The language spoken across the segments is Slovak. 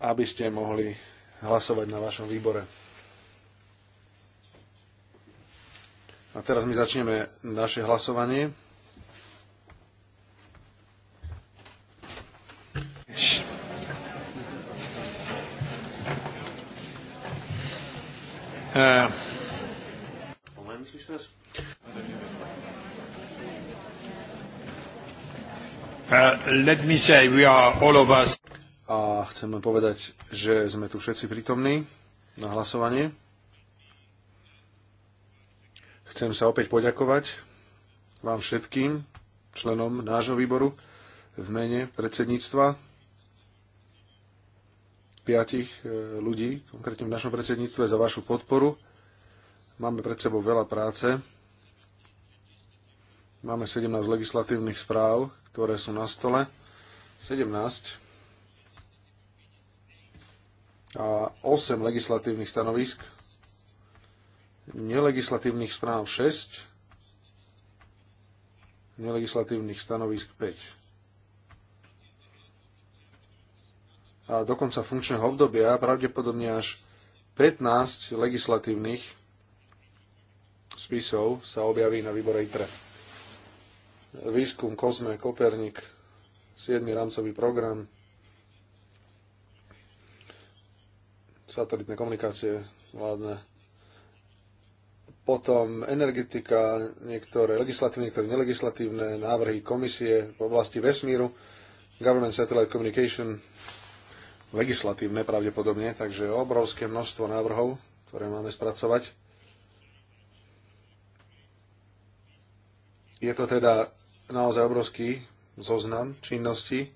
aby ste mohli hlasovať na vašom výbore. A teraz my začneme naše hlasovanie. Uh, let me say, we are all of us a chcem len povedať, že sme tu všetci prítomní na hlasovanie. Chcem sa opäť poďakovať vám všetkým, členom nášho výboru, v mene predsedníctva, piatich e, ľudí, konkrétne v našom predsedníctve, za vašu podporu. Máme pred sebou veľa práce. Máme 17 legislatívnych správ, ktoré sú na stole. 17 8 legislatívnych stanovisk, nelegislatívnych správ 6, nelegislatívnych stanovisk 5. A do konca funkčného obdobia pravdepodobne až 15 legislatívnych spisov sa objaví na výbore ITRE. Výskum Kozme, Kopernik, 7. rámcový program, satelitné komunikácie vládne, potom energetika, niektoré legislatívne, niektoré nelegislatívne návrhy komisie v oblasti vesmíru, Government Satellite Communication, legislatívne pravdepodobne, takže obrovské množstvo návrhov, ktoré máme spracovať. Je to teda naozaj obrovský zoznam činností.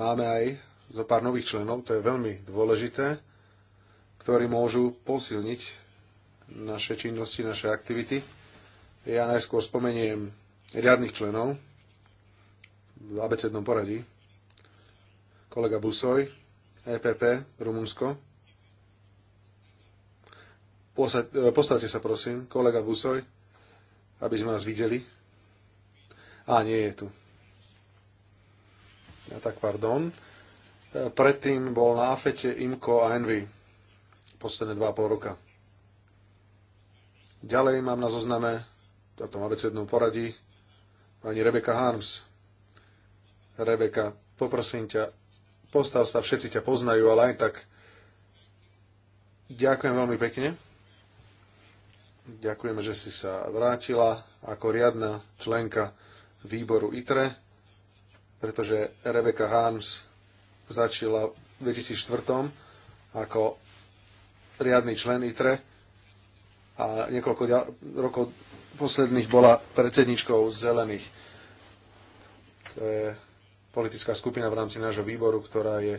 Máme aj zo pár nových členov, to je veľmi dôležité ktorí môžu posilniť naše činnosti, naše aktivity. Ja najskôr spomeniem riadnych členov v abecednom poradí. Kolega Busoj, EPP, Rumunsko. E, postavte sa prosím, kolega Busoj, aby sme vás videli. A nie je tu. Ja tak pardon. E, predtým bol na Afete Imko a Envy posledné 2,5 roka. Ďalej mám na zozname, v vec jednou poradí, pani Rebeka Harms. Rebeka, poprosím ťa, postav sa, všetci ťa poznajú, ale aj tak ďakujem veľmi pekne. Ďakujeme, že si sa vrátila ako riadna členka výboru ITRE, pretože Rebeka Harms začala v 2004 ako riadny člen ITRE a niekoľko rokov posledných bola predsedničkou zelených. To je politická skupina v rámci nášho výboru, ktorá je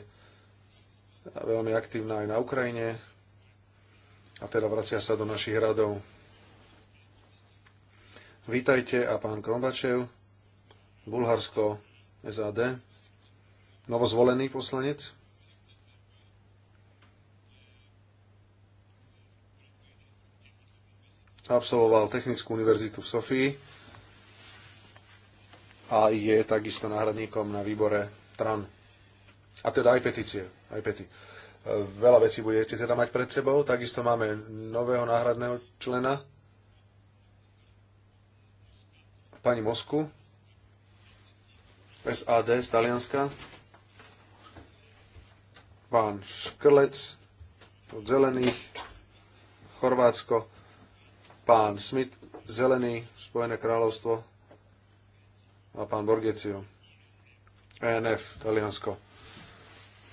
veľmi aktívna aj na Ukrajine a teda vracia sa do našich radov. Vítajte a pán Krombačev, Bulharsko, SAD, novozvolený poslanec. absolvoval Technickú univerzitu v Sofii a je takisto náhradníkom na výbore TRAN. A teda aj petície, aj pety. E, veľa vecí budete teda mať pred sebou. Takisto máme nového náhradného člena, pani Mosku, SAD z Talianska, pán Škrlec od Zelených, Chorvátsko, Pán Smith, Zelený, Spojené kráľovstvo a pán Borgecio, ENF, Taliansko.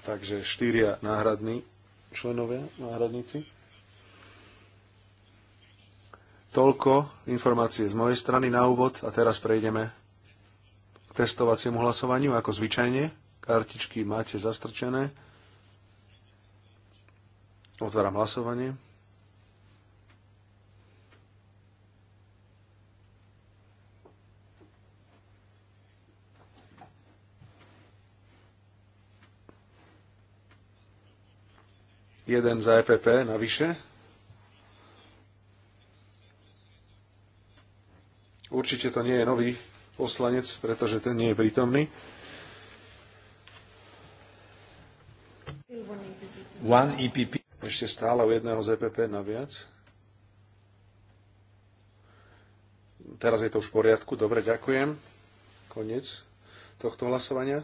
Takže štyria náhradní členovia, náhradníci. Toľko informácie z mojej strany na úvod a teraz prejdeme k testovaciemu hlasovaniu. Ako zvyčajne, kartičky máte zastrčené. Otváram hlasovanie. Jeden za EPP navyše. Určite to nie je nový poslanec, pretože ten nie je prítomný. One EPP. Ešte stále u jedného z EPP naviac. Teraz je to už v poriadku. Dobre, ďakujem. Koniec tohto hlasovania.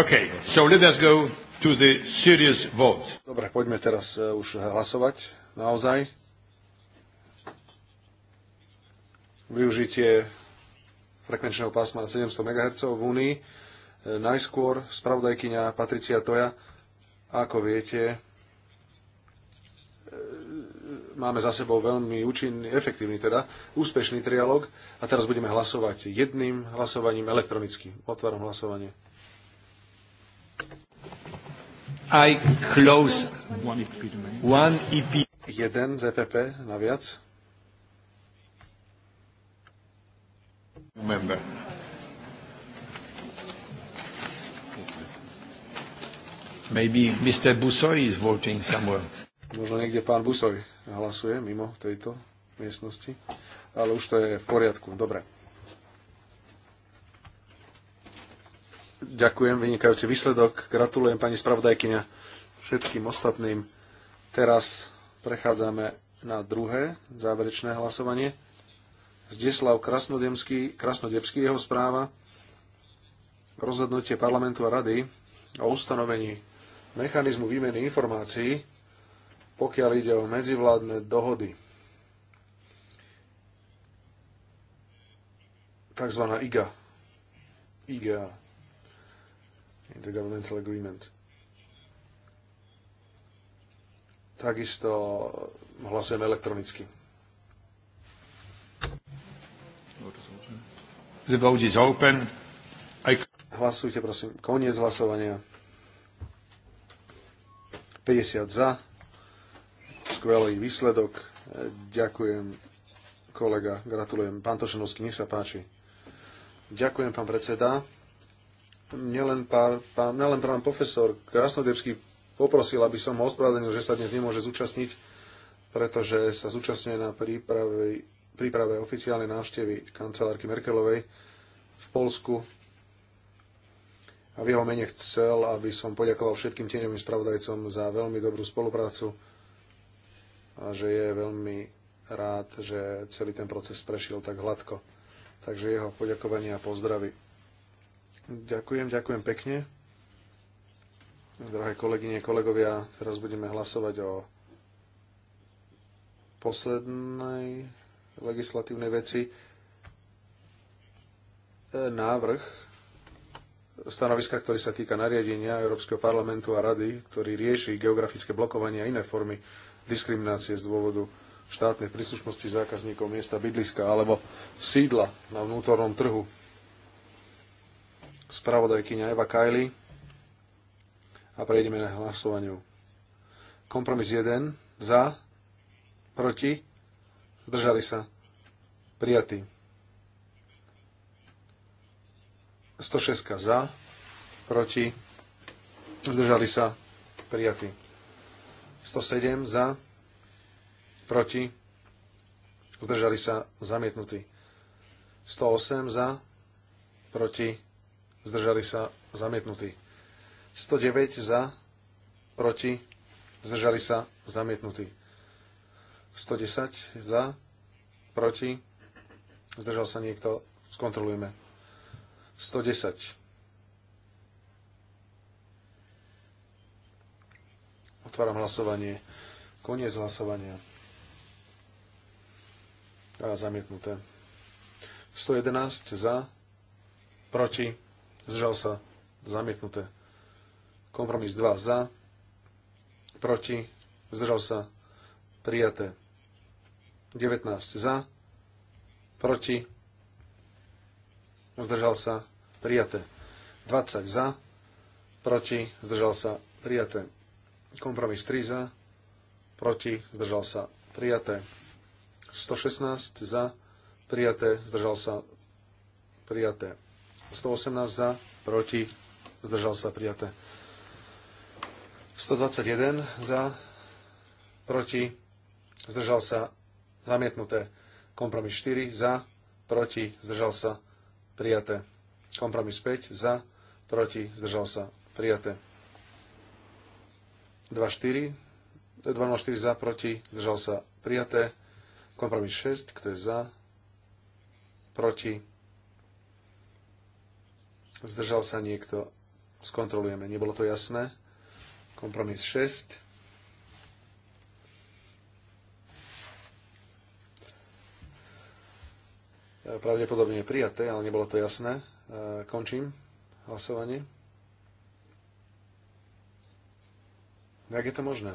Okay, so let us go to the serious vote. Dobre, poďme teraz e, už hlasovať naozaj. Využitie frekvenčného pásma na 700 MHz v Únii. E, najskôr spravodajkyňa Patricia Toja, ako viete, e, máme za sebou veľmi účinný, efektívny teda, úspešný trialog a teraz budeme hlasovať jedným hlasovaním elektronicky. Otváram hlasovanie. I close one EP. Jeden z EPP naviac. Remember. Maybe Mr. Busoy is voting somewhere. Možno niekde pán Busoj hlasuje mimo tejto miestnosti, ale už to je v poriadku. Dobre. Ďakujem, vynikajúci výsledok. Gratulujem pani spravodajkyňa všetkým ostatným. Teraz prechádzame na druhé záverečné hlasovanie. Zdeslav Krasnodemský, Krasnodebský, jeho správa, rozhodnutie parlamentu a rady o ustanovení mechanizmu výmeny informácií, pokiaľ ide o medzivládne dohody. Takzvaná IGA. IGA. Intergovernmental Agreement. Takisto hlasujeme elektronicky. The vote is open. I... Hlasujte, prosím. Koniec hlasovania. 50 za. Skvelý výsledok. Ďakujem, kolega. Gratulujem. Pán Tošenovský, nech sa páči. Ďakujem, pán predseda nielen pár, pán, nielen pán profesor Krasnodebský poprosil, aby som ho ospravedlnil, že sa dnes nemôže zúčastniť, pretože sa zúčastňuje na príprave, príprave oficiálnej návštevy kancelárky Merkelovej v Polsku. A v jeho mene chcel, aby som poďakoval všetkým tieňovým spravodajcom za veľmi dobrú spoluprácu a že je veľmi rád, že celý ten proces prešiel tak hladko. Takže jeho poďakovania a pozdravy. Ďakujem, ďakujem pekne. Drahé kolegyne, kolegovia, teraz budeme hlasovať o poslednej legislatívnej veci. E, návrh stanoviska, ktorý sa týka nariadenia Európskeho parlamentu a rady, ktorý rieši geografické blokovanie a iné formy diskriminácie z dôvodu štátnej príslušnosti zákazníkov miesta bydliska alebo sídla na vnútornom trhu spravodajkyňa Eva Kajli a prejdeme na hlasovaniu. Kompromis 1 za, proti, zdržali sa, prijatý. 106 za, proti, zdržali sa, prijatý. 107 za, proti, zdržali sa, zamietnutý. 108 za, proti, zdržali sa zamietnutí. 109 za, proti, zdržali sa zamietnutí. 110 za, proti, zdržal sa niekto, skontrolujeme. 110. Otváram hlasovanie. Koniec hlasovania. A zamietnuté. 111 za, proti, zdržal sa, zamietnuté. Kompromis 2 za, proti, zdržal sa, prijaté. 19 za, proti, zdržal sa, prijaté. 20 za, proti, zdržal sa, prijaté. Kompromis 3 za, proti, zdržal sa, prijaté. 116 za, prijaté, zdržal sa, prijaté. 118 za, proti, zdržal sa prijaté. 121 za, proti, zdržal sa zamietnuté. Kompromis 4 za, proti, zdržal sa prijaté. Kompromis 5 za, proti, zdržal sa prijaté. 2 204 za, proti, zdržal sa prijaté. Kompromis 6, kto je za, proti, Zdržal sa niekto? Skontrolujeme. Nebolo to jasné? Kompromis 6. E, pravdepodobne je prijaté, ale nebolo to jasné. E, končím hlasovanie. Jak je to možné?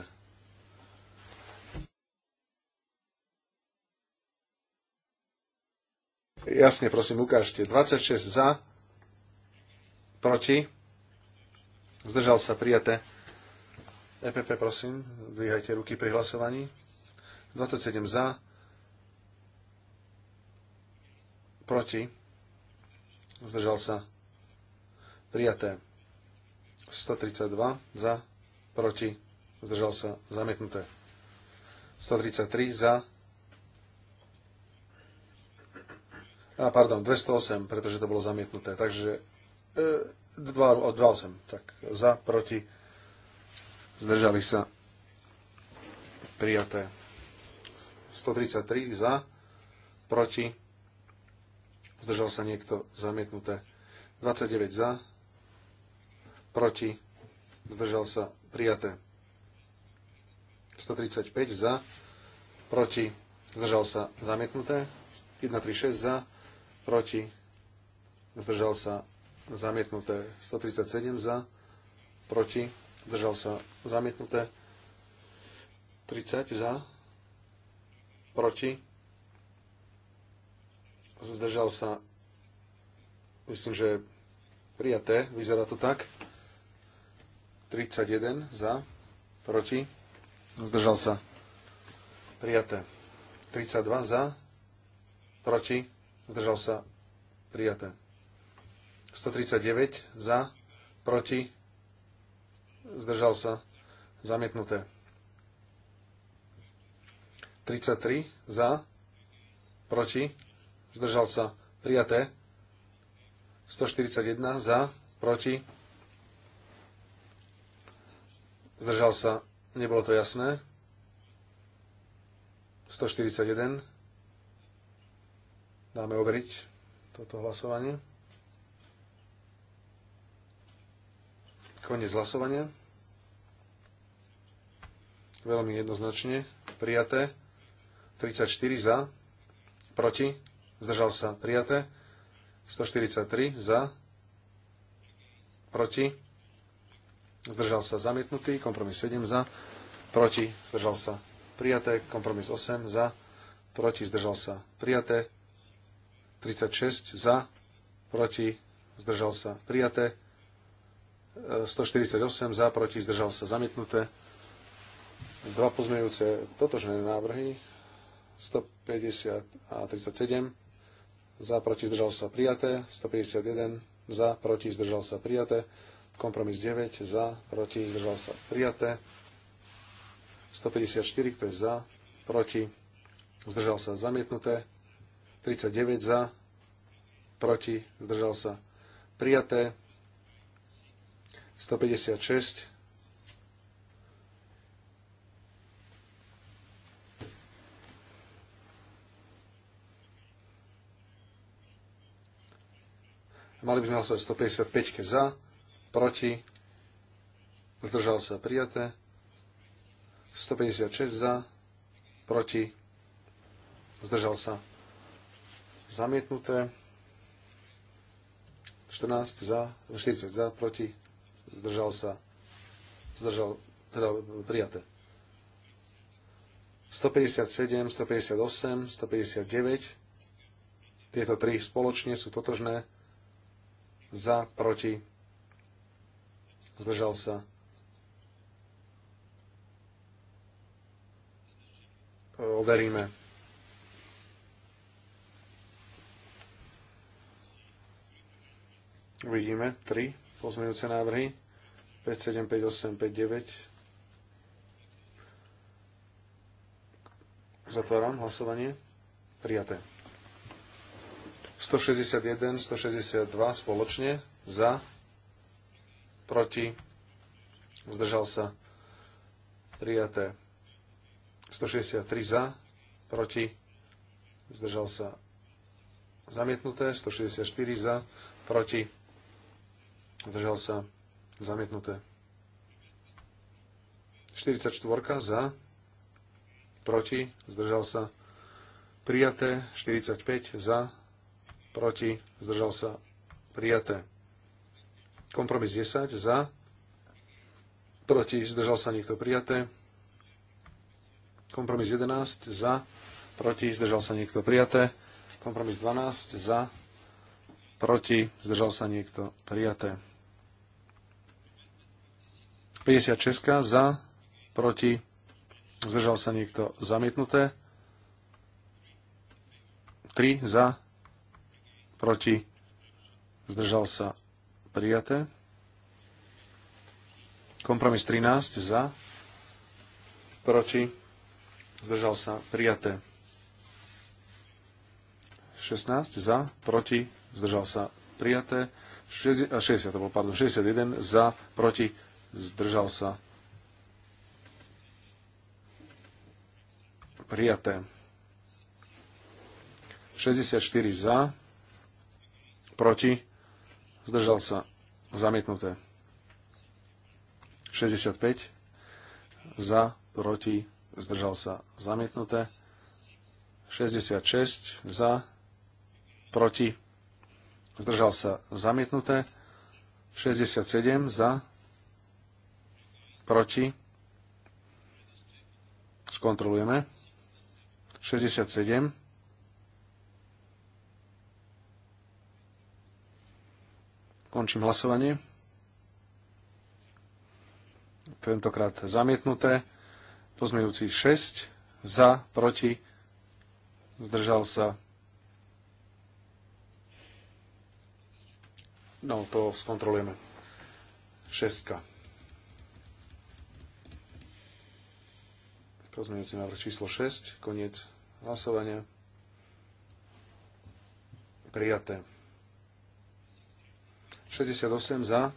Jasne, prosím, ukážte. 26 za, Proti? Zdržal sa prijaté. EPP, prosím, dvíhajte ruky pri hlasovaní. 27 za. Proti? Zdržal sa. Prijaté. 132 za. Proti? Zdržal sa. Zamietnuté. 133 za. A, pardon, 208, pretože to bolo zamietnuté. Takže 2,8. Tak za, proti, zdržali sa prijaté. 133 za, proti, zdržal sa niekto zamietnuté. 29 za, proti, zdržal sa prijaté. 135 za, proti, zdržal sa zamietnuté. 136 za, proti, zdržal sa zamietnuté 137 za, proti, zdržal sa zamietnuté 30 za, proti, zdržal sa, myslím, že prijaté, vyzerá to tak, 31 za, proti, zdržal sa, prijaté, 32 za, proti, zdržal sa, prijaté. 139 za, proti, zdržal sa, zamietnuté. 33 za, proti, zdržal sa, prijaté. 141 za, proti, zdržal sa, nebolo to jasné. 141. Dáme overiť toto hlasovanie. Konec hlasovania. Veľmi jednoznačne prijaté. 34 za, proti, zdržal sa prijaté. 143 za, proti, zdržal sa zamietnutý, kompromis 7 za, proti, zdržal sa prijaté, kompromis 8 za, proti, zdržal sa prijaté, 36 za, proti, zdržal sa prijaté, 148 za, proti, zdržal sa zamietnuté. Dva pozmeňujúce totožné návrhy. 150 a 37 za, proti, zdržal sa prijaté. 151 za, proti, zdržal sa prijaté. Kompromis 9 za, proti, zdržal sa prijaté. 154, kto je za, proti, zdržal sa zamietnuté. 39 za, proti, zdržal sa prijaté. 156. Mali by sme hlasovať 155 za, proti, zdržal sa prijaté, 156 za, proti, zdržal sa zamietnuté, 14 za, 40 za, proti, zdržal sa, zdržal, teda prijaté. 157, 158, 159, tieto tri spoločne sú totožné, za, proti, zdržal sa. Overíme. Uvidíme. 3 pozmeňujúce návrhy 5, 7, 5, 8, 5, 9. Zatváram hlasovanie. Prijaté. 161, 162 spoločne za, proti, zdržal sa, prijaté. 163 za, proti, zdržal sa, zamietnuté. 164 za, proti, Zdržal sa. Zamietnuté. 44 za. Proti. Zdržal sa. Prijaté. 45 za. Proti. Zdržal sa. Prijaté. Kompromis 10 za. Proti. Zdržal sa niekto. Prijaté. Kompromis 11 za. Proti. Zdržal sa niekto. Prijaté. Kompromis 12 za. Proti. Zdržal sa niekto. Prijaté. 56 za, proti, zdržal sa niekto zamietnuté. 3 za, proti, zdržal sa prijaté. Kompromis 13 za, proti, zdržal sa prijaté. 16 za, proti, zdržal sa prijaté. 60, to bol, pardon, 61 za, proti, zdržal sa, prijaté. 64 za, proti, zdržal sa, zamietnuté. 65 za, proti, zdržal sa, zamietnuté. 66 za, proti, zdržal sa, zamietnuté. 67 za, proti, skontrolujeme, 67, končím hlasovanie, tentokrát zamietnuté, Pozmejúci 6, za, proti, zdržal sa. No, to skontrolujeme. Šestka. Pozmeňujúci návrh číslo 6, koniec hlasovania. Prijaté. 68 za,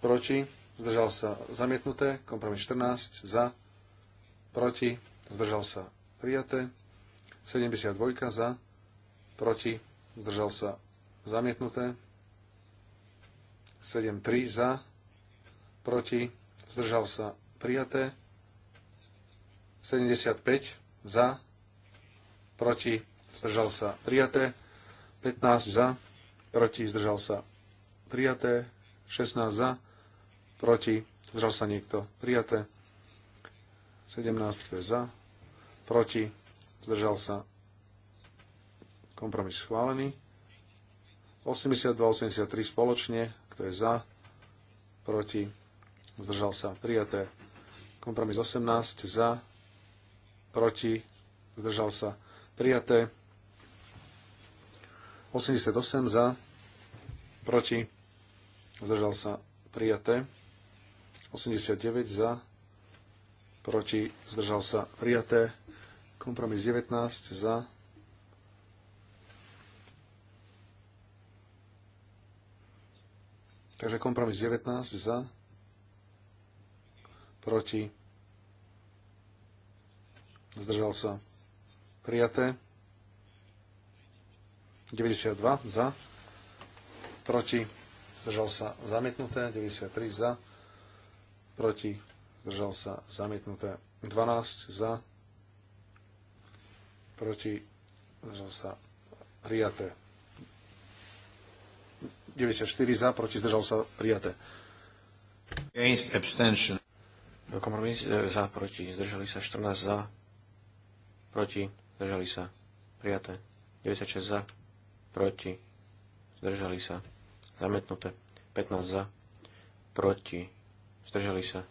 proti, zdržal sa zamietnuté, kompromis 14 za, proti, zdržal sa prijaté, 72 za, proti, zdržal sa zamietnuté, 73 za, proti, zdržal sa prijaté, 75 za, proti, zdržal sa prijaté, 15 za, proti, zdržal sa prijaté, 16 za, proti, zdržal sa niekto prijaté, 17 kto je za, proti, zdržal sa kompromis schválený, 82, 83 spoločne, kto je za, proti, zdržal sa prijaté, kompromis 18 za, proti, zdržal sa prijaté. 88 za, proti, zdržal sa prijaté. 89 za, proti, zdržal sa prijaté. Kompromis 19 za, Takže kompromis 19 za, proti, zdržal sa, prijaté. 92 za, proti, zdržal sa, zamietnuté. 93 za, proti, zdržal sa, zamietnuté. 12 za, proti, zdržal sa, prijaté. 94 za, proti, zdržal sa, prijaté. Against abstention. Kompromis e, za, proti, zdržali sa 14 za, proti, zdržali sa, prijaté. 96 za, proti, zdržali sa, zametnuté, 15 za, proti, zdržali sa,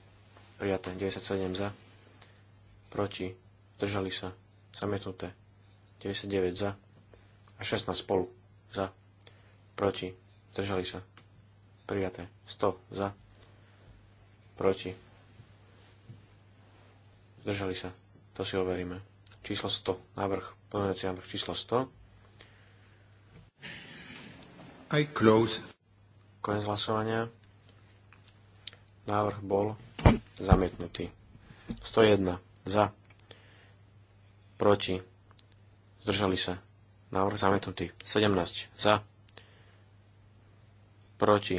prijaté. 97 za, proti, zdržali sa, zamietnuté. 99 za a 16 spolu za, proti, zdržali sa, prijaté. 100 za, proti, zdržali sa. To si overíme číslo 100. Návrh, pozmeňovací návrh číslo 100. I close. Konec hlasovania. Návrh bol zamietnutý. 101. Za. Proti. Zdržali sa. Návrh zamietnutý. 17. Za. Proti.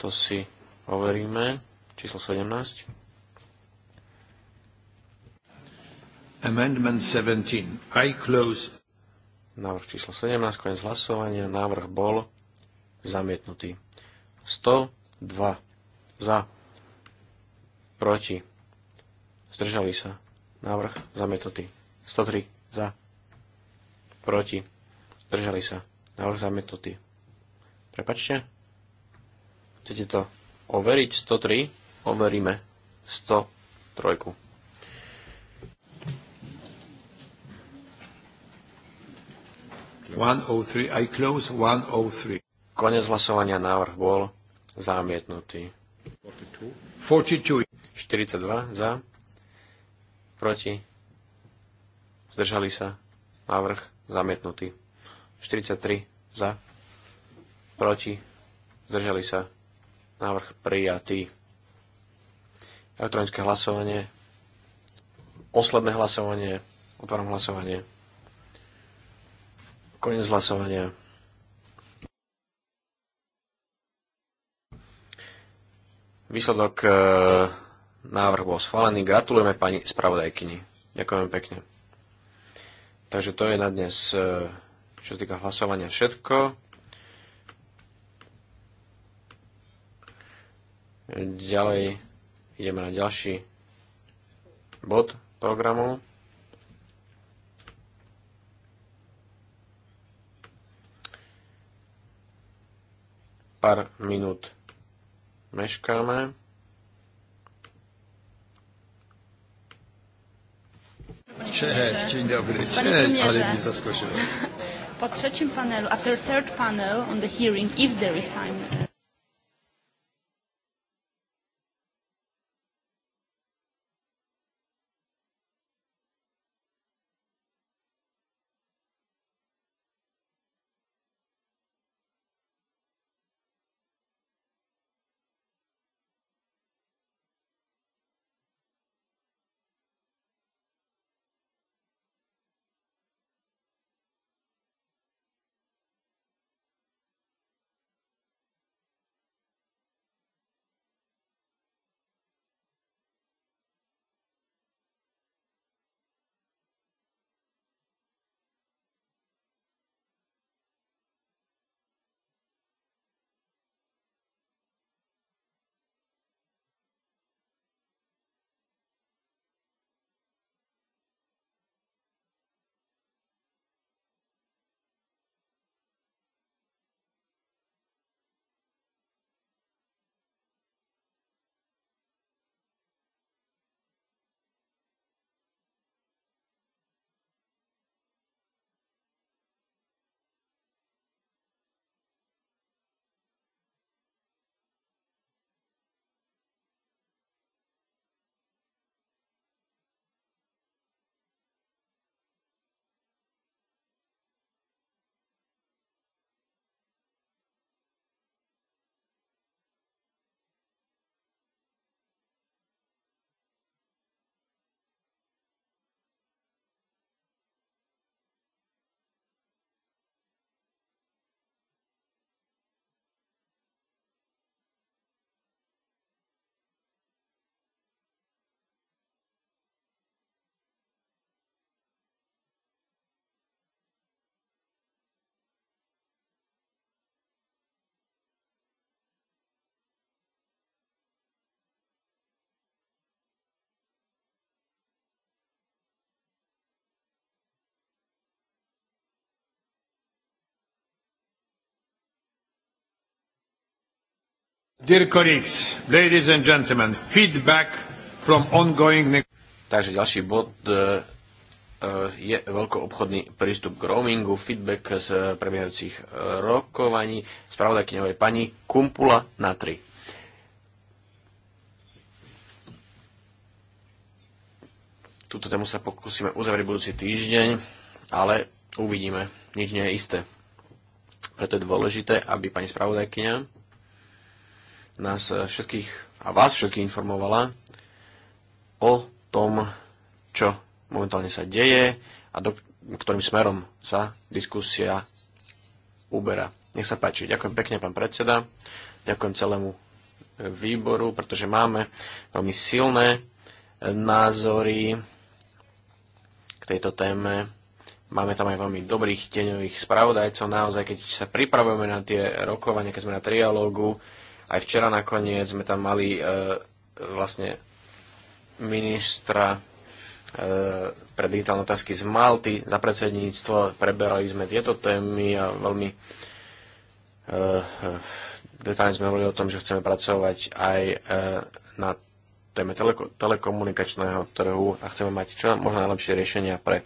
To si overíme. Číslo 17. Amendment 17. I close. Návrh číslo 17, koniec hlasovania. Návrh bol zamietnutý. 102 za, proti, zdržali sa. Návrh zamietnutý. 103 za, proti, zdržali sa. Návrh zamietnutý. Prepačte. Chcete to overiť? 103? Overíme. 103. 103. I close 103. Konec hlasovania návrh bol zamietnutý. 42. za. Proti. Zdržali sa. Návrh zamietnutý. 43 za. Proti. Zdržali sa. Návrh prijatý. Elektronické hlasovanie. Posledné hlasovanie. Otváram hlasovanie. Konec hlasovania. Výsledok e, návrh bol schválený. Gratulujeme pani spravodajkyni. Ďakujem pekne. Takže to je na dnes, e, čo sa týka hlasovania, všetko. Ďalej ideme na ďalší bod programu. pár minút meškáme. Cześć, dzień dobry. Cześć, ale mi zaskoczyło. Po trzecim panelu, after third panel on the hearing, if there is time, Dear colleagues, ladies and gentlemen, feedback from ongoing... Takže ďalší bod e, e, je veľkoobchodný prístup k roamingu, feedback z prebiehajúcich e, rokovaní. Spravodajkyňou je pani Kumpula na 3. Túto tému sa pokúsime uzavrieť budúci týždeň, ale uvidíme. Nič nie je isté. Preto je dôležité, aby pani spravodajkyňa nás všetkých a vás všetkých informovala o tom, čo momentálne sa deje a do, ktorým smerom sa diskusia uberá. Nech sa páči. Ďakujem pekne, pán predseda. Ďakujem celému výboru, pretože máme veľmi silné názory k tejto téme. Máme tam aj veľmi dobrých teňových spravodajcov. Naozaj, keď sa pripravujeme na tie rokovania, keď sme na trialógu, aj včera nakoniec sme tam mali e, vlastne ministra e, pre digitálne otázky z Malty za predsedníctvo. Preberali sme tieto témy a veľmi e, detálne sme hovorili o tom, že chceme pracovať aj na téme telekomunikačného trhu a chceme mať čo možno najlepšie riešenia pre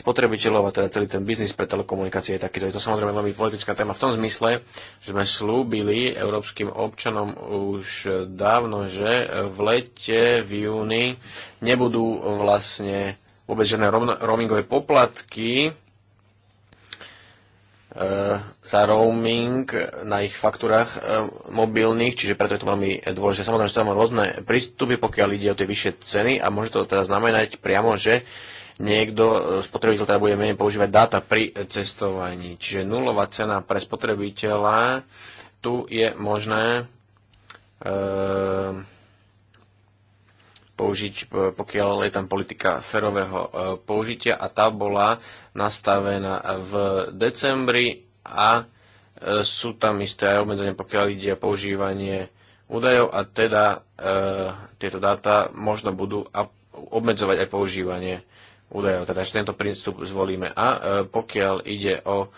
spotrebiteľov a teda celý ten biznis pre telekomunikácie je takýto. Je to samozrejme veľmi politická téma v tom zmysle, že sme slúbili európskym občanom už dávno, že v lete, v júni nebudú vlastne vôbec žiadne roamingové poplatky, e, za roaming na ich faktúrach e, mobilných, čiže preto je to veľmi dôležité. Samozrejme, že tam rôzne prístupy, pokiaľ ide o tie vyššie ceny a môže to teda znamenať priamo, že niekto, e, spotrebiteľ teda bude menej používať dáta pri cestovaní. Čiže nulová cena pre spotrebiteľa, tu je možné e, použiť, e, pokiaľ je tam politika ferového e, použitia a tá bola nastavená v decembri a sú tam isté aj obmedzenia, pokiaľ ide o používanie údajov a teda e, tieto dáta možno budú obmedzovať aj používanie údajov. Teda, že tento prístup zvolíme. A e, pokiaľ ide o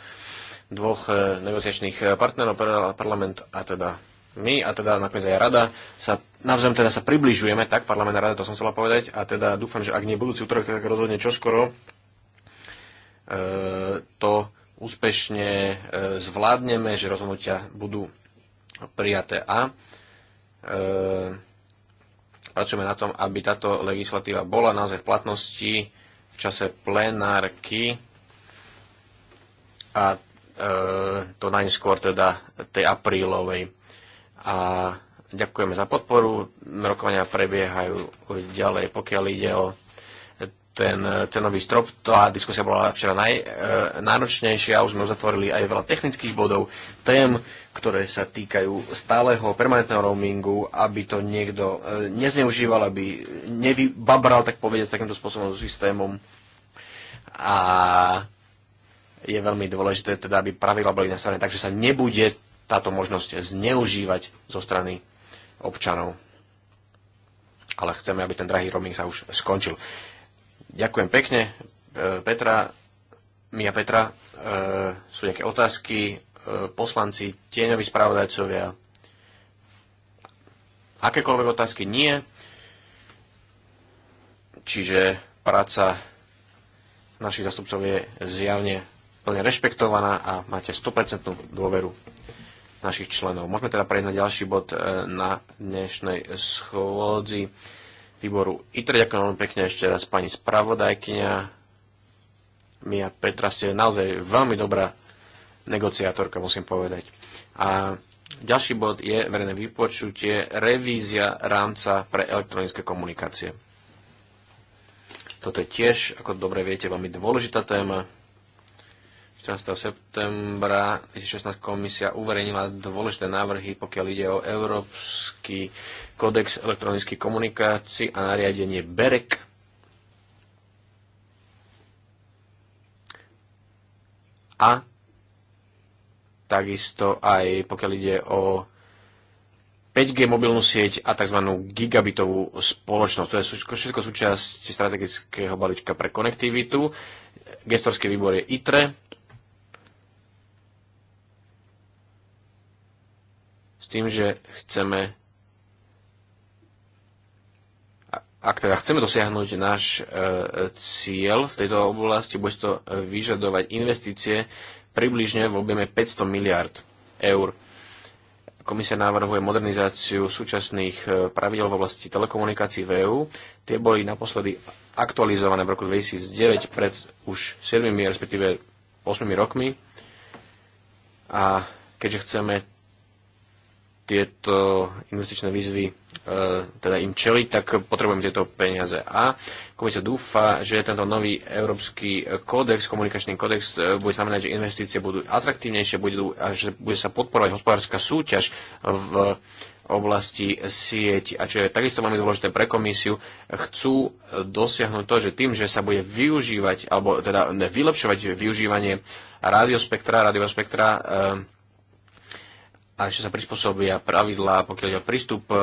dvoch e, negociačných e, partnerov, parlament a teda my, a teda nakoniec aj rada, sa navzájom teda sa približujeme, tak parlament a rada, to som chcela povedať, a teda dúfam, že ak nie budúci útorok, tak rozhodne čoskoro e, to úspešne e, zvládneme, že rozhodnutia budú prijaté a e, pracujeme na tom, aby táto legislatíva bola naozaj v platnosti v čase plenárky a e, to najskôr teda tej aprílovej. A ďakujeme za podporu. Rokovania prebiehajú ďalej, pokiaľ ide o ten cenový strop. Tá diskusia bola včera najnáročnejšia, e, už sme uzatvorili aj veľa technických bodov, tém, ktoré sa týkajú stáleho permanentného roamingu, aby to niekto e, nezneužíval, aby nevybabral, tak povedať, takýmto spôsobom so systémom. A je veľmi dôležité, teda, aby pravidla boli nastavené, takže sa nebude táto možnosť zneužívať zo strany občanov. Ale chceme, aby ten drahý roaming sa už skončil. Ďakujem pekne. E, Petra, Mia Petra, e, sú nejaké otázky, e, poslanci, tieňoví spravodajcovia, akékoľvek otázky nie. Čiže práca našich zastupcov je zjavne plne rešpektovaná a máte 100% dôveru našich členov. Môžeme teda prejsť na ďalší bod na dnešnej schôdzi výboru ITRE. Ďakujem veľmi pekne ešte raz pani spravodajkyňa. Mia Petra ste naozaj veľmi dobrá negociátorka, musím povedať. A ďalší bod je verejné vypočutie, revízia rámca pre elektronické komunikácie. Toto je tiež, ako dobre viete, veľmi dôležitá téma. 14. septembra 2016 komisia uverejnila dôležité návrhy, pokiaľ ide o Európsky kódex elektronických komunikácií a nariadenie BEREK. A takisto aj pokiaľ ide o 5G mobilnú sieť a tzv. gigabitovú spoločnosť. To je všetko súčasť strategického balíčka pre konektivitu. Gestorský výbor je ITRE tým, že chceme ak teda chceme dosiahnuť náš e, cieľ v tejto oblasti, bude to vyžadovať investície približne v objeme 500 miliard eur. Komisia navrhuje modernizáciu súčasných e, pravidel v oblasti telekomunikácií v EÚ. Tie boli naposledy aktualizované v roku 2009 pred už 7, respektíve 8 rokmi. A keďže chceme tieto investičné výzvy e, teda im čeliť, tak potrebujeme tieto peniaze. A komisia dúfa, že tento nový európsky kódex, komunikačný kódex e, bude znamenať, že investície budú atraktívnejšie budú, a že bude sa podporovať hospodárska súťaž v oblasti sieť. A čo je takisto veľmi dôležité pre komisiu, chcú dosiahnuť to, že tým, že sa bude využívať, alebo teda vylepšovať využívanie rádiospektra, rádiospektra e, a že sa prispôsobia pravidlá, pokiaľ ide o prístup e, e,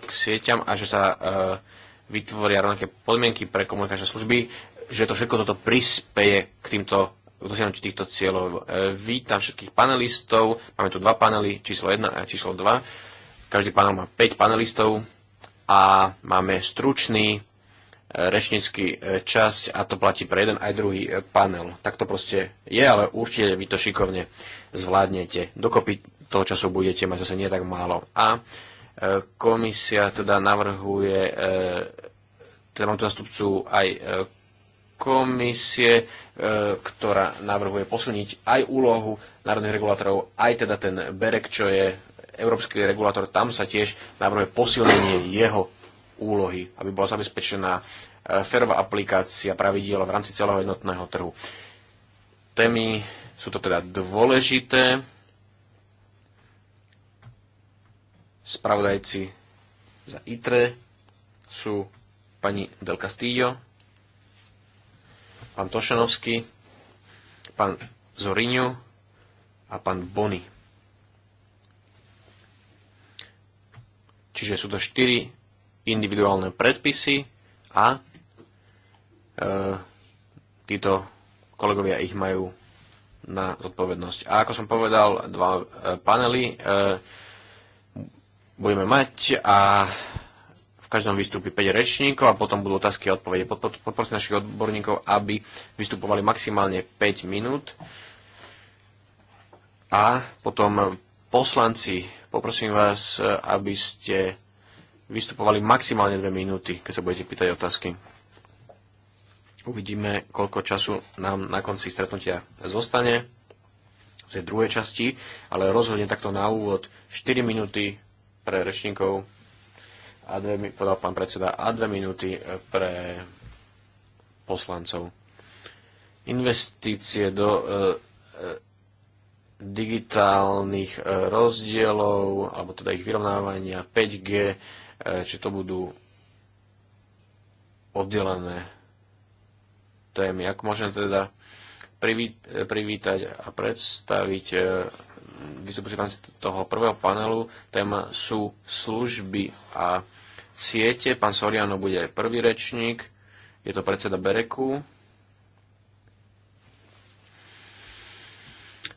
k sieťam a že sa e, vytvoria rovnaké podmienky pre komunikačné služby, že to všetko toto prispieje k týmto dosiahnutí týchto cieľov. Vítam všetkých panelistov. Máme tu dva panely, číslo 1 a číslo 2. Každý panel má 5 panelistov a máme stručný rečnícky časť a to platí pre jeden aj druhý panel. Tak to proste je, ale určite vy to šikovne zvládnete. Dokopy toho času budete mať zase nie tak málo. A e, komisia teda navrhuje, teda mám tu nastupcu aj e, komisie, e, ktorá navrhuje posilniť aj úlohu národných regulátorov, aj teda ten BEREK, čo je európsky regulátor, tam sa tiež navrhuje posilnenie jeho úlohy, aby bola zabezpečená ferová aplikácia pravidiel v rámci celého jednotného trhu. Témy sú to teda dôležité spravodajci za ITRE sú pani Del Castillo, pán Tošanovský, pán Zoriňo a pán Bony. Čiže sú to štyri individuálne predpisy a e, títo kolegovia ich majú na zodpovednosť. A ako som povedal, dva e, panely e, budeme mať a v každom vystúpi 5 rečníkov a potom budú otázky a odpovede. Poprosím našich odborníkov, aby vystupovali maximálne 5 minút a potom poslanci, poprosím vás, e, aby ste vystupovali maximálne 2 minúty, keď sa budete pýtať otázky. Uvidíme, koľko času nám na konci stretnutia zostane v tej druhej časti, ale rozhodne takto na úvod 4 minúty pre rečníkov, a dve, podal pán predseda, a 2 minúty pre poslancov. Investície do e, e digitálnych e, rozdielov, alebo teda ich vyrovnávania 5G, e, či to budú oddelené témy. Ako môžem teda privítať a predstaviť vystupujúci v rámci toho prvého panelu. Téma sú služby a siete. Pán Soriano bude aj prvý rečník. Je to predseda Bereku.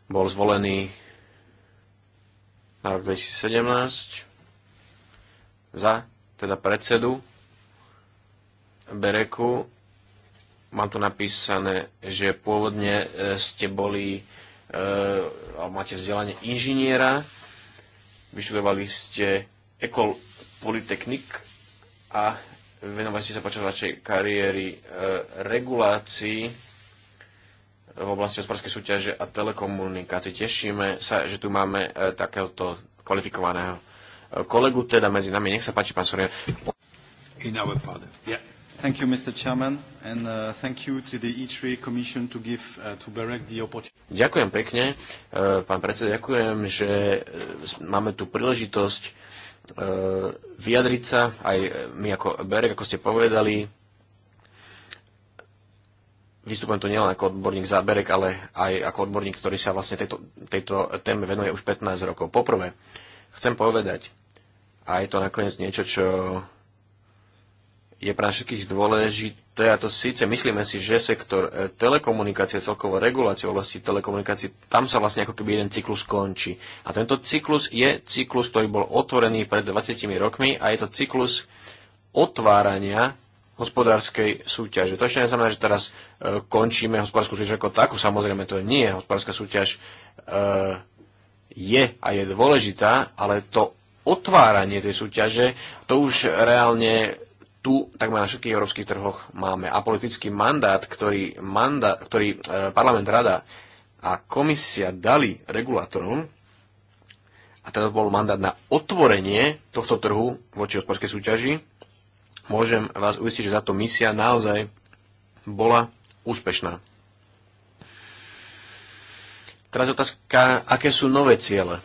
Bol zvolený na rok 2017 za teda predsedu Bereku Mám tu napísané, že pôvodne e, ste boli, e, alebo máte vzdelanie inžiniera, vyštudovali ste Ecole Polytechnic a venovali ste sa počas vašej kariéry e, regulácii v oblasti hospodárskej súťaže a telekomunikácií. Tešíme sa, že tu máme takéhoto kvalifikovaného kolegu, teda medzi nami. Nech sa páči, pán Sorian. In our yeah. Thank you, Mr. Chairman, and uh, thank you to the E3 Commission to give uh, to Berek the opportunity. Ďakujem pekne, uh, pán predseda, ďakujem, že uh, máme tu príležitosť uh, vyjadriť sa, aj my ako Berek, ako ste povedali, vystupujem tu nielen ako odborník za Berek, ale aj ako odborník, ktorý sa vlastne tejto, tejto téme venuje už 15 rokov. Poprvé, chcem povedať, a je to nakoniec niečo, čo je pre všetkých dôležité, a to síce myslíme si, že sektor e, telekomunikácie, celkovo regulácie v oblasti telekomunikácie, tam sa vlastne ako keby jeden cyklus končí. A tento cyklus je cyklus, ktorý bol otvorený pred 20 rokmi a je to cyklus otvárania hospodárskej súťaže. To ešte neznamená, že teraz e, končíme hospodárskú súťaž ako takú, samozrejme to nie. je. Hospodárska súťaž e, je a je dôležitá, ale to otváranie tej súťaže, to už reálne tu takmer na všetkých európskych trhoch máme apolitický mandát, ktorý, manda, ktorý e, parlament, rada a komisia dali regulátorom, a teda bol mandát na otvorenie tohto trhu voči hospodárskej súťaži, môžem vás uistiť, že táto misia naozaj bola úspešná. Teraz otázka, aké sú nové ciele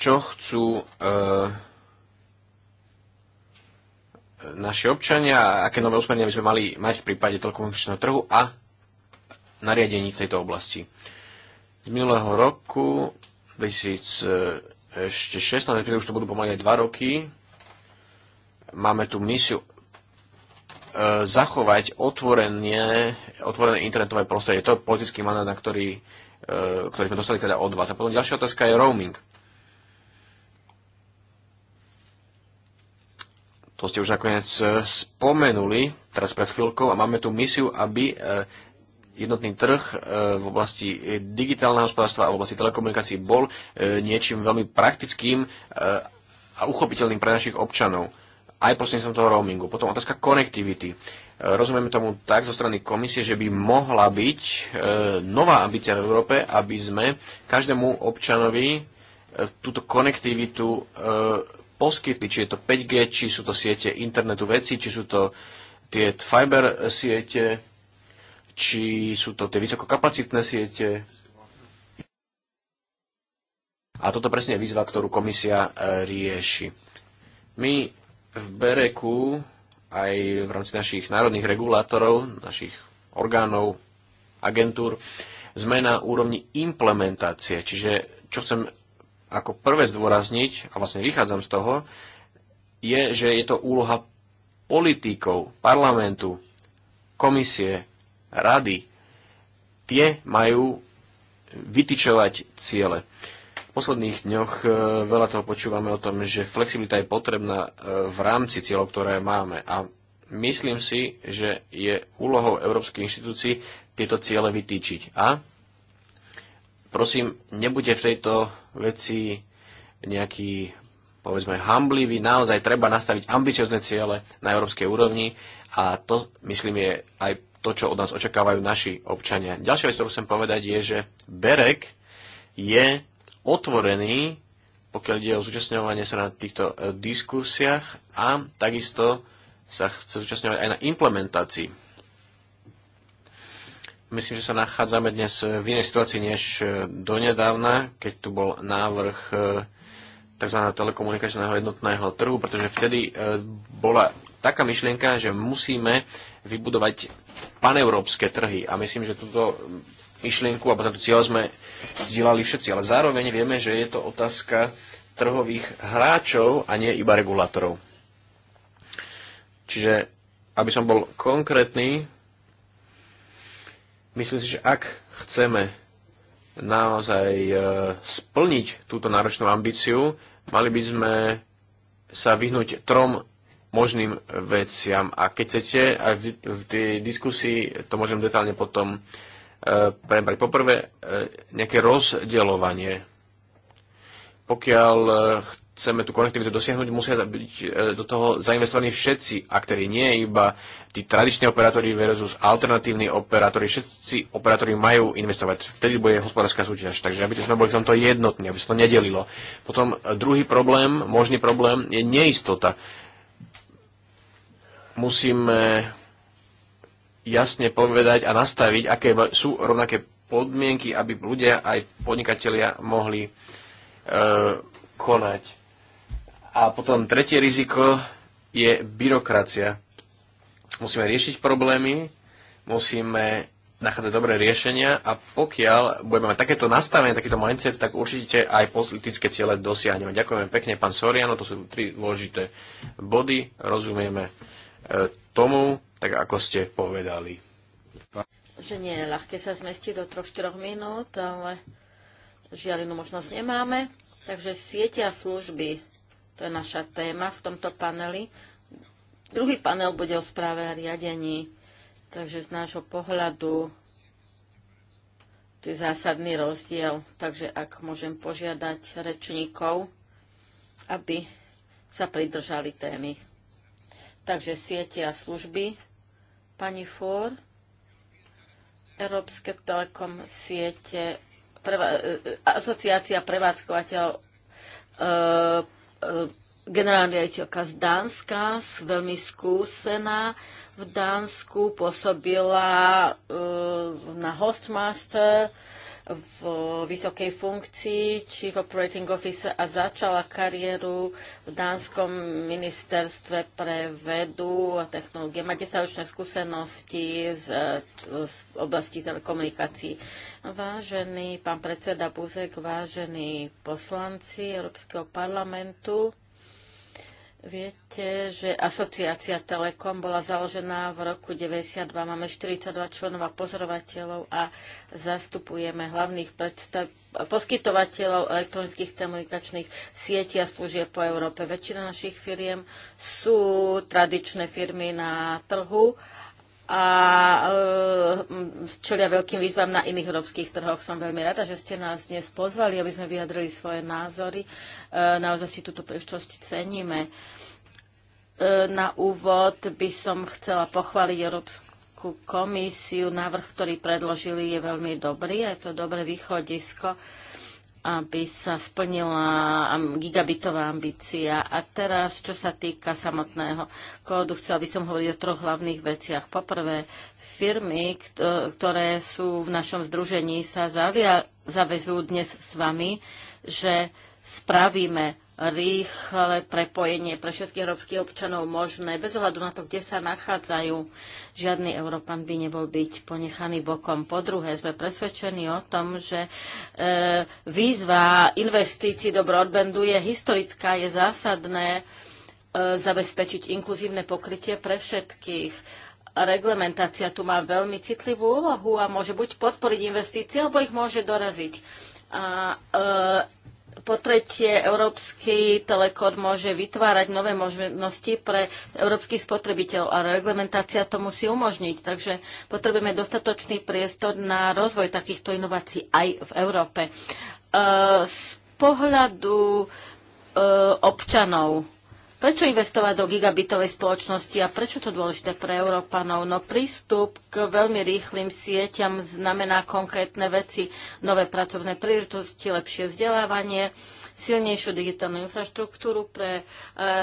čo chcú e, naši občania, aké nové usmernenia by sme mali mať v prípade telekomunikačného trhu a nariadení v tejto oblasti. Z minulého roku 2016, keď už to budú pomaly aj 2 roky, máme tu misiu e, zachovať otvorené, otvorené internetové prostredie. To je politický mandát, na ktorý, e, ktorý sme dostali teda od vás. A potom ďalšia otázka je roaming. E, to ste už nakoniec e, spomenuli teraz pred chvíľkou a máme tu misiu, aby e, jednotný trh e, v oblasti digitálneho hospodárstva a v oblasti telekomunikácií bol niečím veľmi praktickým a uchopiteľným pre našich občanov. Aj prostredníctvom toho roamingu. Potom otázka konektivity. Rozumieme tomu tak zo strany komisie, že by mohla byť nová ambícia v Európe, aby sme každému občanovi túto konektivitu poskytli, či je to 5G, či sú to siete internetu veci, či sú to tie fiber siete, či sú to tie vysokokapacitné siete. A toto presne je výzva, ktorú komisia e, rieši. My v Bereku aj v rámci našich národných regulátorov, našich orgánov, agentúr, sme na úrovni implementácie. Čiže čo chcem ako prvé zdôrazniť, a vlastne vychádzam z toho, je, že je to úloha politikov, parlamentu, komisie, rady. Tie majú vytyčovať ciele. V posledných dňoch e, veľa toho počúvame o tom, že flexibilita je potrebná e, v rámci cieľov, ktoré máme. A myslím si, že je úlohou európskych inštitúcií tieto ciele vytýčiť. A prosím, nebude v tejto veci nejaký, povedzme, hamblivý. Naozaj treba nastaviť ambiciozne ciele na európskej úrovni a to, myslím, je aj to, čo od nás očakávajú naši občania. Ďalšia vec, ktorú chcem povedať, je, že Berek je otvorený, pokiaľ ide o zúčastňovanie sa na týchto eh, diskusiách a takisto sa chce zúčastňovať aj na implementácii Myslím, že sa nachádzame dnes v inej situácii než e, donedávna, keď tu bol návrh e, tzv. telekomunikačného jednotného trhu, pretože vtedy e, bola taká myšlienka, že musíme vybudovať paneurópske trhy. A myslím, že túto myšlienku alebo tento cieľ sme vzdielali všetci. Ale zároveň vieme, že je to otázka trhových hráčov a nie iba regulátorov. Čiže, aby som bol konkrétny, Myslím si, že ak chceme naozaj e, splniť túto náročnú ambíciu, mali by sme sa vyhnúť trom možným veciam. A keď chcete, aj v, v tej diskusii to môžem detálne potom e, prebrať. Poprvé, e, nejaké rozdeľovanie. Pokiaľ e, chceme tú konektivitu dosiahnuť, musia byť e, do toho zainvestovaní všetci aktéri, nie iba tí tradiční operátori versus alternatívni operátori. Všetci operátori majú investovať, vtedy bude hospodárska súťaž. Takže aby sme boli v tomto jednotní, aby sa to nedelilo. Potom e, druhý problém, možný problém je neistota. Musíme jasne povedať a nastaviť, aké sú rovnaké podmienky, aby ľudia aj podnikatelia mohli e, konať a potom tretie riziko je byrokracia. Musíme riešiť problémy, musíme nachádzať dobré riešenia a pokiaľ budeme mať takéto nastavenie, takýto mindset, tak určite aj politické ciele dosiahneme. Ďakujeme pekne, pán Soriano, to sú tri dôležité body, rozumieme e, tomu, tak ako ste povedali. Že nie je ľahké sa zmestiť do 3-4 minút, ale žiaľ inú možnosť nemáme. Takže sieťa služby to je naša téma v tomto paneli. Druhý panel bude o správe a riadení. Takže z nášho pohľadu to je zásadný rozdiel. Takže ak môžem požiadať rečníkov, aby sa pridržali témy. Takže siete a služby. Pani Fúr, Európske telekom siete, e, e, asociácia prevádzkovateľ e, E, generálna riaditeľka z Dánska, veľmi skúsená v Dánsku, pôsobila e, na Hostmaster, v vysokej funkcii, Chief Operating Officer a začala kariéru v Dánskom ministerstve pre vedu a technológie. Máte sa ročné skúsenosti z, z oblasti telekomunikácií. Vážený pán predseda Buzek, vážení poslanci Európskeho parlamentu, Viete, že asociácia Telekom bola založená v roku 92. Máme 42 členov a pozorovateľov a zastupujeme hlavných predstav- poskytovateľov elektronických komunikačných sietí a služieb po Európe. Väčšina našich firiem sú tradičné firmy na trhu a e, čelia veľkým výzvam na iných európskych trhoch. Som veľmi rada, že ste nás dnes pozvali, aby sme vyjadrili svoje názory. E, naozaj si túto príležitosť ceníme. E, na úvod by som chcela pochváliť Európsku komisiu. Návrh, ktorý predložili, je veľmi dobrý a je to dobré východisko aby sa splnila gigabitová ambícia. A teraz, čo sa týka samotného kódu, chcela by som hovoriť o troch hlavných veciach. Poprvé, firmy, ktoré sú v našom združení, sa zavia, zavezú dnes s vami, že spravíme rýchle prepojenie pre všetkých európskych občanov možné, bez ohľadu na to, kde sa nachádzajú. Žiadny Európan by nebol byť ponechaný bokom. Po druhé, sme presvedčení o tom, že e, výzva investícií do broadbandu je historická, je zásadné e, zabezpečiť inkluzívne pokrytie pre všetkých reglementácia tu má veľmi citlivú úlohu a môže buď podporiť investície, alebo ich môže doraziť. A e, po tretie, Európsky telekód môže vytvárať nové možnosti pre európskych spotrebiteľov a reglementácia to musí umožniť. Takže potrebujeme dostatočný priestor na rozvoj takýchto inovácií aj v Európe. E, z pohľadu e, občanov Prečo investovať do gigabitovej spoločnosti a prečo to dôležité pre Európanov? No prístup k veľmi rýchlým sieťam znamená konkrétne veci, nové pracovné príležitosti, lepšie vzdelávanie, silnejšiu digitálnu infraštruktúru pre e,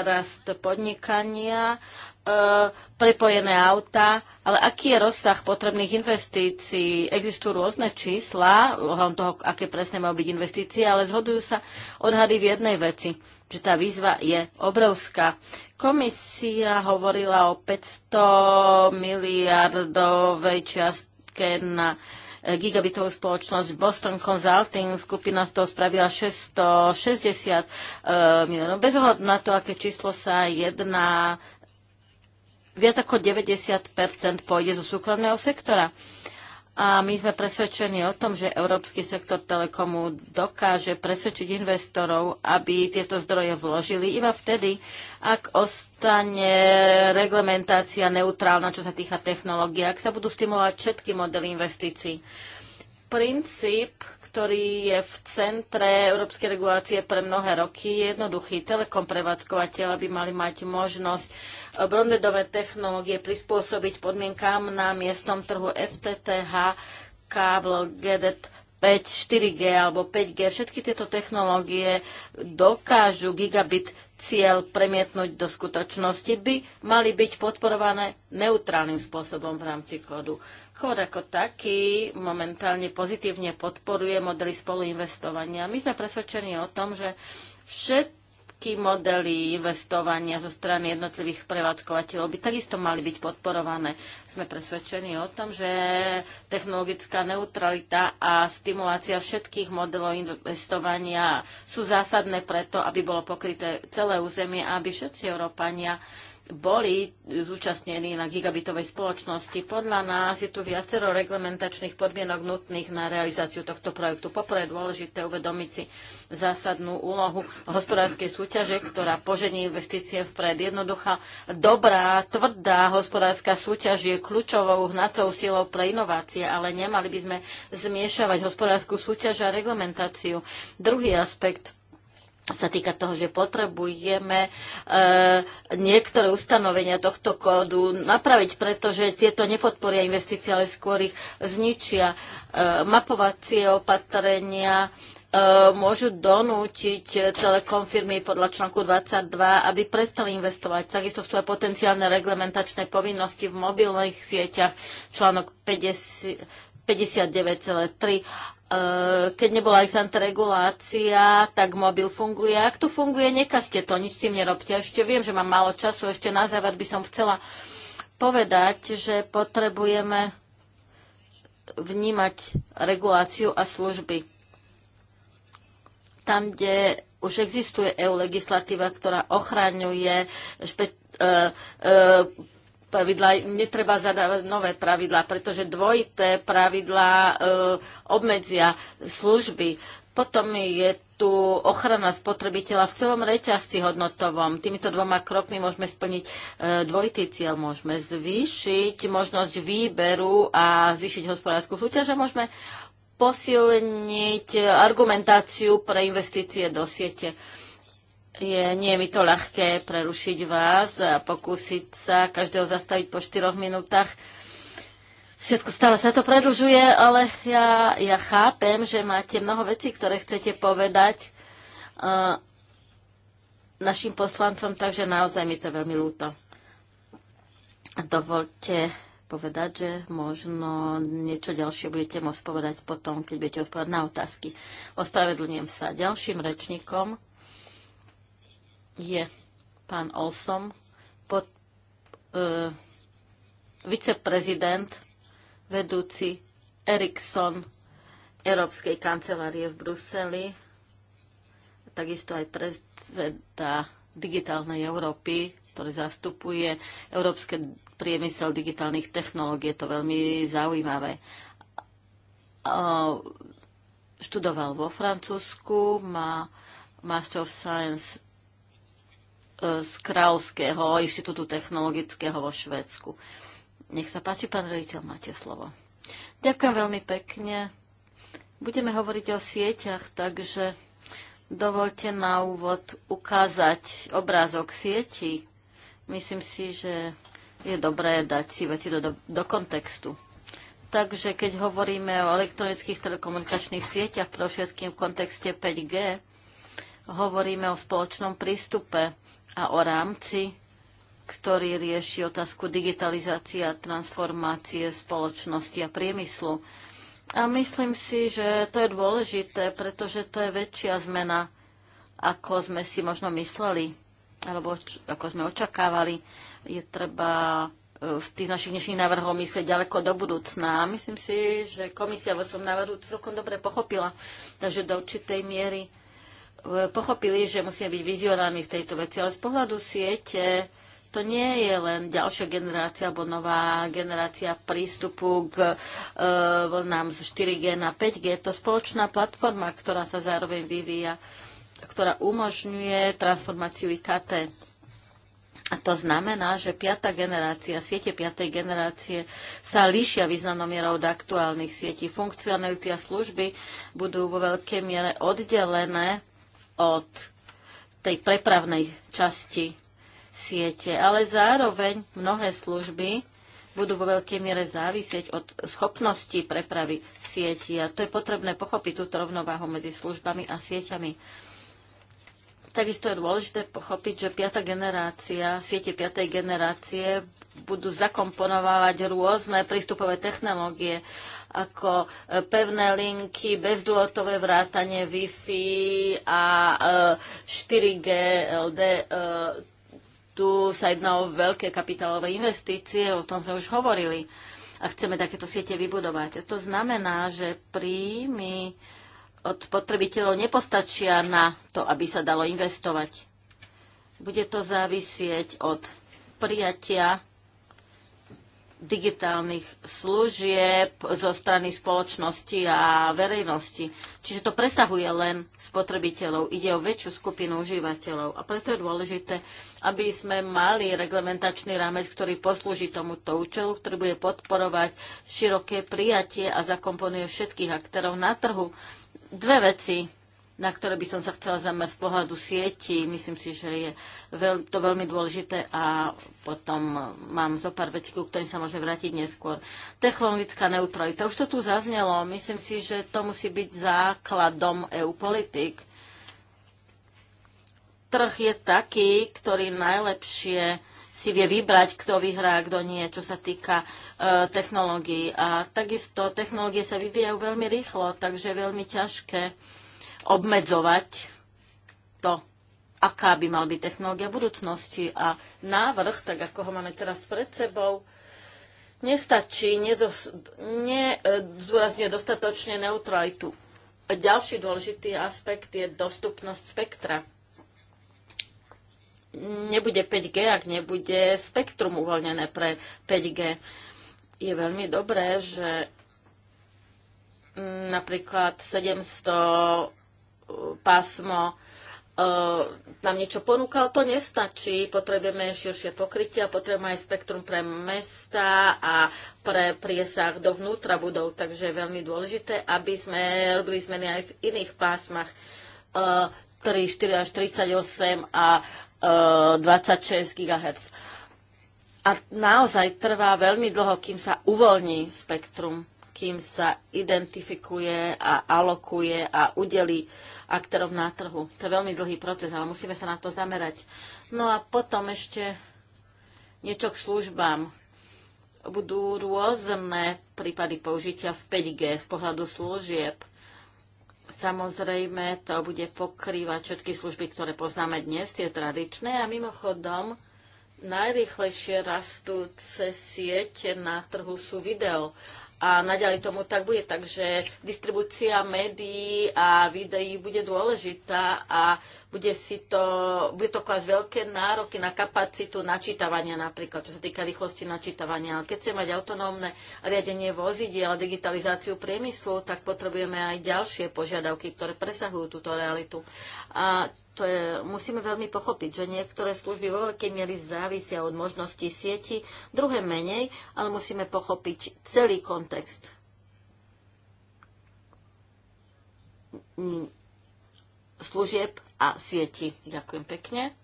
rast podnikania, e, prepojené auta, ale aký je rozsah potrebných investícií? Existujú rôzne čísla ohľadom toho, aké presne majú byť investície, ale zhodujú sa odhady v jednej veci že tá výzva je obrovská. Komisia hovorila o 500 miliardovej čiastke na e, gigabitovú spoločnosť Boston Consulting, skupina z toho spravila 660 e, miliónov. Bez ohľadu na to, aké číslo sa jedná, viac ako 90 pôjde zo súkromného sektora. A my sme presvedčení o tom, že Európsky sektor telekomu dokáže presvedčiť investorov, aby tieto zdroje vložili iba vtedy, ak ostane reglementácia neutrálna, čo sa týka technológie, ak sa budú stimulovať všetky modely investícií. Princíp, ktorý je v centre európskej regulácie pre mnohé roky, jednoduchý. Telekom prevádzkovateľ by mali mať možnosť brondedové technológie prispôsobiť podmienkám na miestnom trhu FTTH, kábel, GDT, 5, 4G alebo 5G, všetky tieto technológie dokážu gigabit cieľ premietnúť do skutočnosti, by mali byť podporované neutrálnym spôsobom v rámci kódu obchod ako taký momentálne pozitívne podporuje modely spoluinvestovania. My sme presvedčení o tom, že všetky modely investovania zo strany jednotlivých prevádzkovateľov by takisto mali byť podporované. Sme presvedčení o tom, že technologická neutralita a stimulácia všetkých modelov investovania sú zásadné preto, aby bolo pokryté celé územie a aby všetci Európania boli zúčastnení na gigabitovej spoločnosti. Podľa nás je tu viacero reglementačných podmienok nutných na realizáciu tohto projektu. Poprvé je dôležité uvedomiť si zásadnú úlohu hospodárskej súťaže, ktorá požení investície vpred. Jednoduchá, dobrá, tvrdá hospodárska súťaž je kľúčovou hnacou silou pre inovácie, ale nemali by sme zmiešavať hospodárskú súťaž a reglementáciu. Druhý aspekt sa týka toho, že potrebujeme e, niektoré ustanovenia tohto kódu napraviť, pretože tieto nepodporia investície, ale skôr ich zničia. E, mapovacie opatrenia, eh, môžu donútiť telekom firmy podľa článku 22, aby prestali investovať. Takisto sú aj potenciálne reglementačné povinnosti v mobilných sieťach, článok 50, 59,3 Eh, keď nebola ex regulácia, tak mobil funguje. Ak to funguje, nekaste to, nič s tým nerobte. Ešte viem, že mám málo času, ešte na záver by som chcela povedať, že potrebujeme vnímať reguláciu a služby. Tam, kde už existuje EU legislatíva, ktorá ochraňuje špe- uh, uh, pravidla, netreba zadávať nové pravidlá, pretože dvojité pravidlá e, obmedzia služby. Potom je tu ochrana spotrebiteľa v celom reťazci hodnotovom. Týmito dvoma krokmi môžeme splniť e, dvojitý cieľ. Môžeme zvýšiť možnosť výberu a zvýšiť hospodárskú súťaž a môžeme posilniť argumentáciu pre investície do siete. E, je, nie je mi to ľahké prerušiť vás a pokúsiť sa každého zastaviť po 4 minútach. Všetko stále sa to predlžuje, ale ja, ja chápem, že máte mnoho vecí, ktoré chcete povedať uh, našim poslancom, takže naozaj mi to veľmi ľúto. Dovolte povedať, že možno niečo ďalšie budete môcť povedať potom, keď budete odpovedať na otázky. Ospravedlňujem sa ďalším rečníkom je pán Olsom, pod, e, viceprezident, vedúci Ericsson Európskej kancelárie v Bruseli, takisto aj prezidenta digitálnej Európy, ktorý zastupuje Európske priemysel digitálnych technológií. Je to veľmi zaujímavé. Študoval vo Francúzsku, má Master of Science z Krauského inštitútu technologického vo Švedsku. Nech sa páči, pán riaditeľ, máte slovo. Ďakujem veľmi pekne. Budeme hovoriť o sieťach, takže dovolte na úvod ukázať obrázok sieti. Myslím si, že je dobré dať si veci do, do, do kontextu. Takže keď hovoríme o elektronických telekomunikačných sieťach, pre všetkým v kontexte 5G, hovoríme o spoločnom prístupe a o rámci, ktorý rieši otázku digitalizácie a transformácie spoločnosti a priemyslu. A myslím si, že to je dôležité, pretože to je väčšia zmena, ako sme si možno mysleli, alebo ako sme očakávali. Je treba e, v tých našich dnešných návrhov myslieť ďaleko do budúcna. A myslím si, že komisia vo svojom návrhu to celkom dobre pochopila, takže do určitej miery pochopili, že musia byť vizionárni v tejto veci. Ale z pohľadu siete to nie je len ďalšia generácia alebo nová generácia prístupu k e, vlnám z 4G na 5G. Je to spoločná platforma, ktorá sa zároveň vyvíja, ktorá umožňuje transformáciu IKT. A to znamená, že piata generácia, siete piatej generácie sa líšia významnou mierou od aktuálnych sietí. Funkcionality a služby budú vo veľkej miere oddelené od tej prepravnej časti siete, ale zároveň mnohé služby budú vo veľkej miere závisieť od schopnosti prepravy sieti. A to je potrebné pochopiť túto rovnováhu medzi službami a sieťami. Takisto je dôležité pochopiť, že piata generácia, siete piatej generácie budú zakomponovávať rôzne prístupové technológie ako e, pevné linky, bezdôlotové vrátanie Wi-Fi a 4G e, LD. E, tu sa jedná o veľké kapitálové investície, o tom sme už hovorili. A chceme takéto siete vybudovať. A to znamená, že príjmy od spotrebiteľov nepostačia na to, aby sa dalo investovať. Bude to závisieť od prijatia digitálnych služieb zo strany spoločnosti a verejnosti. Čiže to presahuje len spotrebiteľov, ide o väčšiu skupinu užívateľov. A preto je dôležité, aby sme mali reglementačný rámec, ktorý poslúži tomuto účelu, ktorý bude podporovať široké prijatie a zakomponuje všetkých aktérov na trhu. Dve veci na ktoré by som sa chcela zamerať z pohľadu sieti. Myslím si, že je veľ, to veľmi dôležité a potom mám zo pár vecí, ku ktorým sa môžeme vrátiť neskôr. Technologická neutralita. Už to tu zaznelo. Myslím si, že to musí byť základom EU politik. Trh je taký, ktorý najlepšie si vie vybrať, kto vyhrá, kto nie, čo sa týka e, technológií. A takisto technológie sa vyvíjajú veľmi rýchlo, takže je veľmi ťažké obmedzovať to, aká by mal byť technológia budúcnosti. A návrh, tak ako ho máme teraz pred sebou, nestačí, nedos- nezdôrazňuje dostatočne neutralitu. A ďalší dôležitý aspekt je dostupnosť spektra. Nebude 5G, ak nebude spektrum uvoľnené pre 5G. Je veľmi dobré, že napríklad 700 pásmo e, nám niečo ponúkal, to nestačí. Potrebujeme širšie pokrytie a potrebujeme aj spektrum pre mesta a pre priesah dovnútra budov. Takže je veľmi dôležité, aby sme robili zmeny aj v iných pásmach. 3, e, 4 až 38 a 26 e, GHz. A naozaj trvá veľmi dlho, kým sa uvoľní spektrum kým sa identifikuje a alokuje a udelí aktérom na trhu. To je veľmi dlhý proces, ale musíme sa na to zamerať. No a potom ešte niečo k službám. Budú rôzne prípady použitia v 5G z pohľadu služieb. Samozrejme, to bude pokrývať všetky služby, ktoré poznáme dnes, tie tradičné. A mimochodom, najrychlejšie rastúce siete na trhu sú video a naďalej tomu tak bude. Takže distribúcia médií a videí bude dôležitá a bude, si to, bude to klásť veľké nároky na kapacitu načítavania napríklad, čo sa týka rýchlosti načítavania. Ale keď chceme mať autonómne riadenie vozidiel a digitalizáciu priemyslu, tak potrebujeme aj ďalšie požiadavky, ktoré presahujú túto realitu. A to je, musíme veľmi pochopiť, že niektoré služby vo veľkej miery závisia od možností sieti, druhé menej, ale musíme pochopiť celý kontext. služieb a sieti. Ďakujem pekne.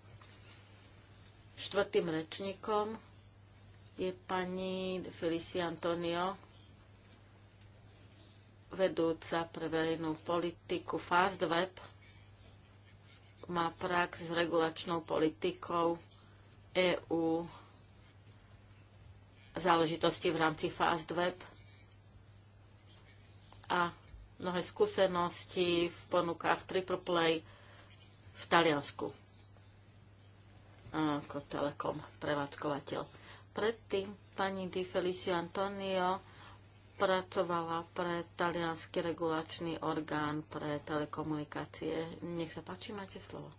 Štvrtým rečníkom je pani Felicia Antonio, vedúca pre verejnú politiku FastWeb. Má prax s regulačnou politikou EÚ záležitosti v rámci FastWeb a mnohé skúsenosti v ponukách Triple Play v Taliansku ako Telekom prevádzkovateľ. Predtým pani Di Felicio Antonio pracovala pre talianský regulačný orgán pre telekomunikácie. Nech sa páči, máte slovo.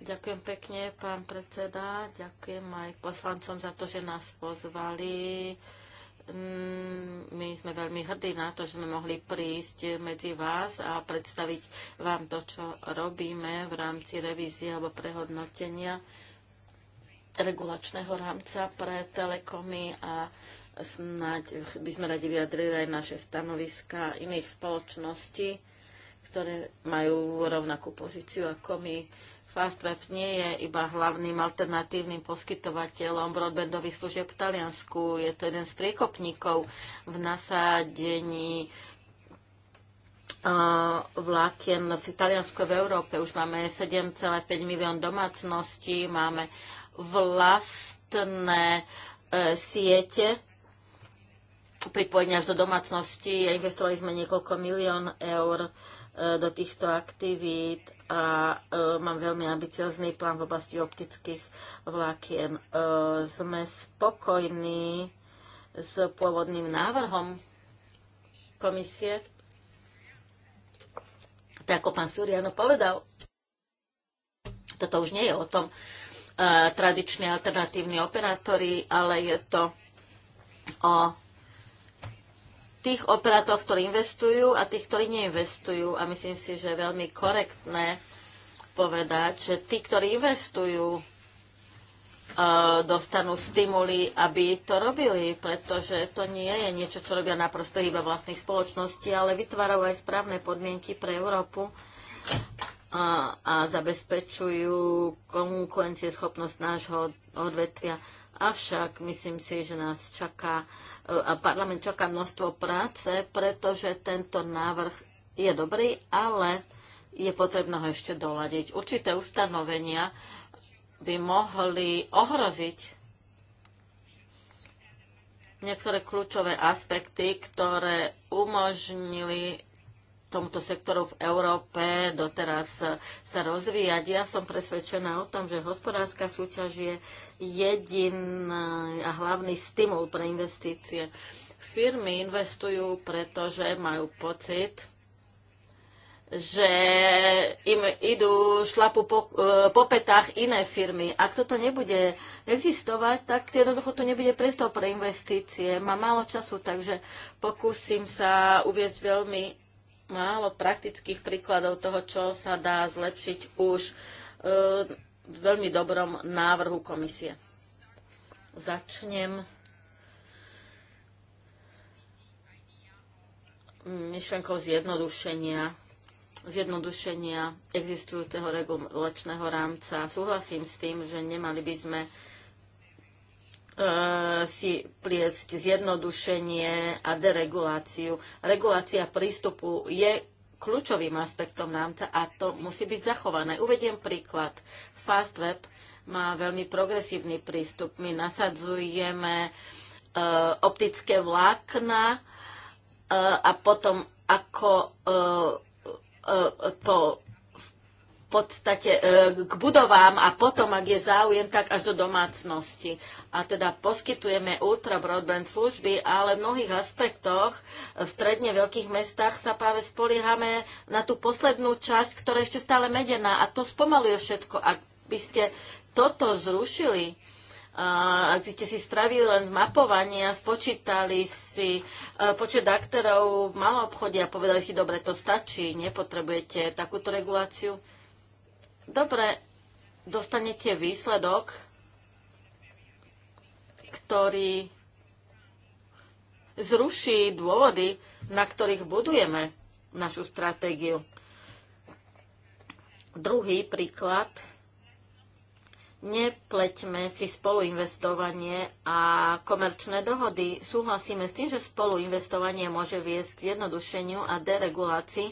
Ďakujem pekne, pán predseda. Ďakujem aj poslancom za to, že nás pozvali Mm, my sme veľmi hrdí na to, že sme mohli prísť medzi vás a predstaviť vám to, čo robíme v rámci revízie alebo prehodnotenia regulačného rámca pre telekomy a snáď by sme radi vyjadrili aj naše stanoviska iných spoločností, ktoré majú rovnakú pozíciu ako my Fastweb nie je iba hlavným alternatívnym poskytovateľom broadbandových služieb v Taliansku. Je to jeden z priekopníkov v nasádení eh, vlákien v Taliansku v Európe. Už máme 7,5 milión domácností, máme vlastné eh, siete pripojenia až do domácnosti. Investovali sme niekoľko milión eur eh, do týchto aktivít a e, mám veľmi ambiciozný plán v oblasti optických vlákien. E, sme spokojní s pôvodným návrhom komisie. Tak ako pán Suriano povedal, toto už nie je o tom e, tradiční alternatívni operátori, ale je to o tých operátorov, ktorí investujú a tých, ktorí neinvestujú. A myslím si, že je veľmi korektné povedať, že tí, ktorí investujú, e, dostanú stimuly, aby to robili, pretože to nie je niečo, čo robia na prospech iba vlastných spoločností, ale vytvárajú aj správne podmienky pre Európu a, a zabezpečujú konkurencieschopnosť nášho odvetvia. Avšak myslím si, že nás čaká e, a parlament čaká množstvo práce, pretože tento návrh je dobrý, ale je potrebné ho ešte doľadiť. Určité ustanovenia by mohli ohroziť niektoré kľúčové aspekty, ktoré umožnili tomuto sektoru v Európe doteraz sa rozvíjať. Ja som presvedčená o tom, že hospodárska súťaž je jediný a hlavný stimul pre investície. Firmy investujú, pretože majú pocit, že im idú šlapu po, e, po petách iné firmy. Ak toto nebude existovať, tak jednoducho to nebude priestor pre investície. Má málo času, takže pokúsim sa uviezť veľmi málo praktických príkladov toho, čo sa dá zlepšiť už e, v veľmi dobrom návrhu komisie. Začnem myšlenkou zjednodušenia zjednodušenia existujúceho regulačného rámca. Súhlasím s tým, že nemali by sme E, si pliecť zjednodušenie a dereguláciu. Regulácia prístupu je kľúčovým aspektom rámca a to musí byť zachované. Uvediem príklad. Fastweb má veľmi progresívny prístup. My nasadzujeme e, optické vlákna e, a potom ako e, e po podstate e, k budovám a potom, ak je záujem, tak až do domácnosti a teda poskytujeme ultra broadband služby, ale v mnohých aspektoch v stredne veľkých mestách sa práve spoliehame na tú poslednú časť, ktorá je ešte stále medená a to spomaluje všetko. Ak by ste toto zrušili, ak by ste si spravili len mapovanie a spočítali si e, počet aktérov v malom obchode a povedali si, dobre, to stačí, nepotrebujete takúto reguláciu, dobre, dostanete výsledok, ktorý zruší dôvody, na ktorých budujeme našu stratégiu. Druhý príklad. Nepleťme si spoluinvestovanie a komerčné dohody. Súhlasíme s tým, že spoluinvestovanie môže viesť k zjednodušeniu a deregulácii,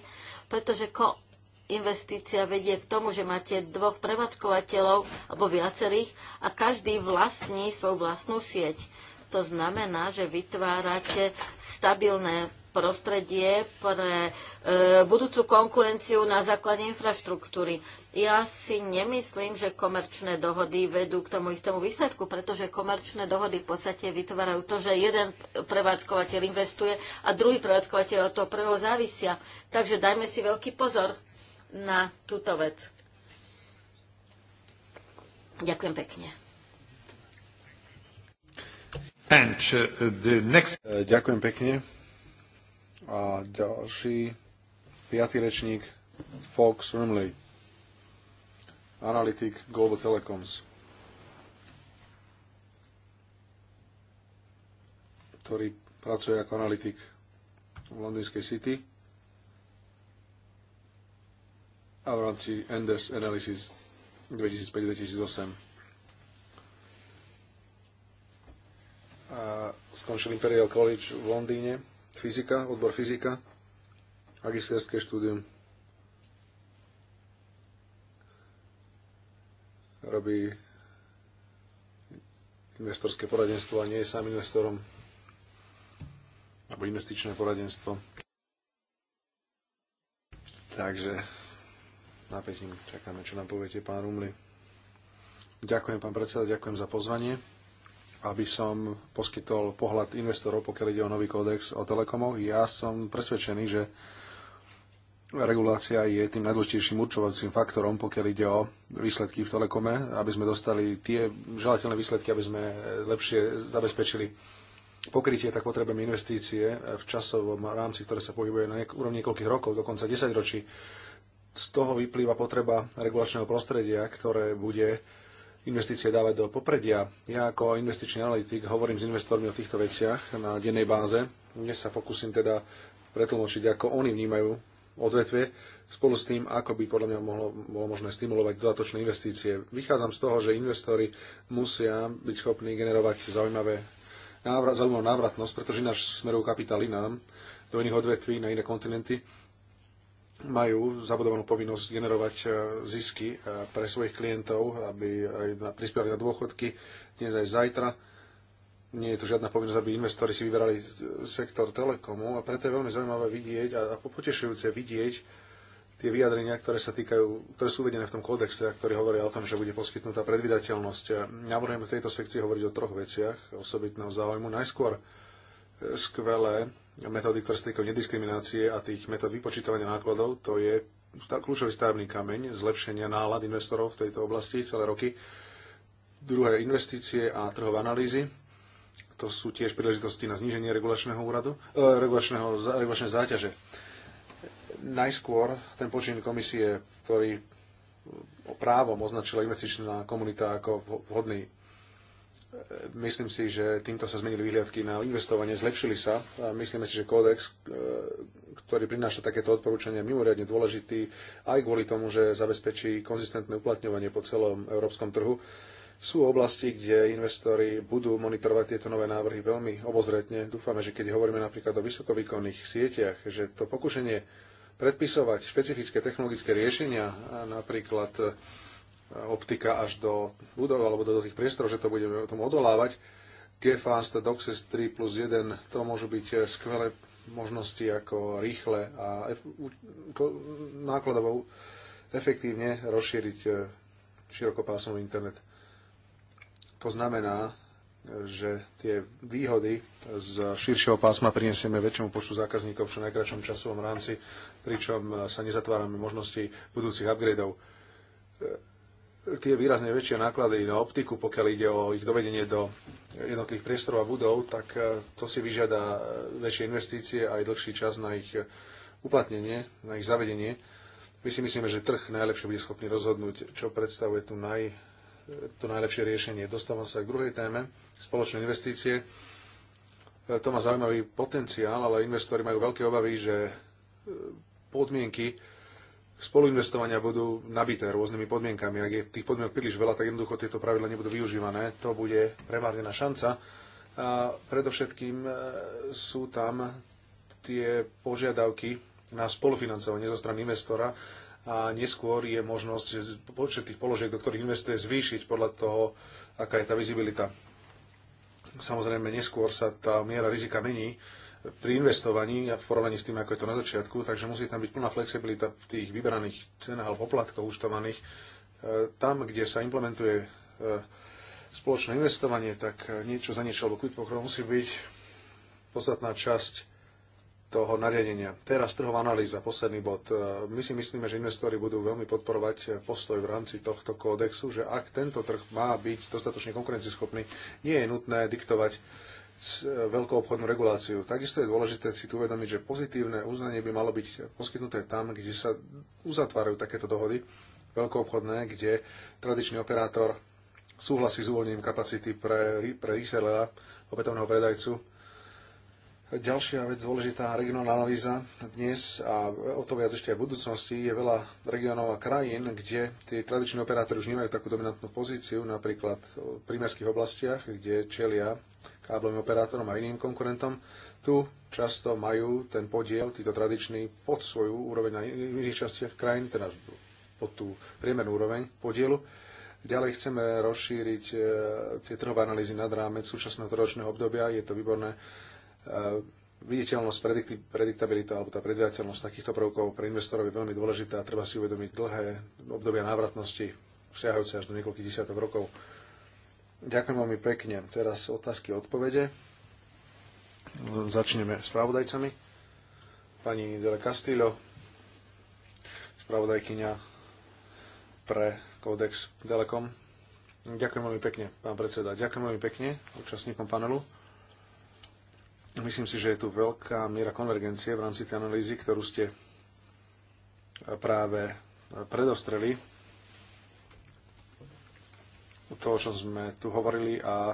pretože ko- investícia vedie k tomu, že máte dvoch prevádzkovateľov alebo viacerých a každý vlastní svoju vlastnú sieť. To znamená, že vytvárate stabilné prostredie pre e, budúcu konkurenciu na základe infraštruktúry. Ja si nemyslím, že komerčné dohody vedú k tomu istému výsledku, pretože komerčné dohody v podstate vytvárajú to, že jeden prevádzkovateľ investuje a druhý prevádzkovateľ od toho prvého závisia. Takže dajme si veľký pozor na túto vec. Ďakujem pekne. And, uh, next... E, ďakujem pekne. A ďalší, piatý rečník, Fox Rumley, analytik Global Telecoms, ktorý pracuje ako analytik v Londýnskej City. a v rámci Enders Analysis 2005-2008. A skončil Imperial College v Londýne, fyzika, odbor fyzika, magisterské štúdium. Robí investorské poradenstvo a nie je sám investorom alebo investičné poradenstvo. Takže napätím čakáme, čo nám poviete, pán Rumli. Ďakujem, pán predseda, ďakujem za pozvanie, aby som poskytol pohľad investorov, pokiaľ ide o nový kódex o telekomoch. Ja som presvedčený, že regulácia je tým najdôležitejším určovacím faktorom, pokiaľ ide o výsledky v telekome, aby sme dostali tie želateľné výsledky, aby sme lepšie zabezpečili pokrytie, tak potrebujeme investície v časovom rámci, ktoré sa pohybuje na úrovni niekoľkých rokov, dokonca 10 ročí z toho vyplýva potreba regulačného prostredia, ktoré bude investície dávať do popredia. Ja ako investičný analytik hovorím s investormi o týchto veciach na dennej báze. Dnes sa pokúsim teda pretlmočiť, ako oni vnímajú odvetvie, spolu s tým, ako by podľa mňa mohlo, bolo možné stimulovať dodatočné investície. Vychádzam z toho, že investori musia byť schopní generovať zaujímavé návrat, zaujímavú návratnosť, pretože ináč smerujú kapitál inám, do iných odvetví, na iné kontinenty majú zabudovanú povinnosť generovať e, zisky e, pre svojich klientov, aby aj prispievali na dôchodky dnes aj zajtra. Nie je tu žiadna povinnosť, aby investori si vyberali e, sektor telekomu a preto je veľmi zaujímavé vidieť a, potešujúce vidieť tie vyjadrenia, ktoré sa týkajú, ktoré sú uvedené v tom kódexe, ktorý hovorí o tom, že bude poskytnutá predvydateľnosť. Navrhujeme v tejto sekcii hovoriť o troch veciach osobitného záujmu. Najskôr skvelé metódy, ktoré sa týkajú nediskriminácie a tých metód vypočítavania nákladov, to je kľúčový stavebný kameň zlepšenia nálad investorov v tejto oblasti celé roky. Druhé, investície a trhové analýzy. To sú tiež príležitosti na zníženie regulačného úradu, e, regulačného, regulačné záťaže. Najskôr ten počin komisie, ktorý e, právom označila investičná komunita ako vhodný Myslím si, že týmto sa zmenili výhľadky na investovanie, zlepšili sa. A myslíme si, že kódex, e, ktorý prináša takéto odporúčania, je mimoriadne dôležitý aj kvôli tomu, že zabezpečí konzistentné uplatňovanie po celom európskom trhu. Sú oblasti, kde investori budú monitorovať tieto nové návrhy veľmi obozretne. Dúfame, že keď hovoríme napríklad o vysokovýkonných sieťach, že to pokušenie predpisovať špecifické technologické riešenia, napríklad optika až do budov alebo do, tých priestorov, že to budeme o tom odolávať. GFAST, DOCSIS 3 plus 1, to môžu byť eh, skvelé možnosti, ako rýchle a nákladovo efektívne rozšíriť eh, širokopásmový internet. To znamená, eh, že tie výhody z širšieho pásma prinesieme väčšiemu počtu zákazníkov v čo najkračšom časovom rámci, pričom sa nezatvárame možnosti budúcich upgradeov tie výrazne väčšie náklady na optiku, pokiaľ ide o ich dovedenie do jednotlivých priestorov a budov, tak e, to si vyžiada e, väčšie investície a aj dlhší čas na ich e, uplatnenie, na ich zavedenie. My si myslíme, že trh najlepšie bude schopný rozhodnúť, čo predstavuje tu naj, to najlepšie riešenie. Dostávam sa k druhej téme, spoločné investície. To má zaujímavý potenciál, ale investori majú veľké obavy, že podmienky spoluinvestovania budú nabité rôznymi podmienkami. Ak je tých podmienok príliš veľa, tak jednoducho tieto pravidla nebudú využívané. To bude premárnená šanca. A predovšetkým e, sú tam tie požiadavky na spolufinancovanie zo strany investora a neskôr je možnosť že počet tých položiek, do ktorých investuje, zvýšiť podľa toho, aká je tá vizibilita. Samozrejme, neskôr sa tá miera rizika mení pri investovaní a v porovnaní s tým, ako je to na začiatku, takže musí tam byť plná flexibilita v tých vybraných cenách alebo poplatkov účtovaných. E, tam, kde sa implementuje e, spoločné investovanie, tak e, niečo za niečo alebo quid pro musí byť podstatná časť toho nariadenia. Teraz trhová analýza, posledný bod. My si myslíme, že investori budú veľmi podporovať postoj v rámci tohto kódexu, že ak tento trh má byť dostatočne konkurencieschopný, nie je nutné diktovať E, veľkou obchodnú reguláciu. Takisto je dôležité si tu uvedomiť, že pozitívne uznanie by malo byť poskytnuté tam, kde sa uzatvárajú takéto dohody veľkoobchodné, kde tradičný operátor súhlasí s uvoľnením kapacity pre, pre resellera, opätovného predajcu. Ďalšia vec dôležitá, regionálna analýza dnes a o to viac ešte aj v budúcnosti je veľa regionov a krajín, kde tí tradiční operátori už nemajú takú dominantnú pozíciu, napríklad v prímerských oblastiach, kde čelia káblovým operátorom a iným konkurentom, tu často majú ten podiel, títo tradičný, pod svoju úroveň na iných častiach krajín, teda pod tú priemernú úroveň podielu. Ďalej chceme rozšíriť e, tie trhové analýzy nad rámec súčasného trhočného obdobia. Je to výborné e, viditeľnosť, prediktabilita alebo tá predvidateľnosť takýchto prvkov pre investorov je veľmi dôležitá. Treba si uvedomiť dlhé obdobia návratnosti, vsiahajúce až do niekoľkých desiatok rokov Ďakujem veľmi pekne. Teraz otázky a odpovede. Začneme spravodajcami. Pani Dela Castillo, spravodajkyňa pre Codex Telekom. Ďakujem veľmi pekne, pán predseda. Ďakujem veľmi pekne účastníkom panelu. Myslím si, že je tu veľká miera konvergencie v rámci tej analýzy, ktorú ste práve predostreli to, toho, čo sme tu hovorili a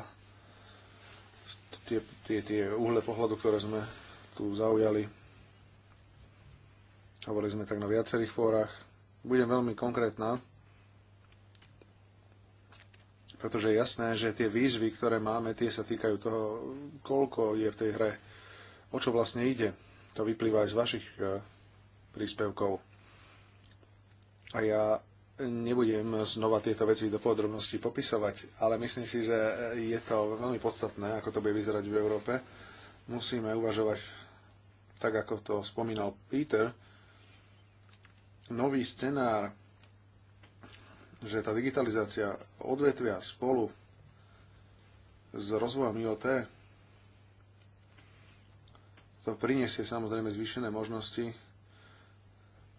tie, tie, tie uhle pohľadu, ktoré sme tu zaujali. Hovorili sme tak na viacerých fórach. Budem veľmi konkrétna, pretože je jasné, že tie výzvy, ktoré máme, tie sa týkajú toho, koľko je v tej hre, o čo vlastne ide. To vyplýva aj z vašich eh, príspevkov. A ja Nebudem znova tieto veci do podrobností popisovať, ale myslím si, že je to veľmi podstatné, ako to bude vyzerať v Európe. Musíme uvažovať, tak ako to spomínal Peter, nový scenár, že tá digitalizácia odvetvia spolu s rozvojom IoT to priniesie samozrejme zvýšené možnosti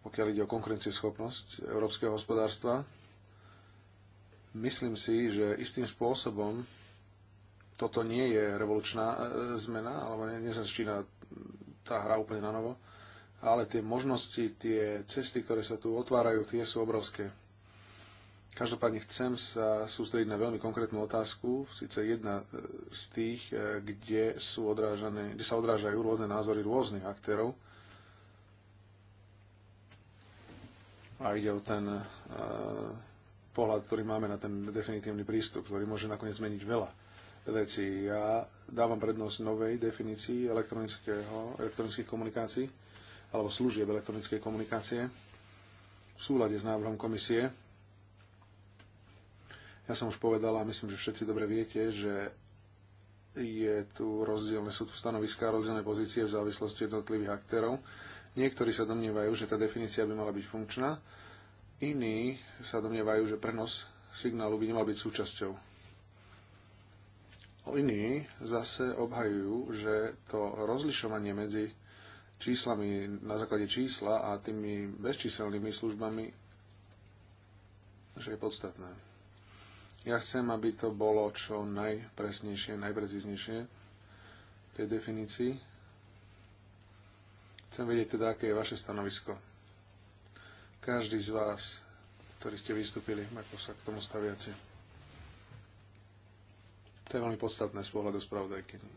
pokiaľ ide o konkurencieschopnosť európskeho hospodárstva. Myslím si, že istým spôsobom toto nie je revolučná e, zmena, alebo nezačína tá hra úplne na novo, ale tie možnosti, tie cesty, ktoré sa tu otvárajú, tie sú obrovské. Každopádne chcem sa sústrediť na veľmi konkrétnu otázku, síce jedna e, z tých, e, kde, sú odrážané, kde sa odrážajú rôzne názory rôznych aktérov, a ide o ten e, pohľad, ktorý máme na ten definitívny prístup, ktorý môže nakoniec zmeniť veľa vecí. Ja dávam prednosť novej definícii elektronických komunikácií alebo služieb elektronickej komunikácie v súlade s návrhom komisie. Ja som už povedal a myslím, že všetci dobre viete, že je tu rozdielne, sú tu stanoviská, rozdielne pozície v závislosti jednotlivých aktérov Niektorí sa domnievajú, že tá definícia by mala byť funkčná, iní sa domnievajú, že prenos signálu by nemal byť súčasťou. Iní zase obhajujú, že to rozlišovanie medzi číslami na základe čísla a tými bezčíselnými službami, že je podstatné. Ja chcem, aby to bolo čo najpresnejšie, najprecíznejšie v tej definícii Chcem vedieť teda, aké je vaše stanovisko. Každý z vás, ktorí ste vystúpili, ako sa k tomu staviate. To je veľmi podstatné z pohľadu spravodajky. A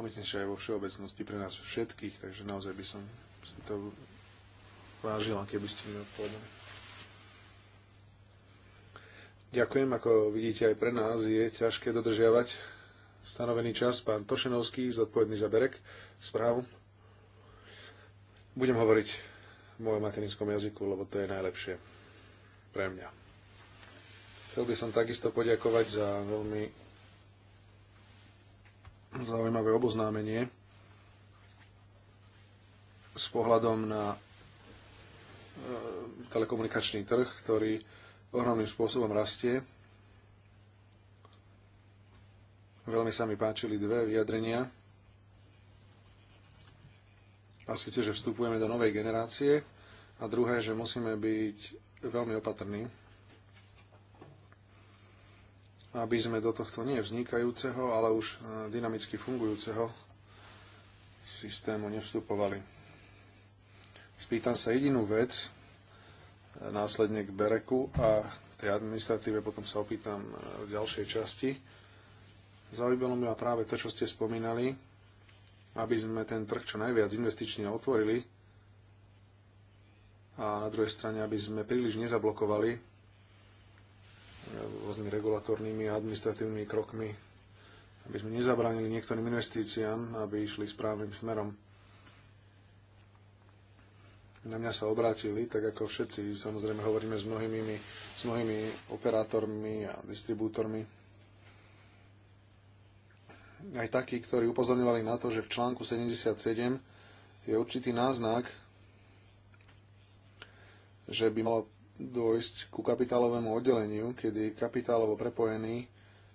no, myslím, že aj vo všeobecnosti pre nás všetkých, takže naozaj by som si to vážila, keby ste mi odpovedali. Ďakujem, ako vidíte aj pre nás je ťažké dodržiavať stanovený čas. Pán Tošenovský, zodpovedný za Berek, správu. Budem hovoriť v mojom materinskom jazyku, lebo to je najlepšie pre mňa. Chcel by som takisto poďakovať za veľmi zaujímavé oboznámenie s pohľadom na e, telekomunikačný trh, ktorý ohromným spôsobom rastie. Veľmi sa mi páčili dve vyjadrenia a síce, že vstupujeme do novej generácie a druhé, že musíme byť veľmi opatrní, aby sme do tohto nie vznikajúceho, ale už e, dynamicky fungujúceho systému nevstupovali. Spýtam sa jedinú vec, e, následne k Bereku a tej administratíve potom sa opýtam e, v ďalšej časti. Zaujímalo ma práve to, čo ste spomínali, aby sme ten trh čo najviac investične otvorili a na druhej strane, aby sme príliš nezablokovali rôznymi regulatornými a administratívnymi krokmi, aby sme nezabránili niektorým investíciám, aby išli správnym smerom na mňa sa obrátili, tak ako všetci, samozrejme hovoríme s mnohými, s mnohými operátormi a distribútormi aj takí, ktorí upozorňovali na to, že v článku 77 je určitý náznak, že by malo dôjsť ku kapitálovému oddeleniu, kedy kapitálovo prepojení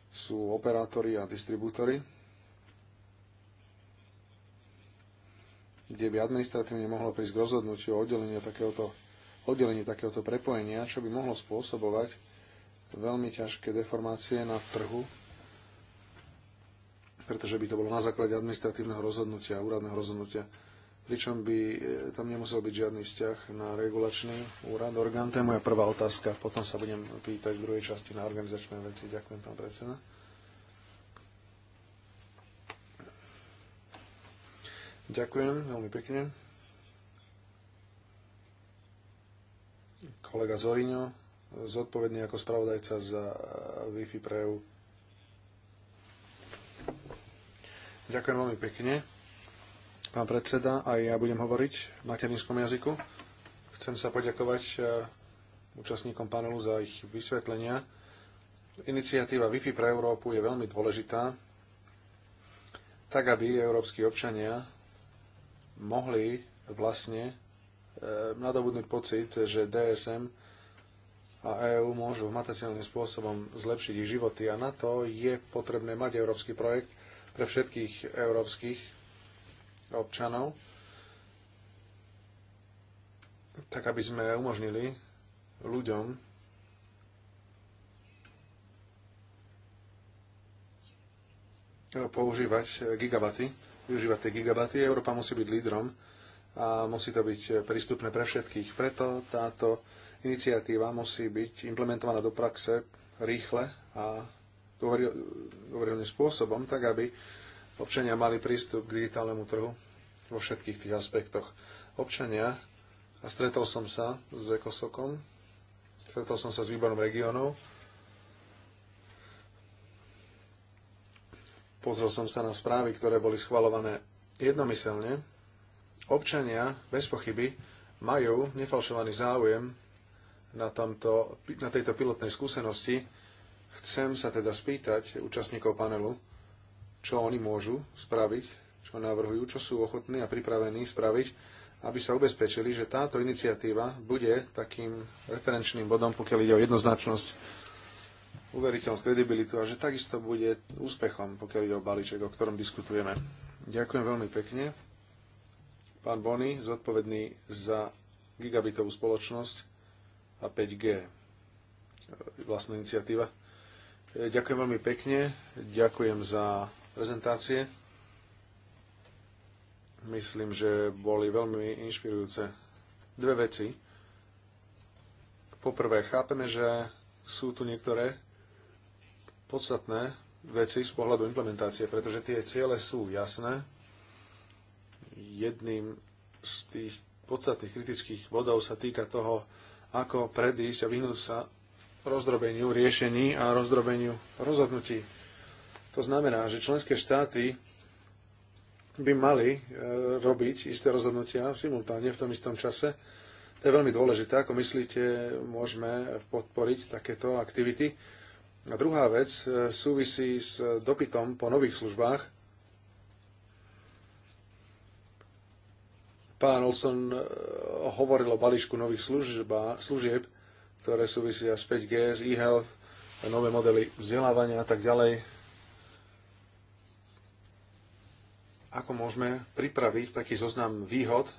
sú operátori a distribútory, kde by administratívne mohlo prísť k rozhodnutiu o oddelení takéhoto, oddelení takéhoto prepojenia, čo by mohlo spôsobovať veľmi ťažké deformácie na trhu pretože by to bolo na základe administratívneho rozhodnutia, úradného rozhodnutia, pričom by e, tam nemusel byť žiadny vzťah na regulačný úrad, orgán. To je moja prvá otázka, potom sa budem pýtať v druhej časti na organizačné veci. Ďakujem, pán predseda. Ďakujem veľmi pekne. Kolega Zoriňo, zodpovedný ako spravodajca za Wi-Fi pre EU. Ďakujem veľmi pekne, pán predseda, aj ja budem hovoriť v materinskom jazyku. Chcem sa poďakovať e, účastníkom panelu za ich vysvetlenia. Iniciatíva Wi-Fi pre Európu je veľmi dôležitá, tak aby európsky občania mohli vlastne e, nadobudnúť pocit, že DSM a EÚ môžu hmatateľným spôsobom zlepšiť ich životy a na to je potrebné mať európsky projekt, pre všetkých európskych občanov, tak aby sme umožnili ľuďom používať gigabaty, využívať tie gigabaty. Európa musí byť lídrom a musí to byť prístupné pre všetkých. Preto táto iniciatíva musí byť implementovaná do praxe rýchle a dôveryhodným spôsobom, tak aby občania mali prístup k digitálnemu trhu vo všetkých tých aspektoch. Občania, a stretol som sa s Ekosokom, stretol som sa s výborom regionov, pozrel som sa na správy, ktoré boli schvalované jednomyselne. Občania bez pochyby majú nefalšovaný záujem na, tomto, na tejto pilotnej skúsenosti, Chcem sa teda spýtať účastníkov panelu, čo oni môžu spraviť, čo navrhujú, čo sú ochotní a pripravení spraviť, aby sa ubezpečili, že táto iniciatíva bude takým referenčným bodom, pokiaľ ide o jednoznačnosť, uveriteľnosť, kredibilitu a že takisto bude úspechom, pokiaľ ide o balíček, o ktorom diskutujeme. Ďakujem veľmi pekne. Pán Bony, zodpovedný za gigabitovú spoločnosť a 5G, vlastná iniciatíva. Ďakujem veľmi pekne, ďakujem za prezentácie. Myslím, že boli veľmi inšpirujúce dve veci. Poprvé, chápeme, že sú tu niektoré podstatné veci z pohľadu implementácie, pretože tie ciele sú jasné. Jedným z tých podstatných kritických bodov sa týka toho, ako predísť a vyhnúť sa rozdrobeniu riešení a rozdrobeniu rozhodnutí. To znamená, že členské štáty by mali e, robiť isté rozhodnutia simultáne v tom istom čase. To je veľmi dôležité. Ako myslíte, môžeme podporiť takéto aktivity. A druhá vec e, súvisí s dopytom po nových službách. Pán Olson e, hovoril o balíšku nových služieb ktoré súvisia s 5G, s e-health, nové modely vzdelávania a tak ďalej. Ako môžeme pripraviť taký zoznam výhod e,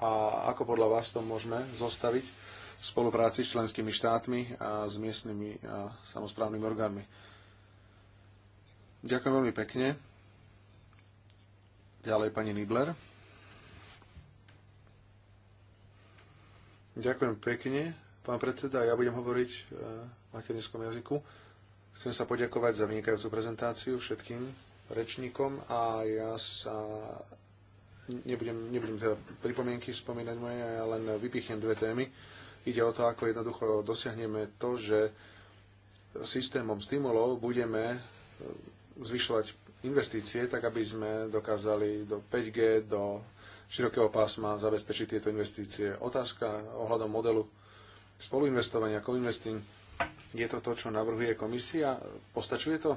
a ako podľa vás to môžeme zostaviť v spolupráci s členskými štátmi a s miestnymi a samozprávnymi orgánmi. Ďakujem veľmi pekne. Ďalej pani Nibler. Ďakujem pekne, pán predseda. Ja budem hovoriť e, v materinskom jazyku. Chcem sa poďakovať za vynikajúcu prezentáciu všetkým rečníkom a ja sa nebudem, nebudem teda pripomienky spomínať moje, ja len vypichnem dve témy. Ide o to, ako jednoducho dosiahneme to, že systémom stimulov budeme e, zvyšovať investície, tak aby sme dokázali do 5G, do širokého pásma zabezpečiť tieto investície. Otázka ohľadom modelu spoluinvestovania, co-investing, je to to, čo navrhuje komisia? Postačuje to?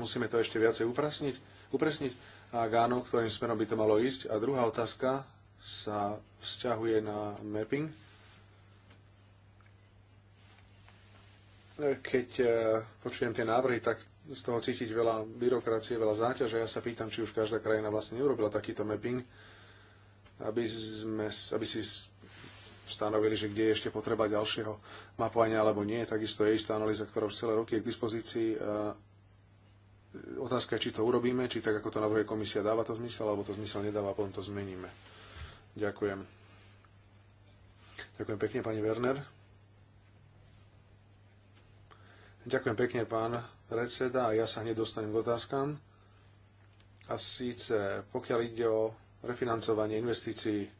Musíme to ešte viacej upresniť? upresniť? A áno, ktorým smerom by to malo ísť? A druhá otázka sa vzťahuje na mapping. keď e, počujem tie návrhy, tak z toho cítiť veľa byrokracie, veľa záťaže. Ja sa pýtam, či už každá krajina vlastne neurobila takýto mapping aby, sme, aby si stanovili, že kde je ešte potreba ďalšieho mapovania alebo nie. Takisto je istá analýza, ktorá už celé roky je k dispozícii. E, otázka je, či to urobíme, či tak, ako to navrhuje komisia, dáva to zmysel, alebo to zmysel nedáva, potom to zmeníme. Ďakujem. Ďakujem pekne, pani Werner. Ďakujem pekne, pán predseda. Ja sa hneď dostanem k otázkam. A síce, pokiaľ ide o refinancovanie investícií e,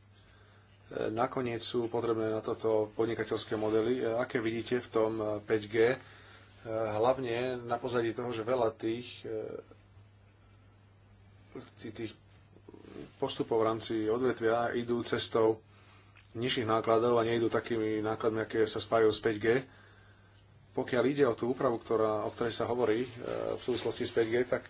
nakoniec sú potrebné na toto podnikateľské modely. E, aké vidíte v tom 5G? E, hlavne na pozadí toho, že veľa tých, tých postupov v rámci odvetvia idú cestou nižších nákladov a nejdú takými nákladmi, aké sa spájajú s 5G. Pokiaľ ide o tú úpravu, ktorá, o ktorej sa hovorí v súvislosti s 5G, tak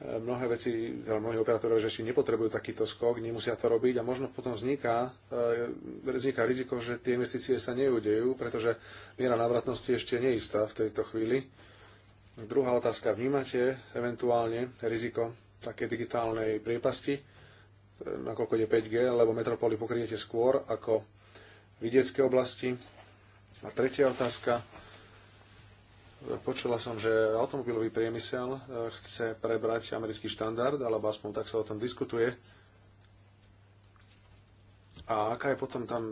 E, mnohé veci, teda mnohí operátori ešte nepotrebujú takýto skok, nemusia to robiť a možno potom vzniká, e, vzniká riziko, že tie investície sa neudejú, pretože miera návratnosti ešte neistá v tejto chvíli. Druhá otázka, vnímate eventuálne riziko také digitálnej priepasti, e, nakoľko je 5G, lebo metropoly pokriete skôr ako vidiecké oblasti. A tretia otázka, Počula som, že automobilový priemysel e, chce prebrať americký štandard, alebo aspoň tak sa o tom diskutuje. A aká je potom tam,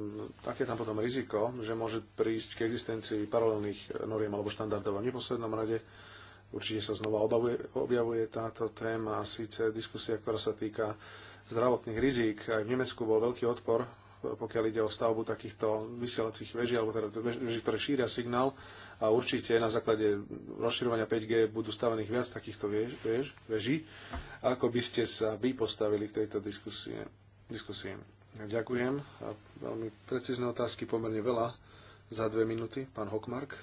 aké je tam potom riziko, že môže prísť k existencii paralelných noriem alebo štandardov? v neposlednom rade určite sa znova obavuje, objavuje táto téma, a síce diskusia, ktorá sa týka zdravotných rizík. Aj v Nemecku bol veľký odpor, pokiaľ ide o stavbu takýchto vysielacích veží, alebo teda veží, ktoré šíria signál a určite na základe rozširovania 5G budú stavených viac takýchto veží. Ako by ste sa vy postavili k tejto diskusie? diskusie. Ďakujem. A veľmi precízne otázky, pomerne veľa za dve minúty. Pán Hokmark.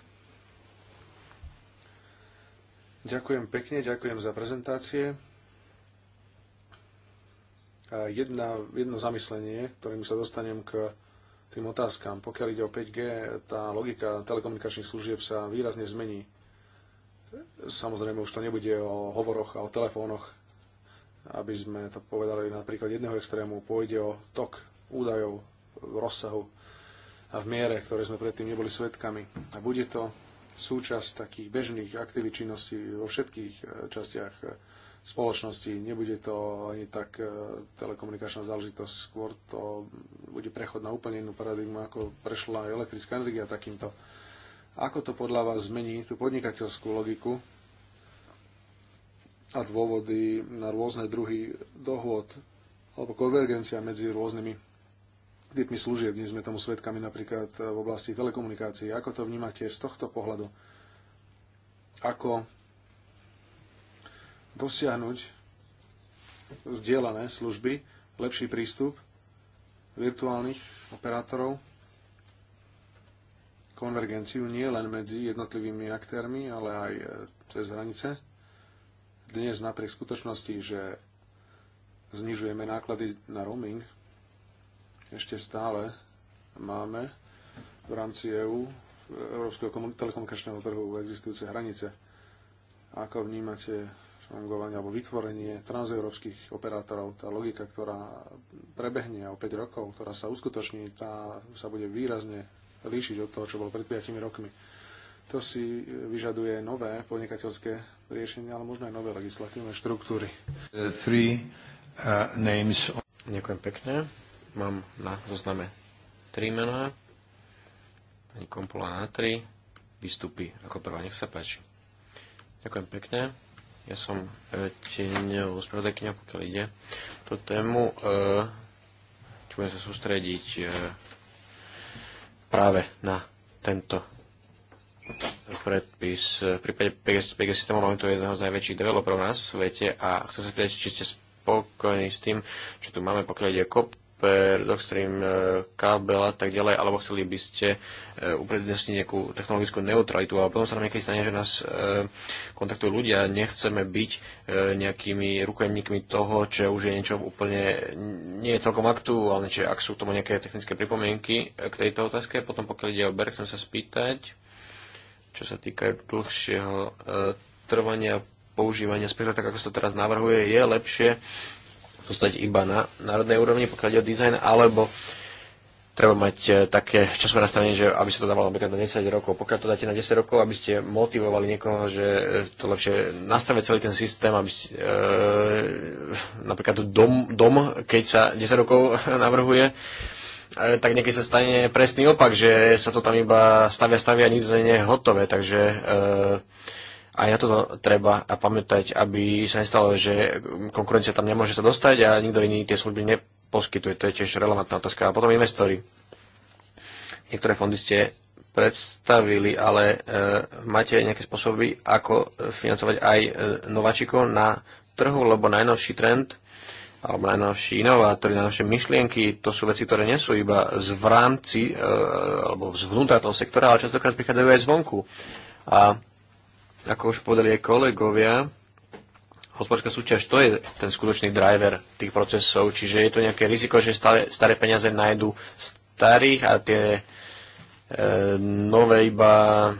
Ďakujem pekne, ďakujem za prezentácie. Jedna, jedno zamyslenie, ktorým sa dostanem k tým otázkam. Pokiaľ ide o 5G, tá logika telekomunikačných služieb sa výrazne zmení. Samozrejme, už to nebude o hovoroch a o telefónoch, aby sme to povedali napríklad jedného extrému. Pôjde o tok údajov v rozsahu a v miere, ktoré sme predtým neboli svetkami. A bude to súčasť takých bežných aktivít činností vo všetkých eh, častiach eh, spoločnosti. Nebude to ani tak e, telekomunikačná záležitosť, skôr to bude prechod na úplne inú paradigmu, ako prešla aj elektrická energia takýmto. Ako to podľa vás zmení tú podnikateľskú logiku a dôvody na rôzne druhy dohôd alebo konvergencia medzi rôznymi typmi služieb. Dnes sme tomu svedkami napríklad v oblasti telekomunikácií. Ako to vnímate z tohto pohľadu? Ako dosiahnuť zdieľané služby, lepší prístup virtuálnych operátorov, konvergenciu nie len medzi jednotlivými aktérmi, ale aj e, cez hranice. Dnes napriek skutočnosti, že znižujeme náklady na roaming, ešte stále máme v rámci EÚ, e, Európskeho telekomunikačného trhu, existujúce hranice. Ako vnímate fungovanie alebo vytvorenie transeurópskych operátorov, tá logika, ktorá prebehne o 5 rokov, ktorá sa uskutoční, tá sa bude výrazne líšiť od toho, čo bolo pred 5 rokmi. To si vyžaduje nové podnikateľské riešenia, ale možno aj nové legislatívne štruktúry. Three, uh, names. Ďakujem pekne. Mám na zozname tri mená. Pani Kompola na tri. Vystupí ako prvá. Nech sa páči. Ďakujem pekne. Ja som e, tieňovou spravodajkyňou, pokiaľ ide tú tému, e, čo budem sa sústrediť e, práve na tento predpis. V prípade PG, systému máme tu jedného z najväčších developerov na svete a chcem sa spýtať, či ste spokojní s tým, čo tu máme, pokiaľ ide o Super, Dockstream, e, kábel a tak ďalej, alebo chceli by ste e, uprednostniť nejakú technologickú neutralitu, ale potom sa nám niekedy stane, že nás e, kontaktujú ľudia, nechceme byť nejakými rukojemníkmi toho, čo už je niečo úplne nie je celkom aktuálne, čiže ak sú tomu nejaké technické pripomienky k tejto otázke, potom pokiaľ ide o BER, chcem sa spýtať, čo sa týka dlhšieho trvania používania spektra, tak ako sa to teraz navrhuje, je lepšie zostať iba na národnej úrovni, pokiaľ ide o dizajn, alebo treba mať e, také časové nastavenie, že aby sa to dávalo napríklad na 10 rokov. Pokiaľ to dáte na 10 rokov, aby ste motivovali niekoho, že e, to lepšie nastaviť celý ten systém, aby ste, e, napríklad dom, dom, keď sa 10 rokov navrhuje, e, tak niekedy sa stane presný opak, že sa to tam iba stavia, stavia a nikto nie je hotové. Takže e, aj na toto treba pamätať, aby sa nestalo, že konkurencia tam nemôže sa dostať a nikto iný tie služby neposkytuje. To je tiež relevantná otázka. A potom investori. Niektoré fondy ste predstavili, ale e, máte nejaké spôsoby, ako financovať aj e, nováčikov na trhu, lebo najnovší trend alebo najnovší inovátory, najnovšie myšlienky, to sú veci, ktoré nie sú iba z v rámci e, alebo zvnútra toho sektora, ale častokrát prichádzajú aj zvonku. A ako už povedali aj kolegovia, hospodárska súťaž to je ten skutočný driver tých procesov, čiže je to nejaké riziko, že staré, staré peniaze nájdu starých a tie e, nové iba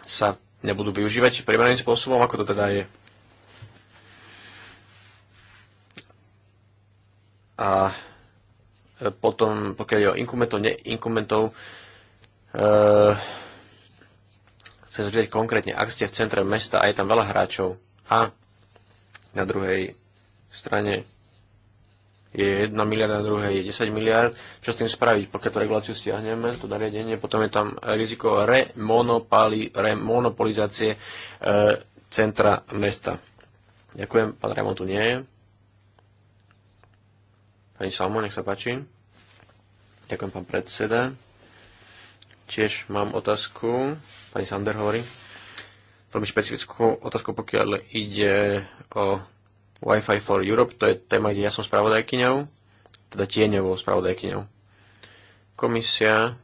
sa nebudú využívať primárnym spôsobom, ako to teda je. A e, potom, pokiaľ je o inkumentov, neinkumentov, e, chcem sa spýtať konkrétne, ak ste v centre mesta a je tam veľa hráčov a na druhej strane je 1 miliard, na druhej je 10 miliard, čo s tým spraviť? Pokiaľ tú reguláciu stiahneme, to nariadenie, potom je tam riziko remonopolizácie re centra mesta. Ďakujem, pán Remo tu nie je. Pani Salmo, nech sa páči. Ďakujem, pán predseda. Tiež mám otázku pani Sander hovorí, veľmi špecifickú otázku, pokiaľ ide o Wi-Fi for Europe, to je téma, kde ja som spravodajkyňou, teda tieňovou spravodajkyňou. Komisia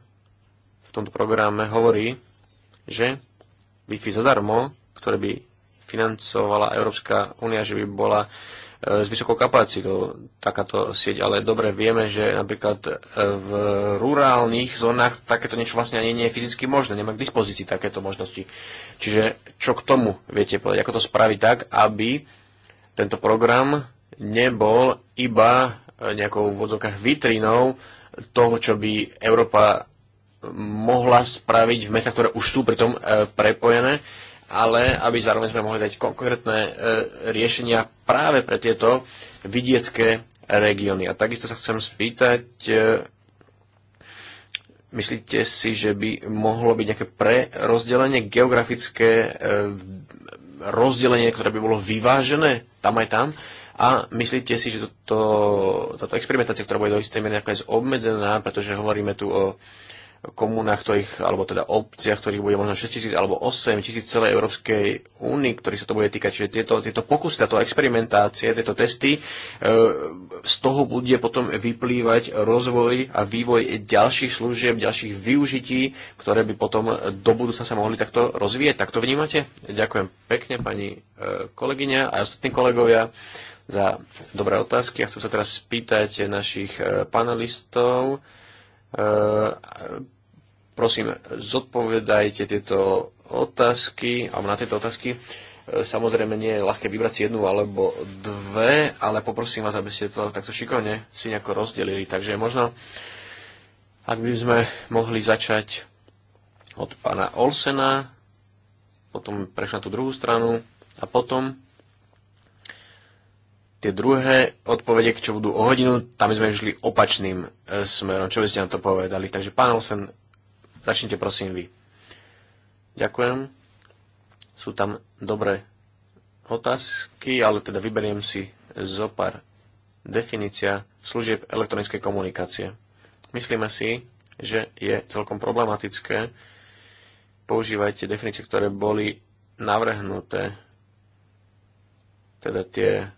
v tomto programe hovorí, že Wi-Fi zadarmo, ktoré by financovala Európska únia, že by bola E, s vysokou kapacitou takáto sieť, ale dobre vieme, že napríklad e, v rurálnych zónach takéto niečo vlastne ani nie je fyzicky možné, nemá k dispozícii takéto možnosti. Čiže čo k tomu viete povedať, ako to spraviť tak, aby tento program nebol iba e, nejakou v odzokách vitrinou toho, čo by Európa mohla spraviť v mestách, ktoré už sú pritom prepojené, ale aby zároveň sme mohli dať konkrétne e, riešenia práve pre tieto vidiecké regióny. A takisto sa chcem spýtať, e, myslíte si, že by mohlo byť nejaké prerozdelenie, geografické e, rozdelenie, ktoré by bolo vyvážené tam aj tam? A myslíte si, že toto, táto experimentácia, ktorá bude do istej miery nejaká obmedzená, pretože hovoríme tu o komunách, ktorých, alebo teda obciach, ktorých bude možno 6 tisíc alebo 8 tisíc celej Európskej únii, ktorých sa to bude týkať. Čiže tieto, tieto pokusy, táto experimentácie, tieto testy, e, z toho bude potom vyplývať rozvoj a vývoj ďalších služieb, ďalších využití, ktoré by potom do budúca sa mohli takto rozvíjať. Tak to vnímate? Ďakujem pekne pani e, kolegyňa a ostatní kolegovia za dobré otázky. Ja chcem sa teraz spýtať našich e, panelistov Prosím, zodpovedajte tieto otázky, alebo na tieto otázky. E, samozrejme nie je ľahké vybrať si jednu alebo dve, ale poprosím vás, aby ste to takto šikovne si nejako rozdelili. Takže možno, ak by sme mohli začať od pána Olsena, potom prešli na tú druhú stranu a potom tie druhé odpovede, čo budú o hodinu, tam sme išli opačným e, smerom. Čo by ste nám to povedali? Takže pán Olsen, Začnite prosím vy. Ďakujem. Sú tam dobré otázky, ale teda vyberiem si zopár. Definícia služieb elektronickej komunikácie. Myslíme si, že je celkom problematické používať definície, ktoré boli navrhnuté, teda tie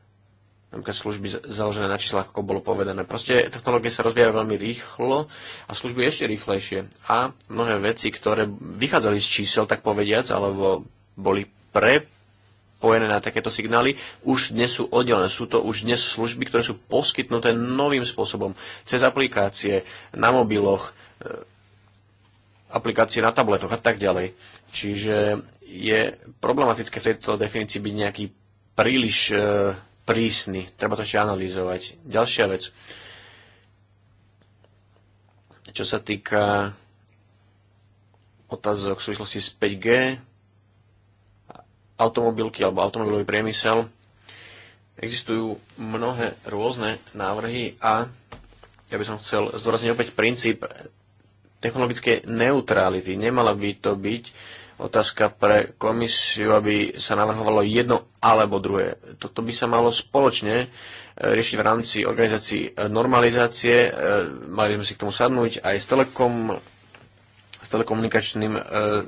napríklad služby založené na číslach, ako bolo povedané. Proste technológie sa rozvíjajú veľmi rýchlo a služby ešte rýchlejšie. A mnohé veci, ktoré vychádzali z čísel, tak povediac, alebo boli pre na takéto signály, už dnes sú oddelené. Sú to už dnes služby, ktoré sú poskytnuté novým spôsobom. Cez aplikácie, na mobiloch, e, aplikácie na tabletoch a tak ďalej. Čiže je problematické v tejto definícii byť nejaký príliš e, prísny. Treba to ešte analyzovať. Ďalšia vec. Čo sa týka otázok v súvislosti s 5G, automobilky alebo automobilový priemysel, existujú mnohé rôzne návrhy a ja by som chcel zdôrazniť opäť princíp technologickej neutrality. Nemala by to byť otázka pre komisiu, aby sa navrhovalo jedno alebo druhé. Toto by sa malo spoločne e, riešiť v rámci organizácií e, normalizácie. E, mali sme si k tomu sadnúť aj s Telekom, s telekomunikačným e,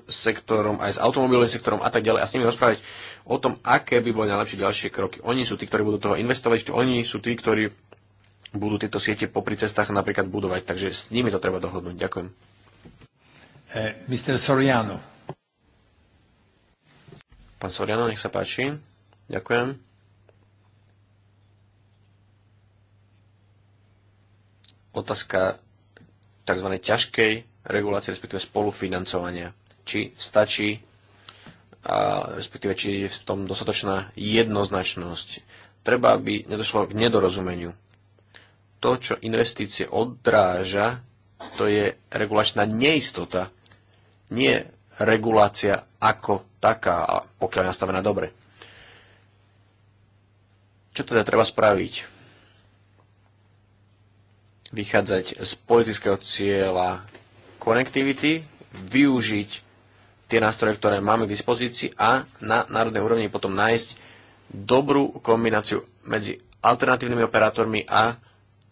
sektorom, aj s automobilovým sektorom a tak ďalej a s nimi rozprávať o tom, aké by boli najlepšie ďalšie kroky. Oni sú tí, ktorí budú toho investovať, oni sú tí, ktorí budú tieto siete popri cestách napríklad budovať, takže s nimi to treba dohodnúť. Ďakujem. Eh, Mr. Soriano. Pán Soriano, nech sa páči. Ďakujem. Otázka tzv. ťažkej regulácie, respektíve spolufinancovania. Či stačí, a, respektíve či je v tom dostatočná jednoznačnosť. Treba, aby nedošlo k nedorozumeniu. To, čo investície odráža, to je regulačná neistota, nie regulácia ako taká, pokiaľ je nastavená dobre. Čo teda treba spraviť? Vychádzať z politického cieľa konektivity, využiť tie nástroje, ktoré máme k dispozícii a na národnej úrovni potom nájsť dobrú kombináciu medzi alternatívnymi operátormi a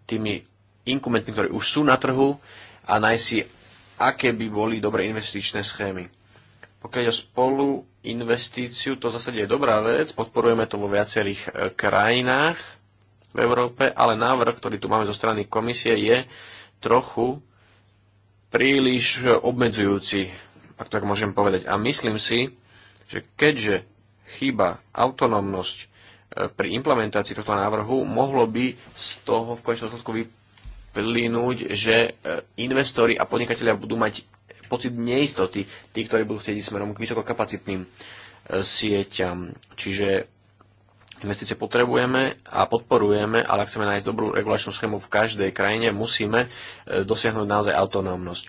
tými inkumentmi, ktorí už sú na trhu a nájsť si, aké by boli dobré investičné schémy. Pokiaľ je o spolu investíciu, to v zásade je dobrá vec, podporujeme to vo viacerých e, krajinách v Európe, ale návrh, ktorý tu máme zo strany komisie, je trochu príliš obmedzujúci, ak tak môžem povedať. A myslím si, že keďže chýba autonómnosť e, pri implementácii tohto návrhu, mohlo by z toho v konečnom sledku vyplynúť, že e, investori a podnikatelia budú mať pocit neistoty, tí, ktorí budú chcieť smerom k vysokokapacitným e, sieťam. Čiže investície potrebujeme a podporujeme, ale ak chceme nájsť dobrú regulačnú schému v každej krajine, musíme e, dosiahnuť naozaj autonómnosť.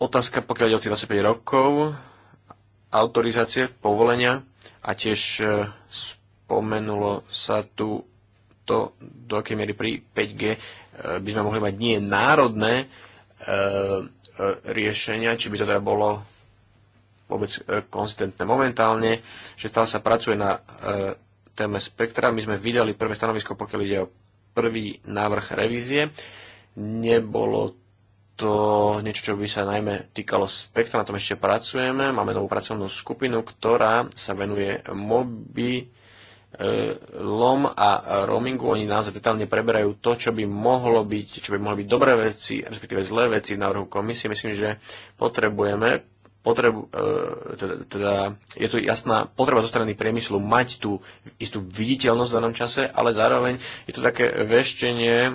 Otázka, pokiaľ ide o tých 25 rokov, autorizácie, povolenia a tiež e, spomenulo sa tu to, do akej miery pri 5G by sme mohli mať nie národné riešenia, či by to teda bolo vôbec e, konzistentné. Momentálne, že stále sa pracuje na e, téme spektra, my sme vydali prvé stanovisko, pokiaľ ide o prvý návrh revízie. Nebolo to niečo, čo by sa najmä týkalo spektra, na tom ešte pracujeme. Máme novú pracovnú skupinu, ktorá sa venuje mobi E, lom a roamingu oni naozaj detálne preberajú to, čo by mohlo byť, čo by mohli byť dobré veci, respektíve zlé veci na návrhu komisie. Myslím, že potrebujeme potrebu, e, teda, teda je tu jasná potreba zo strany priemyslu mať tú istú viditeľnosť v danom čase, ale zároveň je to také veštenie e,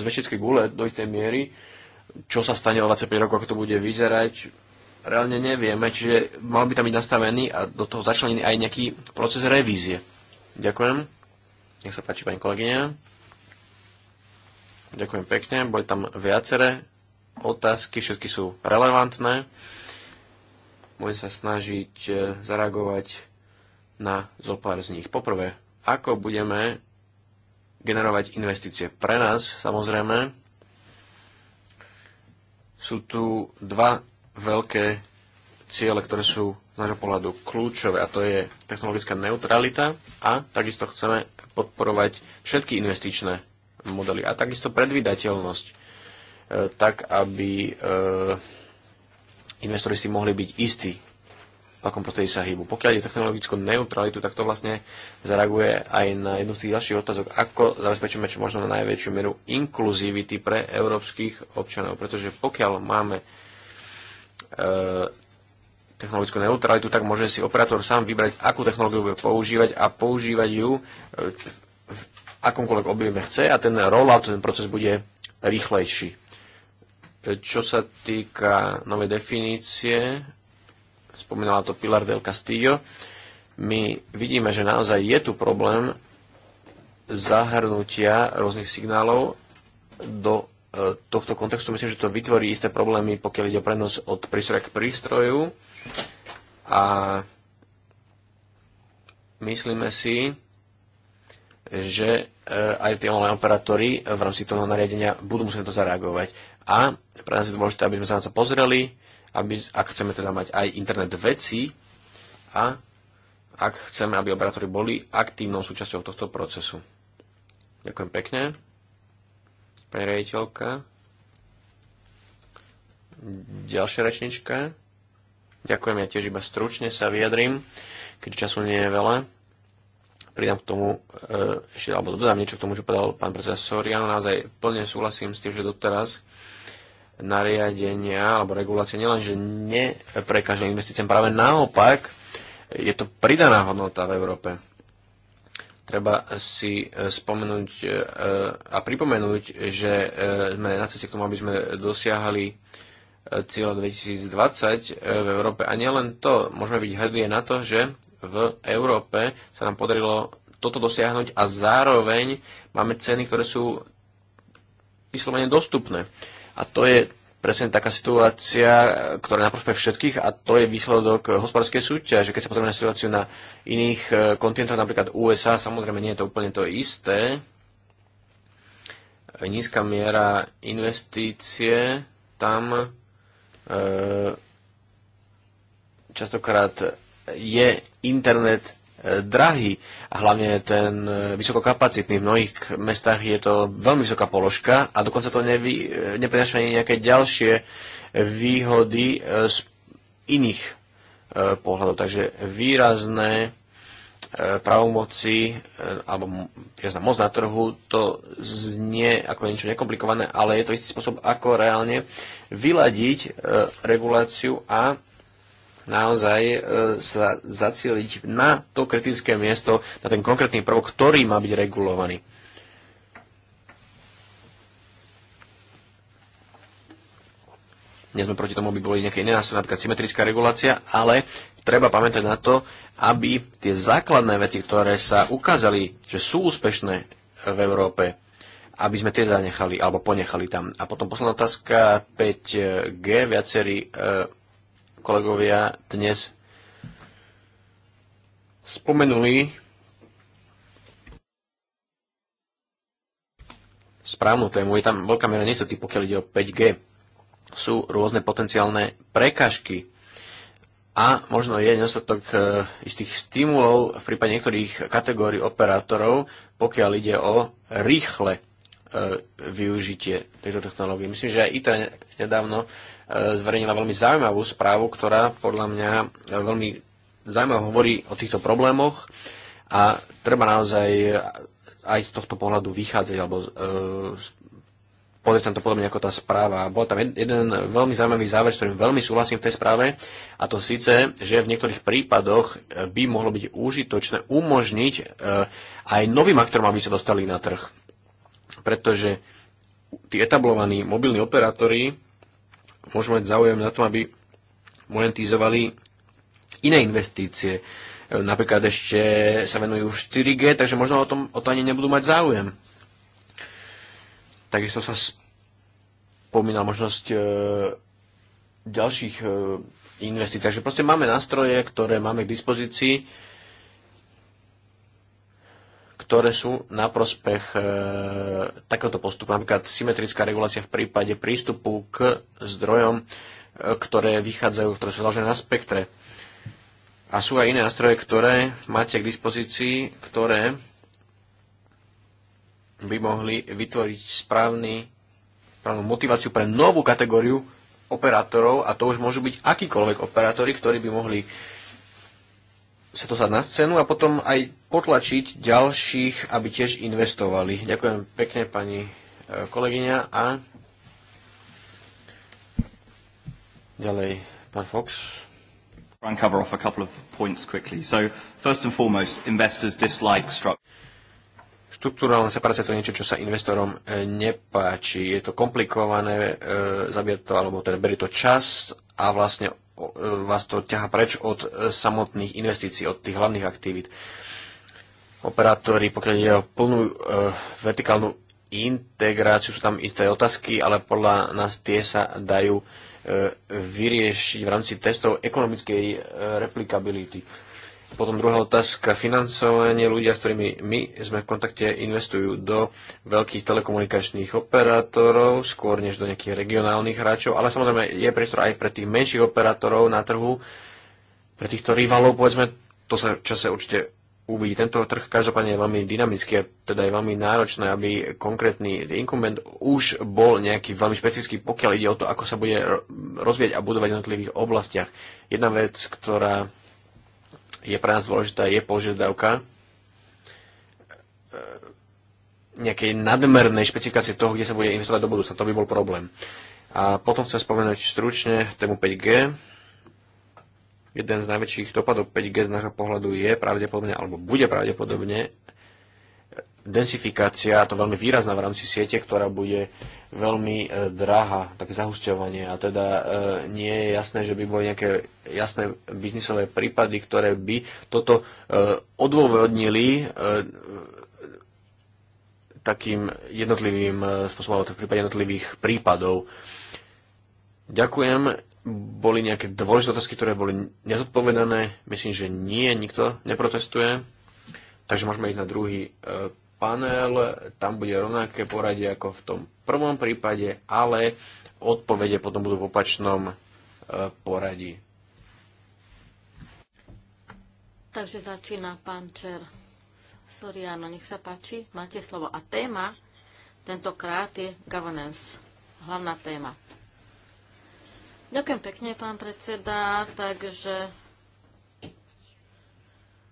z vešteckej gule do istej miery, čo sa stane o 25 rokov, ako to bude vyzerať, reálne nevieme, čiže mal by tam byť nastavený a do toho začlenený aj nejaký proces revízie. Ďakujem. Nech sa páči, pani kolegyňa. Ďakujem pekne. Boli tam viaceré otázky, všetky sú relevantné. Budem sa snažiť e, zareagovať na zopár z nich. Poprvé, ako budeme generovať investície. Pre nás, samozrejme, sú tu dva veľké ciele, ktoré sú z nášho pohľadu kľúčové, a to je technologická neutralita a takisto chceme podporovať všetky investičné modely a takisto predvydateľnosť, e, tak aby e, investori si mohli byť istí, v akom prostredí sa hýbu. Pokiaľ je technologickú neutralitu, tak to vlastne zareaguje aj na jednu z tých ďalších otázok, ako zabezpečíme čo možno na najväčšiu mieru inkluzivity pre európskych občanov. Pretože pokiaľ máme e, technologickú neutralitu, tak môže si operátor sám vybrať, akú technológiu bude používať a používať ju e, v akomkoľvek objeme chce a ten rollout, ten proces bude rýchlejší. E, čo sa týka novej definície, spomínala to Pilar del Castillo, my vidíme, že naozaj je tu problém zahrnutia rôznych signálov do e, tohto kontextu. Myslím, že to vytvorí isté problémy, pokiaľ ide o prenos od prístroja k prístroju a myslíme si, že e, aj tie online operátory v rámci toho nariadenia budú musieť to zareagovať. A pre nás je dôležité, aby sme sa na to pozreli, aby, ak chceme teda mať aj internet veci a ak chceme, aby operátori boli aktívnou súčasťou tohto procesu. Ďakujem pekne. Pani rejiteľka. Ďalšia rečnička. Ďakujem, ja tiež iba stručne sa vyjadrím, keď času nie je veľa. Pridám k tomu, e, ešte, alebo dodám niečo k tomu, čo povedal pán predseda Soriano. Naozaj plne súhlasím s tým, že doteraz nariadenia alebo regulácie nielenže neprekáže investíciám, práve naopak je to pridaná hodnota v Európe. Treba si e, spomenúť e, a pripomenúť, že sme na ceste k tomu, aby sme dosiahli cieľa 2020 e, v Európe. A nielen to, môžeme byť hrdí na to, že v Európe sa nám podarilo toto dosiahnuť a zároveň máme ceny, ktoré sú vyslovene dostupné. A to je presne taká situácia, ktorá na prospech všetkých a to je výsledok hospodárskej súťaže. Keď sa pozrieme na situáciu na iných e, kontinentoch, napríklad USA, samozrejme nie je to úplne to isté. Nízka miera investície tam E, častokrát je internet e, drahý a hlavne ten e, vysokokapacitný. V mnohých mestách je to veľmi vysoká položka a dokonca to nevy, neprináša ani nejaké ďalšie výhody z iných pohľadov. Takže výrazné pravomoci e, alebo ja moc na trhu, to znie ako niečo nekomplikované, ale je to istý spôsob, ako reálne vyladiť e, reguláciu a naozaj e, sa zacieliť na to kritické miesto, na ten konkrétny prvok, ktorý má byť regulovaný. Nie sme proti tomu, aby boli nejaké iné nástroje, napríklad symetrická regulácia, ale treba pamätať na to, aby tie základné veci, ktoré sa ukázali, že sú úspešné v Európe, aby sme tie zanechali alebo ponechali tam. A potom posledná otázka 5G. Viacerí e, kolegovia dnes spomenuli správnu tému. Je tam veľká miera nesotý, pokiaľ ide o 5G sú rôzne potenciálne prekažky a možno je nedostatok e, istých stimulov v prípade niektorých kategórií operátorov, pokiaľ ide o rýchle e, využitie tejto technológie. Myslím, že aj ITRA nedávno e, zverejnila veľmi zaujímavú správu, ktorá podľa mňa veľmi zaujímavo hovorí o týchto problémoch a treba naozaj aj z tohto pohľadu vychádzať alebo pozrieť sa na to podobne ako tá správa. Bol tam jeden veľmi zaujímavý záver, s ktorým veľmi súhlasím v tej správe, a to síce, že v niektorých prípadoch e, by mohlo byť užitočné umožniť e, aj novým aktorom, aby sa dostali na trh. Pretože tí etablovaní mobilní operátori môžu mať záujem na tom, aby monetizovali iné investície. E, napríklad ešte sa venujú 4G, takže možno o, tom, o to ani nebudú mať záujem. Takisto sa spomínala možnosť e, ďalších e, investícií. Takže proste máme nástroje, ktoré máme k dispozícii, ktoré sú na prospech e, takéhoto postupu. Napríklad symetrická regulácia v prípade prístupu k zdrojom, e, ktoré vychádzajú, ktoré sú založené na spektre. A sú aj iné nástroje, ktoré máte k dispozícii, ktoré by mohli vytvoriť správny, správnu motiváciu pre novú kategóriu operátorov a to už môžu byť akýkoľvek operátori, ktorí by mohli sa to dostať na scénu a potom aj potlačiť ďalších, aby tiež investovali. Ďakujem pekne pani e, kolegyňa a ďalej pán Fox. and cover off a couple of points quickly. So, first and foremost, investors dislike structure. Štruktúrálna separácia to je niečo, čo sa investorom e, nepáči. Je to komplikované, e, zabije to, alebo teda berie to čas a vlastne e, vás to ťaha preč od samotných investícií, od tých hlavných aktivít. Operátori, pokiaľ ide o plnú e, vertikálnu integráciu, sú tam isté otázky, ale podľa nás tie sa dajú vyriešiť v rámci testov ekonomickej replikability. Potom druhá otázka, financovanie. Ľudia, s ktorými my sme v kontakte, investujú do veľkých telekomunikačných operátorov, skôr než do nejakých regionálnych hráčov, ale samozrejme je priestor aj pre tých menších operátorov na trhu, pre týchto rivalov, povedzme, to sa čase určite uvidí. Tento trh každopádne je veľmi dynamický a teda je veľmi náročné, aby konkrétny inkument už bol nejaký veľmi špecifický, pokiaľ ide o to, ako sa bude rozvieť a budovať v jednotlivých oblastiach. Jedna vec, ktorá je pre nás dôležitá, je požiadavka e, nejakej nadmernej špecifikácie toho, kde sa bude investovať do budúcna. To by bol problém. A potom chcem spomenúť stručne tému 5G. Jeden z najväčších dopadov 5G z nášho pohľadu je pravdepodobne, alebo bude pravdepodobne densifikácia, a to veľmi výrazná v rámci siete, ktorá bude veľmi e, drahá, také zahusťovanie. A teda e, nie je jasné, že by boli nejaké jasné biznisové prípady, ktoré by toto e, odôvodnili e, takým jednotlivým e, spôsobom, v prípade jednotlivých prípadov. Ďakujem. Boli nejaké dôležité otázky, ktoré boli nezodpovedané? Myslím, že nie, nikto neprotestuje. Takže môžeme ísť na druhý e, panel, tam bude rovnaké poradie ako v tom prvom prípade, ale odpovede potom budú v opačnom e, poradí. Takže začína pán Čer. Soriano, nech sa páči, máte slovo. A téma tentokrát je governance, hlavná téma. Ďakujem pekne, pán predseda. Takže,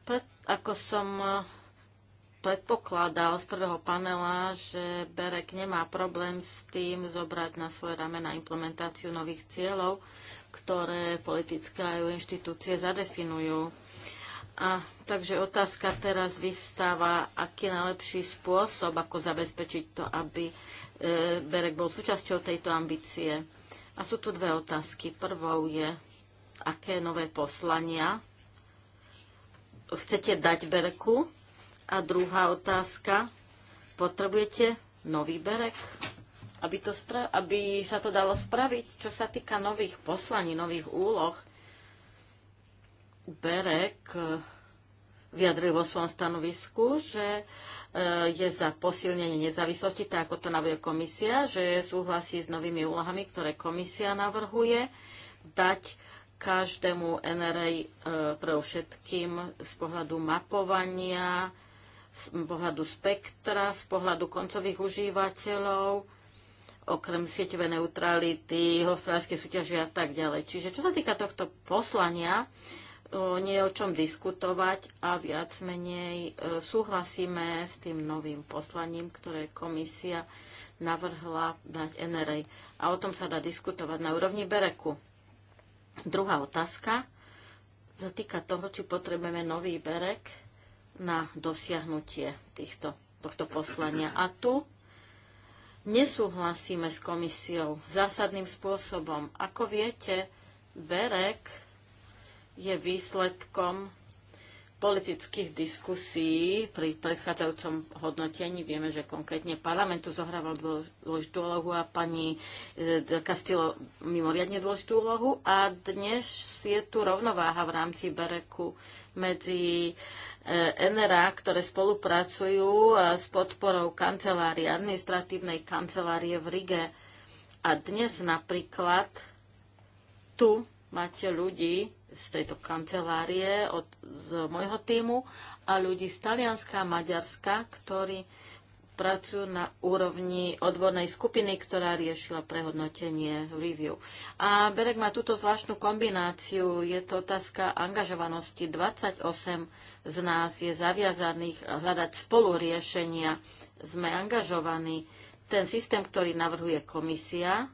pred, ako som predpokladal z prvého panela, že Berek nemá problém s tým zobrať na svoje ramena implementáciu nových cieľov, ktoré politické EU inštitúcie zadefinujú. A takže otázka teraz vyvstáva, aký je najlepší spôsob, ako zabezpečiť to, aby e, Berek bol súčasťou tejto ambície. A sú tu dve otázky. Prvou je, aké nové poslania chcete dať Berku a druhá otázka. Potrebujete nový berek, aby, to spra- aby sa to dalo spraviť, čo sa týka nových poslaní, nových úloh. Berek eh, vyjadril vo svojom stanovisku, že eh, je za posilnenie nezávislosti, tak ako to navrhuje komisia, že súhlasí s novými úlohami, ktoré komisia navrhuje, dať každému NRA eh, pre všetkým z pohľadu mapovania, z pohľadu spektra, z pohľadu koncových užívateľov, okrem sieťové neutrality, hospodárskej súťaže a tak ďalej. Čiže čo sa týka tohto poslania, nie je o čom diskutovať a viac menej e, súhlasíme s tým novým poslaním, ktoré komisia navrhla dať NRA. A o tom sa dá diskutovať na úrovni Bereku. Druhá otázka sa týka toho, či potrebujeme nový Berek na dosiahnutie týchto, tohto poslania. A tu nesúhlasíme s komisiou zásadným spôsobom. Ako viete, Berek je výsledkom politických diskusí pri predchádzajúcom hodnotení. Vieme, že konkrétne parlamentu zohrával dôležitú úlohu a pani e, Castillo mimoriadne dôležitú úlohu. A dnes je tu rovnováha v rámci Bereku medzi uh, NRA, ktoré spolupracujú e, s podporou kancelárie, administratívnej kancelárie v Rige. A dnes napríklad tu máte ľudí z tejto kancelárie, od, z môjho týmu a ľudí z Talianska a Maďarska, ktorí pracujú na úrovni odbornej skupiny, ktorá riešila prehodnotenie review. A Berek má túto zvláštnu kombináciu. Je to otázka angažovanosti. 28 z nás je zaviazaných hľadať spolu riešenia. Sme angažovaní. Ten systém, ktorý navrhuje komisia,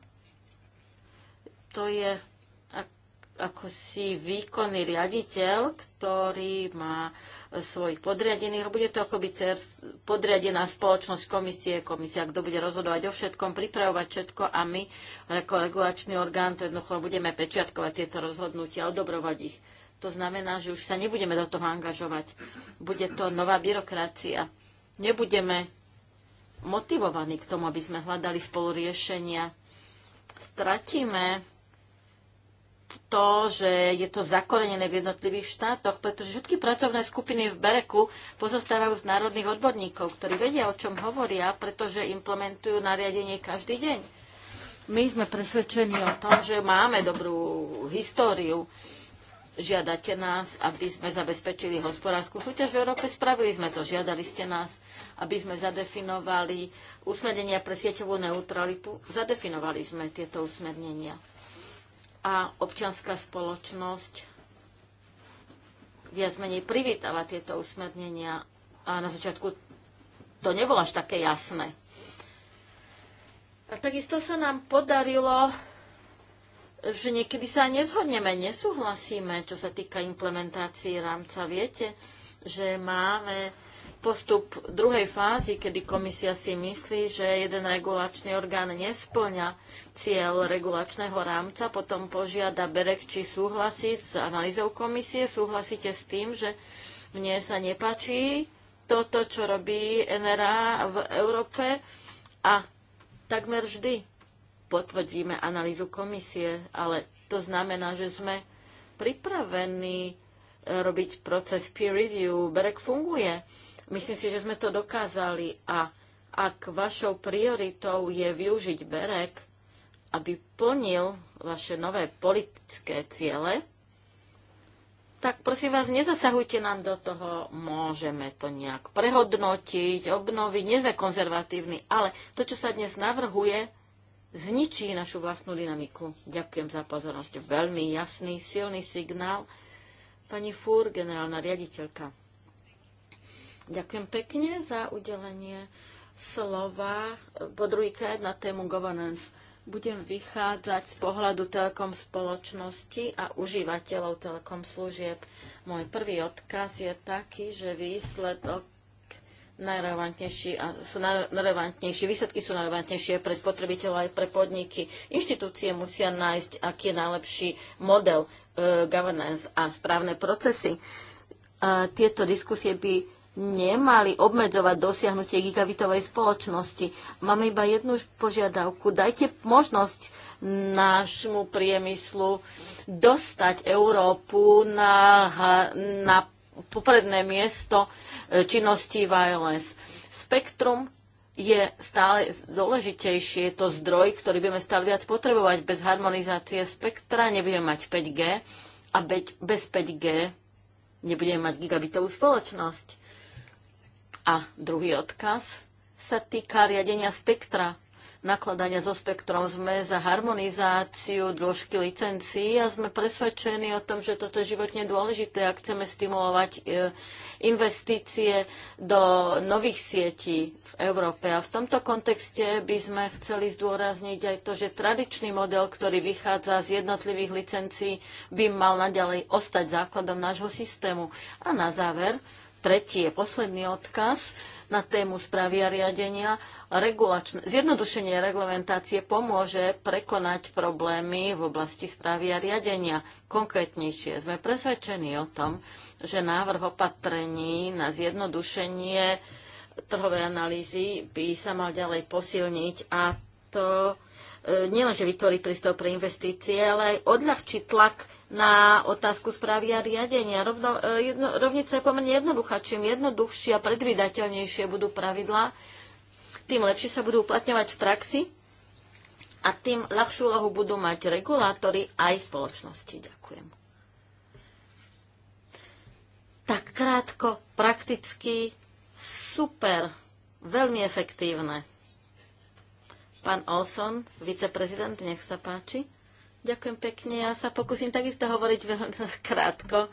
to je ako si výkonný riaditeľ, ktorý má svojich podriadených, bude to akoby podriadená spoločnosť komisie, komisia, kto bude rozhodovať o všetkom, pripravovať všetko a my, ako regulačný orgán, to jednoducho budeme pečiatkovať tieto rozhodnutia, odobrovať ich. To znamená, že už sa nebudeme do toho angažovať. Bude to nová byrokracia. Nebudeme motivovaní k tomu, aby sme hľadali spolu riešenia. Stratíme to, že je to zakorenené v jednotlivých štátoch, pretože všetky pracovné skupiny v Bereku pozostávajú z národných odborníkov, ktorí vedia, o čom hovoria, pretože implementujú nariadenie každý deň. My sme presvedčení o tom, že máme dobrú históriu. Žiadate nás, aby sme zabezpečili hospodárskú súťaž v Európe. Spravili sme to. Žiadali ste nás, aby sme zadefinovali usmernenia pre sieťovú neutralitu. Zadefinovali sme tieto usmernenia a občianská spoločnosť viac menej privítala tieto usmernenia a na začiatku to nebolo až také jasné. A takisto sa nám podarilo, že niekedy sa nezhodneme, nesúhlasíme, čo sa týka implementácií rámca. Viete, že máme postup druhej fázy, kedy komisia si myslí, že jeden regulačný orgán nesplňa cieľ regulačného rámca, potom požiada Berek, či súhlasí s analýzou komisie, súhlasíte s tým, že mne sa nepačí toto, čo robí NRA v Európe a takmer vždy potvrdíme analýzu komisie, ale to znamená, že sme pripravení eh, robiť proces peer review. Berek funguje Myslím si, že sme to dokázali a ak vašou prioritou je využiť Berek, aby plnil vaše nové politické ciele, tak prosím vás, nezasahujte nám do toho, môžeme to nejak prehodnotiť, obnoviť, nie sme konzervatívni, ale to, čo sa dnes navrhuje, zničí našu vlastnú dynamiku. Ďakujem za pozornosť. Veľmi jasný, silný signál. Pani Fúr, generálna riaditeľka. Ďakujem pekne za udelenie slova po druhýkrát na tému governance. Budem vychádzať z pohľadu telekom spoločnosti a užívateľov telekom služieb. Môj prvý odkaz je taký, že výsledok najrelevantnejší a sú najrelevantnejšie, výsledky sú najrelevantnejšie pre spotrebiteľov aj pre podniky. Inštitúcie musia nájsť, aký je najlepší model e, governance a správne procesy. E, tieto diskusie by nemali obmedzovať dosiahnutie gigabitovej spoločnosti. Máme iba jednu požiadavku. Dajte možnosť nášmu priemyslu dostať Európu na, na popredné miesto e, činnosti wireless. Spektrum je stále dôležitejšie, je to zdroj, ktorý budeme stále viac potrebovať. Bez harmonizácie spektra nebudeme mať 5G a bez 5G nebudeme mať gigabitovú spoločnosť. A druhý odkaz sa týka riadenia spektra. Nakladania so spektrom sme za harmonizáciu dĺžky licencií a sme presvedčení o tom, že toto je životne dôležité a chceme stimulovať e, investície do nových sietí v Európe. A v tomto kontexte by sme chceli zdôrazniť aj to, že tradičný model, ktorý vychádza z jednotlivých licencií, by mal naďalej ostať základom nášho systému. A na záver, tretí je posledný odkaz na tému správy a riadenia. Regulačne, zjednodušenie reglementácie pomôže prekonať problémy v oblasti správy a riadenia. Konkrétnejšie sme presvedčení o tom, že návrh opatrení na zjednodušenie trhovej analýzy by sa mal ďalej posilniť a to e, nielenže vytvorí prístup pre investície, ale aj odľahčí tlak na otázku správy a riadenia. Rovno, e, jedno, rovnica je pomerne jednoduchá. Čím jednoduchšie a predvydateľnejšie budú pravidlá, tým lepšie sa budú uplatňovať v praxi a tým ľahšiu lohu budú mať regulátory aj spoločnosti. Ďakujem. Tak krátko, prakticky, super, veľmi efektívne. Pán Olson, viceprezident, nech sa páči. Ďakujem pekne. Ja sa pokúsim takisto hovoriť veľmi krátko.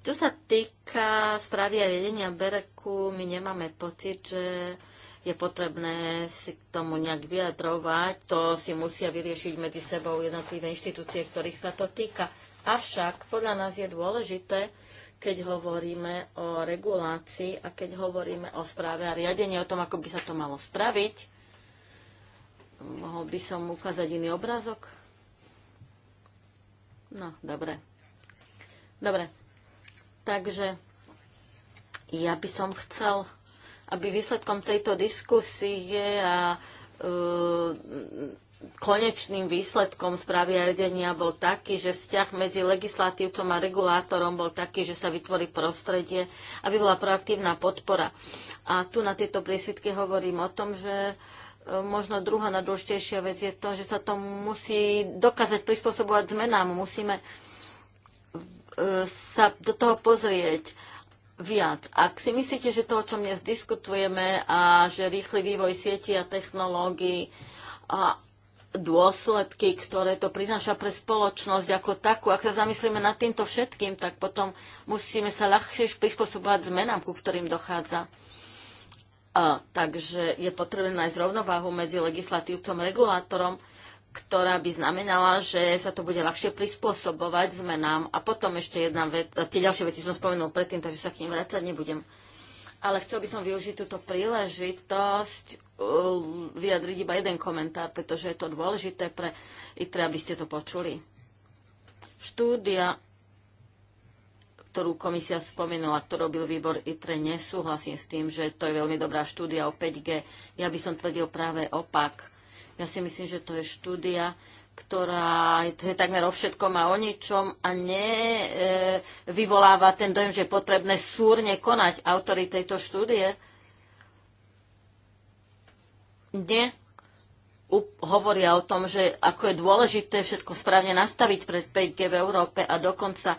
Čo sa týka správy a riadenia Bereku, my nemáme pocit, že je potrebné si k tomu nejak vyjadrovať. To si musia vyriešiť medzi sebou jednotlivé inštitúcie, ktorých sa to týka. Avšak podľa nás je dôležité, keď hovoríme o regulácii a keď hovoríme o správe a riadení, o tom, ako by sa to malo spraviť, Mohol by som ukázať iný obrázok? No, dobre. Dobre. Takže ja by som chcel, aby výsledkom tejto diskusie a e, konečným výsledkom správy a riadenia bol taký, že vzťah medzi legislatívcom a regulátorom bol taký, že sa vytvorí prostredie, aby bola proaktívna podpora. A tu na tejto priesvitke hovorím o tom, že možno druhá najdôležitejšia vec je to, že sa to musí dokázať prispôsobovať zmenám. Musíme e, sa do toho pozrieť viac. Ak si myslíte, že to, o čom dnes diskutujeme a že rýchly vývoj sieti a technológií a dôsledky, ktoré to prináša pre spoločnosť ako takú, ak sa zamyslíme nad týmto všetkým, tak potom musíme sa ľahšie prispôsobovať zmenám, ku ktorým dochádza. A, takže je potrebné nájsť rovnováhu medzi legislatívcom a regulátorom, ktorá by znamenala, že sa to bude ľahšie prispôsobovať zmenám. A potom ešte jedna vec, tie ďalšie veci som spomenul predtým, takže sa k ním vrácať nebudem. Ale chcel by som využiť túto príležitosť uh, vyjadriť iba jeden komentár, pretože je to dôležité pre ITRE, aby ste to počuli. Štúdia ktorú komisia spomenula, ktorú robil výbor ITRE, nesúhlasím s tým, že to je veľmi dobrá štúdia o 5G. Ja by som tvrdil práve opak. Ja si myslím, že to je štúdia, ktorá je takmer o všetkom a o ničom a nevyvoláva e, ten dojem, že je potrebné súrne konať autory tejto štúdie. Ne hovoria o tom, že ako je dôležité všetko správne nastaviť pred 5G v Európe a dokonca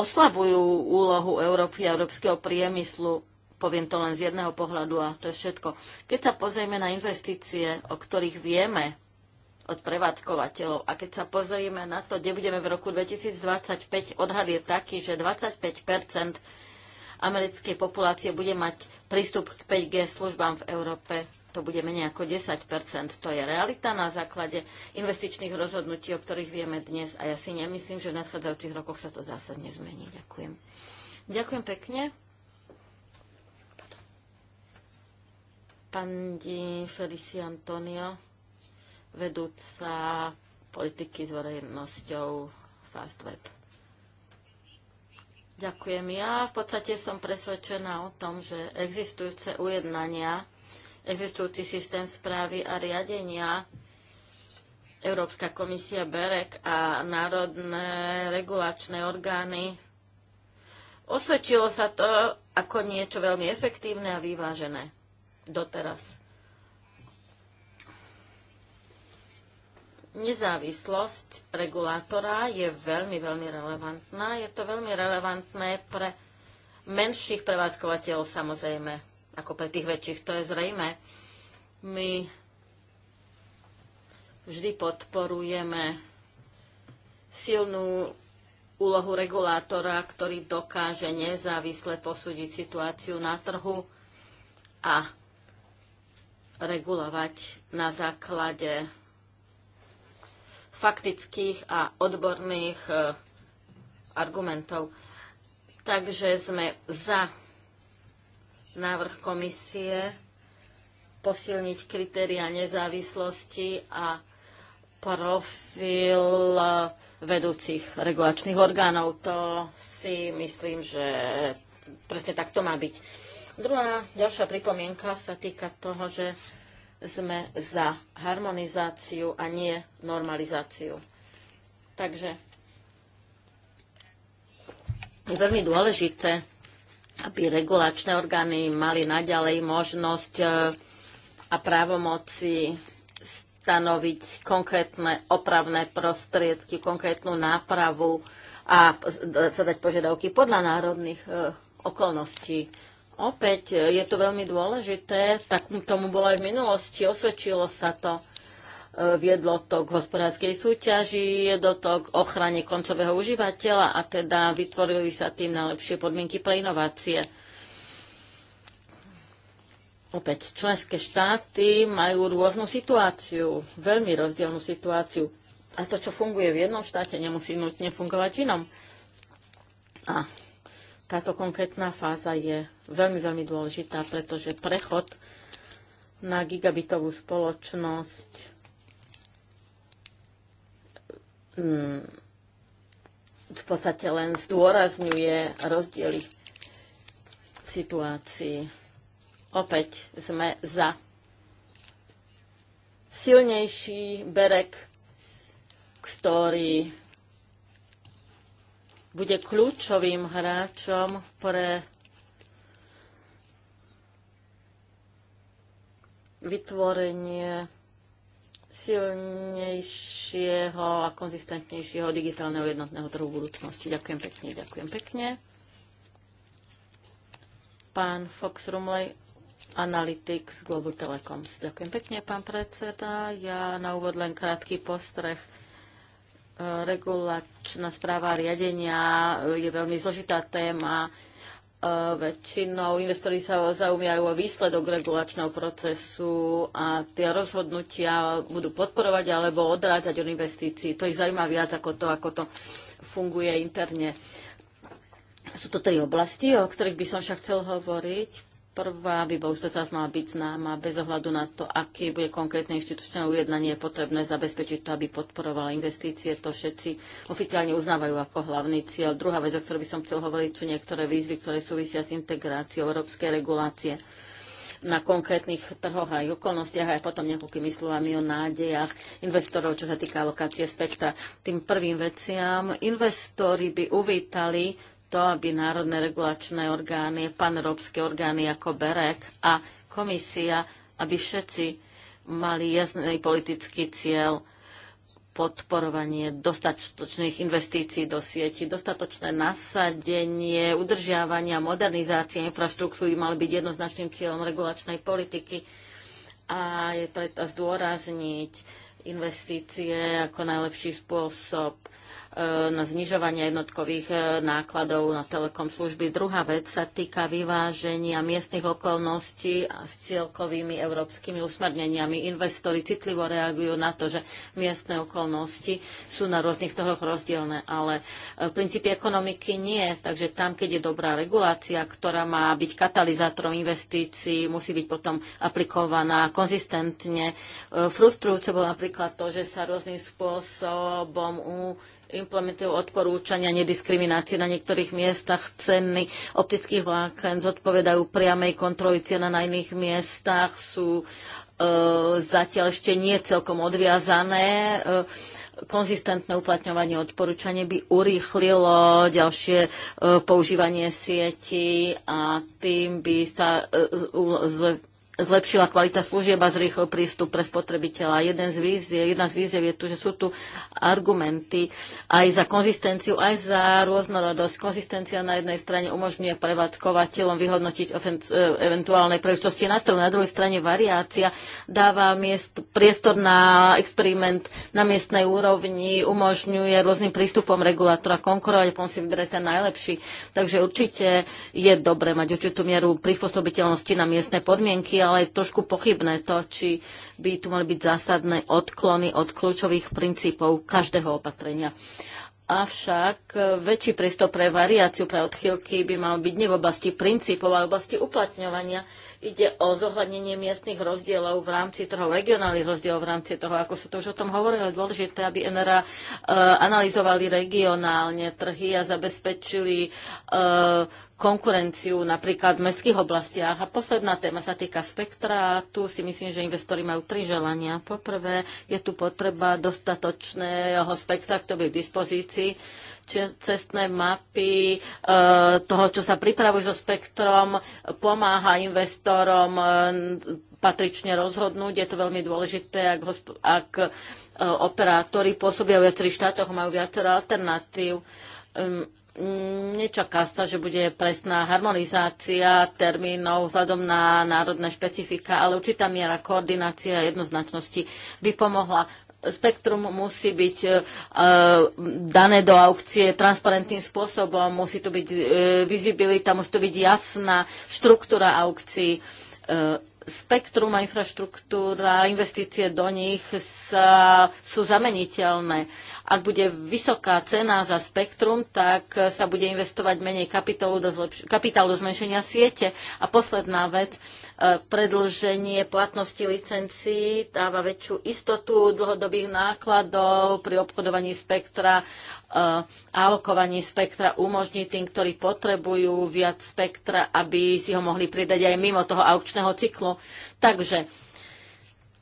oslabujú úlohu Európy a európskeho priemyslu. Poviem to len z jedného pohľadu a to je všetko. Keď sa pozrieme na investície, o ktorých vieme od prevádzkovateľov a keď sa pozrieme na to, kde budeme v roku 2025, odhad je taký, že 25 americkej populácie bude mať prístup k 5G službám v Európe. To bude menej ako 10 To je realita na základe investičných rozhodnutí, o ktorých vieme dnes. A ja si nemyslím, že v nadchádzajúcich rokoch sa to zásadne zmení. Ďakujem. Ďakujem pekne. Pani Felicia Antonio, vedúca politiky s verejnosťou Fast Web. Ďakujem. Ja v podstate som presvedčená o tom, že existujúce ujednania, existujúci systém správy a riadenia Európska komisia BEREK a národné regulačné orgány. Osvedčilo sa to ako niečo veľmi efektívne a vyvážené doteraz. nezávislosť regulátora je veľmi, veľmi relevantná. Je to veľmi relevantné pre menších prevádzkovateľov samozrejme, ako pre tých väčších. To je zrejme. My vždy podporujeme silnú úlohu regulátora, ktorý dokáže nezávisle posúdiť situáciu na trhu a regulovať na základe faktických a odborných e, argumentov. Takže sme za návrh komisie posilniť kritéria nezávislosti a profil e, vedúcich regulačných orgánov. To si myslím, že presne tak to má byť. Druhá ďalšia pripomienka sa týka toho, že sme za harmonizáciu a nie normalizáciu. Takže je veľmi dôležité, aby regulačné orgány mali naďalej možnosť e, a právomoci stanoviť konkrétne opravné prostriedky, konkrétnu nápravu a e, zadať požiadavky podľa národných e, okolností Opäť e, je to veľmi dôležité, tak tomu bolo aj v minulosti, osvedčilo sa to e, viedlo to k hospodárskej súťaži, viedlo to k ochrane koncového užívateľa a teda vytvorili sa tým najlepšie podmienky pre inovácie. Opäť, členské štáty majú rôznu situáciu, veľmi rozdielnú situáciu. A to, čo funguje v jednom štáte, nemusí nutne fungovať v inom. A táto konkrétna fáza je veľmi, veľmi dôležitá, pretože prechod na gigabitovú spoločnosť mm, v podstate len zdôrazňuje rozdiely v situácii. Opäť sme za silnejší berek, ktorý bude kľúčovým hráčom pre vytvorenie silnejšieho a konzistentnejšieho digitálneho jednotného trhu v budúcnosti. Ďakujem pekne, ďakujem pekne. Pán Fox Rumley, Analytics Global Telecoms. Ďakujem pekne, pán predseda. Ja na úvod len krátky postreh regulačná správa riadenia je veľmi zložitá téma. E, väčšinou investori sa zaujímajú o výsledok regulačného procesu a tie rozhodnutia budú podporovať alebo odrádzať od investícií. To ich zaujíma viac ako to, ako to funguje interne. Sú to tri oblasti, o ktorých by som však chcel hovoriť. Prvá by už doteraz mala byť známa bez ohľadu na to, aké bude konkrétne inštitucionálne ujednanie je potrebné zabezpečiť to, aby podporovala investície. To všetci oficiálne uznávajú ako hlavný cieľ. Druhá vec, o ktorej by som chcel hovoriť, sú niektoré výzvy, ktoré súvisia s integráciou európskej regulácie na konkrétnych trhoch aj okolnostiach, aj potom nejakými slovami o nádejach investorov, čo sa týka lokácie spektra. Tým prvým veciam investori by uvítali to, aby národné regulačné orgány, paneurópske orgány ako BEREK a komisia, aby všetci mali jasný politický cieľ podporovanie dostatočných investícií do sieti, dostatočné nasadenie, udržiavanie a modernizácie infraštruktúry mali byť jednoznačným cieľom regulačnej politiky a je preto zdôrazniť investície ako najlepší spôsob E, na znižovanie jednotkových e, nákladov na telekom služby. Druhá vec sa týka vyváženia miestnych okolností a s cieľkovými európskymi usmerneniami. Investori citlivo reagujú na to, že miestne okolnosti sú na rôznych trhoch rozdielne, ale e, princípe ekonomiky nie. Takže tam, keď je dobrá regulácia, ktorá má byť katalizátorom investícií, musí byť potom aplikovaná konzistentne. Frustrujúce bolo napríklad to, že sa rôznym spôsobom u implementujú odporúčania nediskriminácie na niektorých miestach. Ceny optických vláken zodpovedajú priamej kontroli cena na iných miestach, sú e, zatiaľ ešte nie celkom odviazané. E, konzistentné uplatňovanie odporúčania by urýchlilo ďalšie e, používanie sieti a tým by sa e, zlepšila kvalita služieb a zrýchlil prístup pre spotrebiteľa. Jeden z víziev, jedna z víziev je tu, že sú tu argumenty aj za konzistenciu, aj za rôznorodosť. Konzistencia na jednej strane umožňuje prevádzkovateľom vyhodnotiť ofenc- e, eventuálne príležitosti na trhu, na druhej strane variácia dáva miest, priestor na experiment na miestnej úrovni, umožňuje rôznym prístupom regulátora konkurovať, potom si vyberať ten najlepší. Takže určite je dobre mať určitú mieru prispôsobiteľnosti na miestne podmienky ale je trošku pochybné to, či by tu mali byť zásadné odklony od kľúčových princípov každého opatrenia. Avšak väčší priestor pre variáciu, pre odchýlky by mal byť nie v oblasti princípov, ale v oblasti uplatňovania. Ide o zohľadnenie miestnych rozdielov v rámci trhov, regionálnych rozdielov v rámci toho, ako sa to už o tom hovorilo, je dôležité, aby NRA e, analyzovali regionálne trhy a zabezpečili e, konkurenciu napríklad v mestských oblastiach. A posledná téma sa týka spektra. Tu si myslím, že investori majú tri želania. Poprvé, je tu potreba dostatočného spektra, ktorý je v dispozícii cestné mapy e, toho, čo sa pripravuje so spektrom, pomáha investorom e, patrične rozhodnúť. Je to veľmi dôležité, ak, ak e, operátori pôsobia v viacerých štátoch, majú viacero alternatív. Nečaká sa, že bude presná harmonizácia termínov vzhľadom na národné špecifika, ale určitá miera koordinácia a jednoznačnosti by pomohla. Spektrum musí byť e, e, dané do aukcie transparentným spôsobom, musí tu byť e, vizibilita, musí tu byť jasná štruktúra aukcií. E, spektrum a infraštruktúra, investície do nich sa, sú zameniteľné ak bude vysoká cena za spektrum, tak sa bude investovať menej kapitálu do, zlepš- kapitálu do zmenšenia siete. A posledná vec, e, predlženie platnosti licencií dáva väčšiu istotu dlhodobých nákladov pri obchodovaní spektra e, a alokovaní spektra umožní tým, ktorí potrebujú viac spektra, aby si ho mohli pridať aj mimo toho aukčného cyklu. Takže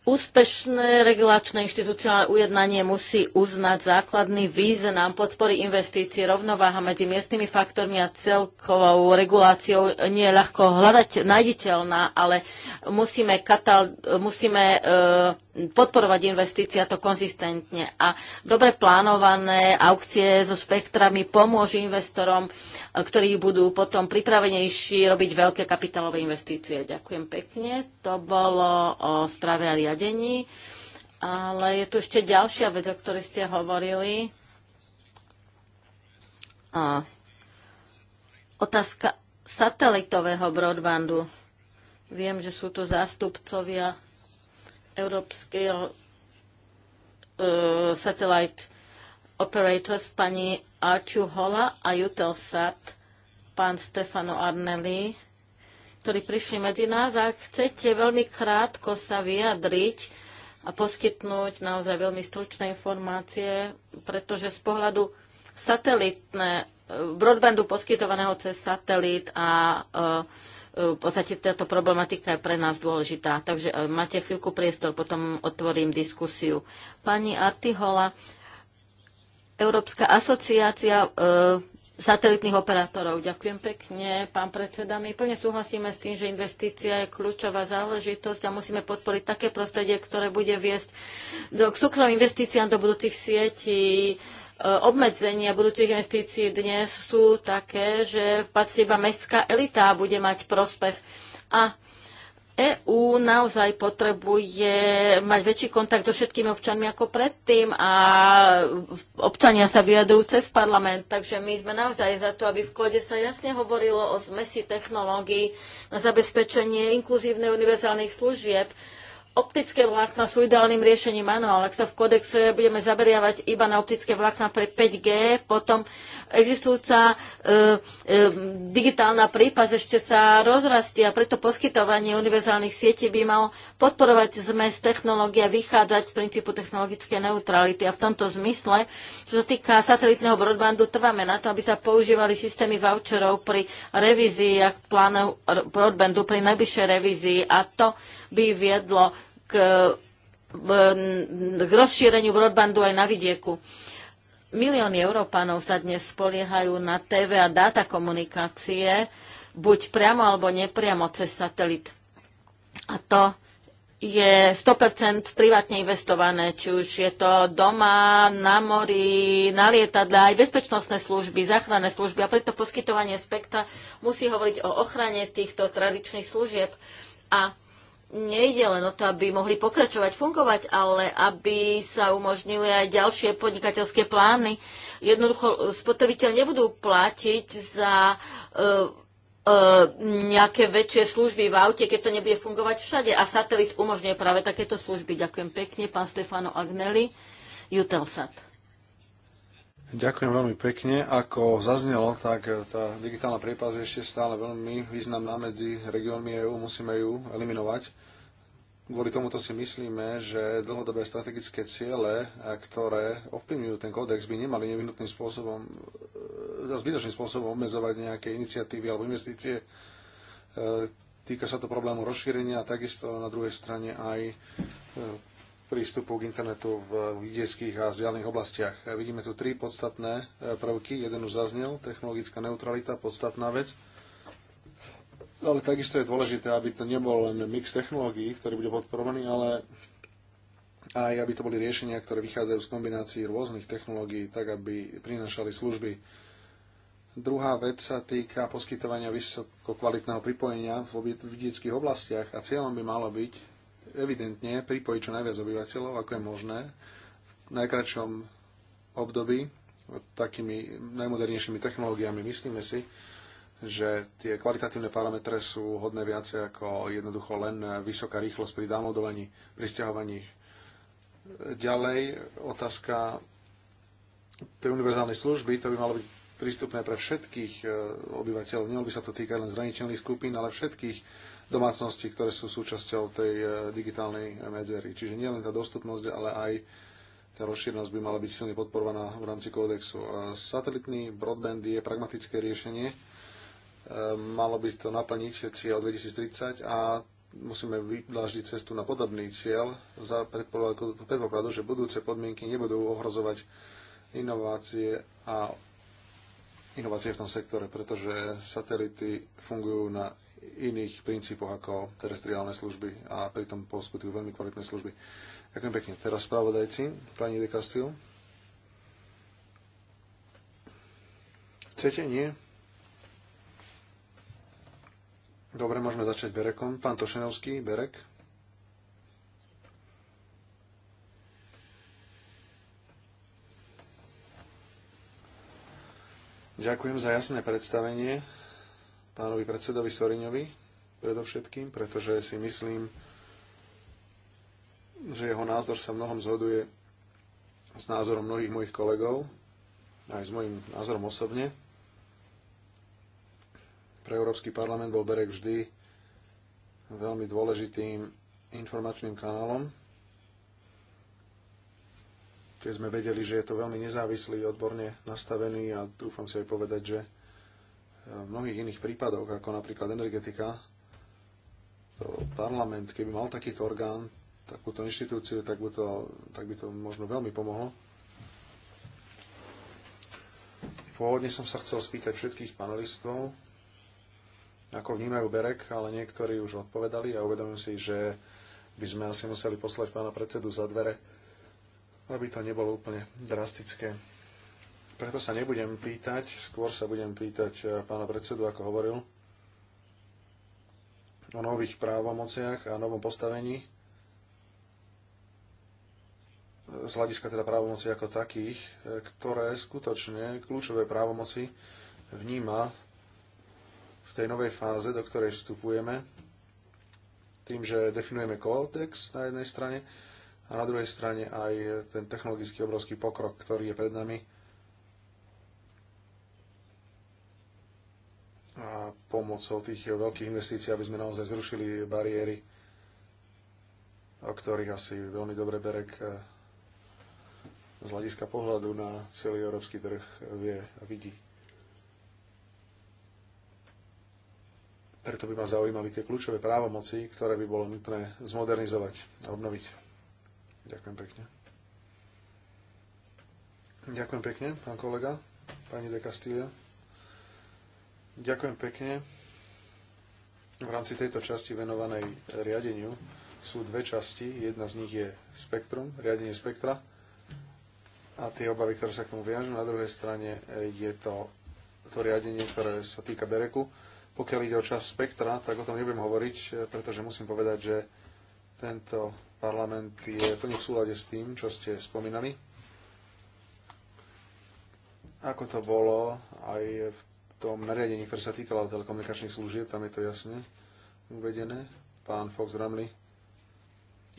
Úspešné regulačné inštitúciálne ujednanie musí uznať základný význam podpory investícií, rovnováha medzi miestnymi faktormi a celkovou reguláciou nie je ľahko hľadať nájditeľná, ale musíme, katal, musíme e, podporovať investície a to konzistentne. A dobre plánované aukcie so spektrami pomôžu investorom, e, ktorí budú potom pripravenejší robiť veľké kapitálové investície. Ďakujem pekne. To bolo o správe riadení. Ale je tu ešte ďalšia vec, o ktorej ste hovorili. A otázka satelitového broadbandu. Viem, že sú tu zástupcovia Európskeho uh, Satellite Operators pani Arču Hola a Jutelsat, pán Stefano Arnelli ktorí prišli medzi nás. a chcete veľmi krátko sa vyjadriť a poskytnúť naozaj veľmi stručné informácie, pretože z pohľadu satelitné, e, broadbandu poskytovaného cez satelit a e, e, v podstate táto problematika je pre nás dôležitá. Takže máte chvíľku priestor, potom otvorím diskusiu. Pani Artihola, Európska asociácia satelitných operátorov. Ďakujem pekne, pán predseda. My plne súhlasíme s tým, že investícia je kľúčová záležitosť a musíme podporiť také prostredie, ktoré bude viesť do, k súkromným investíciám do budúcich sietí. E, obmedzenia budúcich investícií dnes sú také, že iba mestská elita bude mať prospech. A EÚ naozaj potrebuje mať väčší kontakt so všetkými občanmi ako predtým a občania sa vyjadrujú cez parlament, takže my sme naozaj za to, aby v kode sa jasne hovorilo o zmesi technológií na zabezpečenie inkluzívnej univerzálnych služieb optické vlákna sú ideálnym riešením, áno, ale ak sa v kodexe budeme zaberiavať iba na optické vlákna pre 5G, potom existujúca e, e, digitálna prípas ešte sa rozrastie a preto poskytovanie univerzálnych sietí by malo podporovať zmes technológia, vychádzať z princípu technologickej neutrality. A v tomto zmysle, čo sa týka satelitného broadbandu, trváme na to, aby sa používali systémy voucherov pri revízii a plánov broadbandu pri najbližšej revízii a to by viedlo k, k rozšíreniu broadbandu aj na vidieku. Milióny Európanov sa dnes spoliehajú na TV a dáta komunikácie, buď priamo alebo nepriamo cez satelit. A to je 100% privátne investované, či už je to doma, na mori, na lietadle, aj bezpečnostné služby, záchranné služby a preto poskytovanie spektra musí hovoriť o ochrane týchto tradičných služieb. A nejde len o to, aby mohli pokračovať, fungovať, ale aby sa umožnili aj ďalšie podnikateľské plány. Jednoducho spotrebiteľ nebudú platiť za uh, nejaké väčšie služby v aute, keď to nebude fungovať všade. A satelit umožňuje práve takéto služby. Ďakujem pekne, pán Stefano Agnelli, Jutelsat. Ďakujem veľmi pekne. Ako zaznelo, tak tá digitálna priepas je ešte stále veľmi významná medzi regiónmi EÚ. Musíme ju eliminovať. Kvôli tomuto si myslíme, že dlhodobé strategické ciele, ktoré ovplyvňujú ten kódex, by nemali nevyhnutným spôsobom, e, zbytočným spôsobom obmedzovať nejaké iniciatívy alebo investície. E, týka sa to problému rozšírenia a takisto na druhej strane aj e, prístupu k internetu v vidieckých a vzdialených oblastiach. Vidíme tu tri podstatné e, prvky. Jeden už zaznel, technologická neutralita, podstatná vec. Ale takisto je dôležité, aby to nebol len mix technológií, ktorý bude podporovaný, ale aj aby to boli riešenia, ktoré vychádzajú z kombinácií rôznych technológií, tak aby prinašali služby. Druhá vec sa týka poskytovania vysokokvalitného pripojenia v vidieckých oblastiach a cieľom by malo byť evidentne pripojiť čo najviac obyvateľov, ako je možné, v najkračšom období takými najmodernejšími technológiami. Myslíme si, že tie kvalitatívne parametre sú hodné viacej ako jednoducho len vysoká rýchlosť pri downloadovaní, pri stiahovaní. Ďalej otázka tej univerzálnej služby, to by malo byť prístupné pre všetkých eh, obyvateľov. Nemalo by sa to týkať len zraniteľných skupín, ale všetkých domácnosti, ktoré sú súčasťou tej e, digitálnej e, medzery. Čiže nielen tá dostupnosť, ale aj tá rozšírnosť by mala byť silne podporovaná v rámci kódexu. Satelitný broadband je pragmatické riešenie. E, malo by to naplniť cieľ 2030 a musíme vydláždiť cestu na podobný cieľ za predpokladu, že budúce podmienky nebudú ohrozovať inovácie a inovácie v tom sektore, pretože satelity fungujú na iných princípoch ako terestriálne služby a pritom poskytujú veľmi kvalitné služby. Ďakujem pekne. Teraz spravodajci, pani De Castillo. Chcete? Nie? Dobre, môžeme začať Berekom. Pán Tošenovský, Berek. Ďakujem za jasné predstavenie pánovi predsedovi Soriňovi predovšetkým, pretože si myslím, že jeho názor sa mnohom zhoduje s názorom mnohých mojich kolegov, aj s mojim názorom osobne. Pre Európsky parlament bol Berek vždy veľmi dôležitým informačným kanálom, keď sme vedeli, že je to veľmi nezávislý, odborne nastavený a dúfam si aj povedať, že v mnohých iných prípadoch, ako napríklad energetika, to parlament, keby mal takýto orgán, takúto inštitúciu, tak by to, tak by to možno veľmi pomohlo. Pôvodne som sa chcel spýtať všetkých panelistov, ako vnímajú Berek, ale niektorí už odpovedali a uvedomím si, že by sme asi museli poslať pána predsedu za dvere, aby to nebolo úplne drastické. Preto sa nebudem pýtať, skôr sa budem pýtať eh, pána predsedu, ako hovoril, o nových právomociach a novom postavení z hľadiska teda právomocí ako takých, eh, ktoré skutočne kľúčové právomoci vníma v tej novej fáze, do ktorej vstupujeme, tým, že definujeme kódex na jednej strane a na druhej strane aj ten technologický obrovský pokrok, ktorý je pred nami a pomocou tých veľkých investícií, aby sme naozaj zrušili bariéry, o ktorých asi veľmi dobre Berek eh, z hľadiska pohľadu na celý európsky trh vie a vidí. Preto by ma zaujímali tie kľúčové právomoci, ktoré by bolo nutné zmodernizovať a obnoviť. Ďakujem pekne. Ďakujem pekne, pán kolega, pani de Castilla. Ďakujem pekne. V rámci tejto časti venovanej riadeniu sú dve časti. Jedna z nich je spektrum, riadenie spektra a tie obavy, ktoré sa k tomu viažú. Na druhej strane je to, to riadenie, ktoré sa týka Bereku. Pokiaľ ide o čas spektra, tak o tom nebudem hovoriť, pretože musím povedať, že tento parlament je plne v súlade s tým, čo ste spomínali. Ako to bolo aj v tom nariadení, ktoré sa týkalo telekomunikačných služieb, tam je to jasne uvedené. Pán Fox Ramley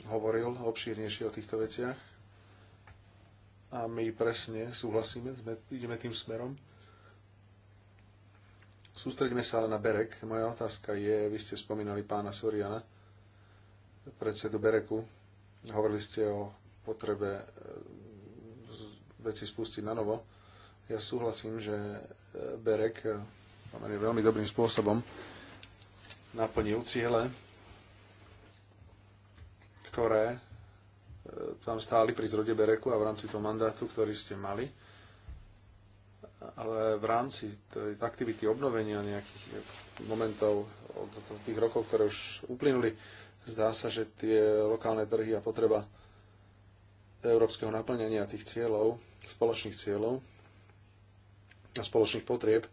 hovoril obšírnejšie o týchto veciach a my presne súhlasíme, sme, ideme tým smerom. Sústredíme sa ale na Berek. Moja otázka je, vy ste spomínali pána Soriana, predsedu Bereku. Hovorili ste o potrebe e, veci spustiť na novo. Ja súhlasím, že Berek e, veľmi dobrým spôsobom naplnil ciele, ktoré e, tam stáli pri zrode Bereku a v rámci toho mandátu, ktorý ste mali. Ale v rámci tej aktivity obnovenia nejakých e, momentov od tých rokov, ktoré už uplynuli, zdá sa, že tie lokálne trhy a potreba európskeho naplňania tých cieľov, spoločných cieľov, a spoločných potrieb.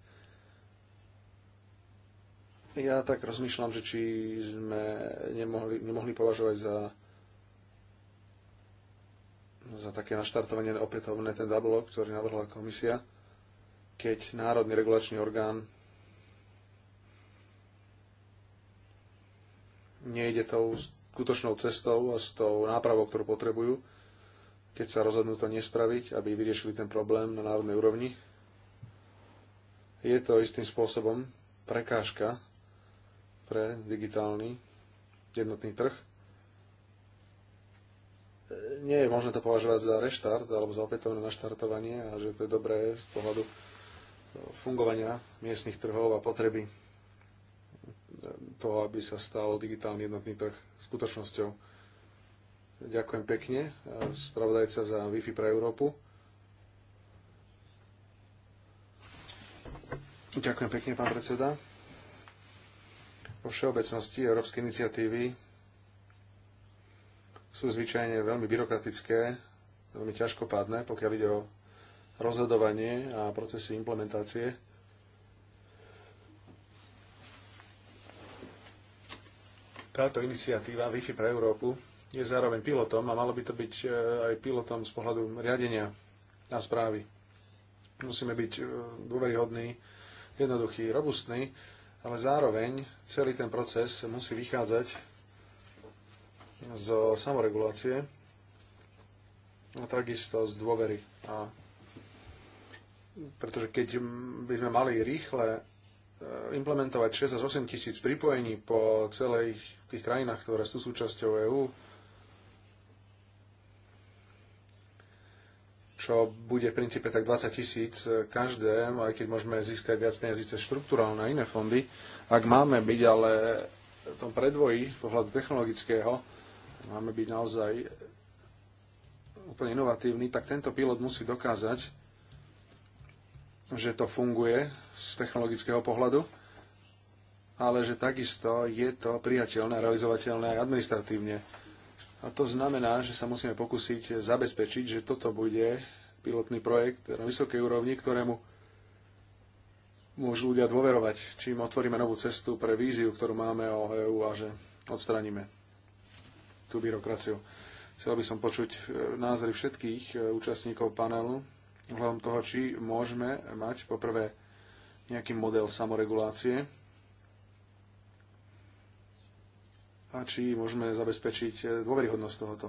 Ja tak rozmýšľam, že či sme nemohli, nemohli považovať za za také naštartovanie opätovné ten double ktorý navrhla komisia, keď Národný regulačný orgán nejde tou skutočnou cestou a s tou nápravou, ktorú potrebujú, keď sa rozhodnú to nespraviť, aby vyriešili ten problém na národnej úrovni, je to istým spôsobom prekážka pre digitálny jednotný trh. Nie je možné to považovať za reštart alebo za opätovné naštartovanie a že to je dobré z pohľadu fungovania miestnych trhov a potreby toho, aby sa stal digitálny jednotný trh skutočnosťou. Ďakujem pekne, spravodajca za Wi-Fi pre Európu. Ďakujem pekne, pán predseda. Vo všeobecnosti európske iniciatívy sú zvyčajne veľmi byrokratické, veľmi ťažkopádne, pokiaľ ide o rozhodovanie a procesy implementácie. Táto iniciatíva Wi-Fi pre Európu je zároveň pilotom a malo by to byť e, aj pilotom z pohľadu riadenia a správy. Musíme byť e, dôveryhodní jednoduchý, robustný, ale zároveň celý ten proces musí vychádzať zo samoregulácie a takisto z dôvery. A pretože keď by sme mali rýchle e, implementovať 6 až 8 tisíc pripojení po celých tých krajinách, ktoré sú súčasťou EÚ, čo bude v princípe tak 20 tisíc každé, aj keď môžeme získať viac peniazí cez štruktúralne a iné fondy. Ak máme byť ale v tom predvoji z pohľadu technologického, máme byť naozaj úplne inovatívny, tak tento pilot musí dokázať, že to funguje z technologického pohľadu, ale že takisto je to priateľné realizovateľné aj administratívne. A to znamená, že sa musíme pokúsiť zabezpečiť, že toto bude pilotný projekt na vysokej úrovni, ktorému môžu ľudia dôverovať, čím otvoríme novú cestu pre víziu, ktorú máme o EÚ a že odstraníme tú byrokraciu. Chcel by som počuť e, názory všetkých e, účastníkov panelu hľadom toho, či môžeme mať poprvé nejaký model samoregulácie a či môžeme zabezpečiť e, dôveryhodnosť tohoto.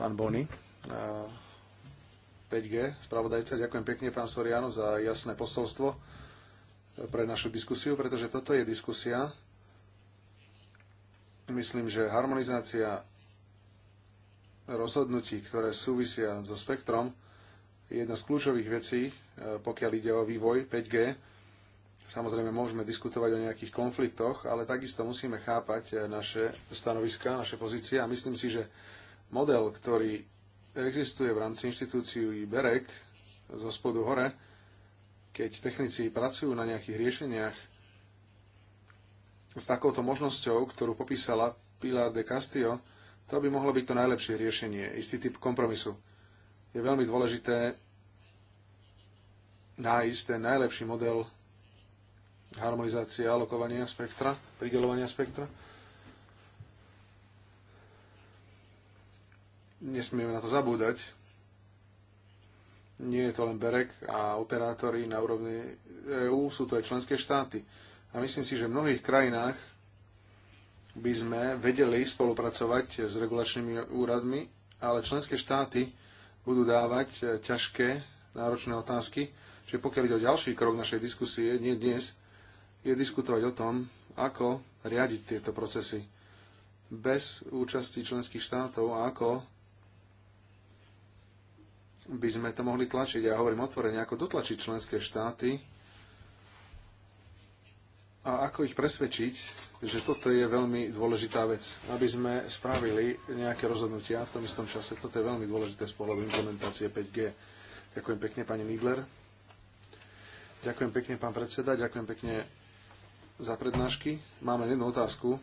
Pán Bony 5G, spravodajca. Ďakujem pekne, pán Soriano, za jasné posolstvo pre našu diskusiu, pretože toto je diskusia. Myslím, že harmonizácia rozhodnutí, ktoré súvisia so spektrom, je jedna z kľúčových vecí, e, pokiaľ ide o vývoj 5G. Samozrejme, môžeme diskutovať o nejakých konfliktoch, ale takisto musíme chápať e, naše stanoviska, naše pozície a myslím si, že model, ktorý existuje v rámci inštitúcií BEREK zo spodu hore, keď technici pracujú na nejakých riešeniach s takouto možnosťou, ktorú popísala Pilar de Castillo, to by mohlo byť to najlepšie riešenie, istý typ kompromisu. Je veľmi dôležité nájsť ten najlepší model harmonizácie alokovania spektra, pridelovania spektra. Nesmieme na to zabúdať. Nie je to len Berek a operátori na úrovni EÚ, sú to aj členské štáty. A myslím si, že v mnohých krajinách by sme vedeli spolupracovať s regulačnými úradmi, ale členské štáty budú dávať ťažké, náročné otázky. Čiže pokiaľ ide o ďalší krok našej diskusie, nie dnes, je diskutovať o tom, ako riadiť tieto procesy bez účasti členských štátov a ako by sme to mohli tlačiť. Ja hovorím otvorene, ako dotlačiť členské štáty a ako ich presvedčiť, že toto je veľmi dôležitá vec, aby sme spravili nejaké rozhodnutia v tom istom čase. Toto je veľmi dôležité z pohľadu implementácie 5G. Ďakujem pekne, pani Nidler. Ďakujem pekne, pán predseda. Ďakujem pekne za prednášky. Máme jednu otázku.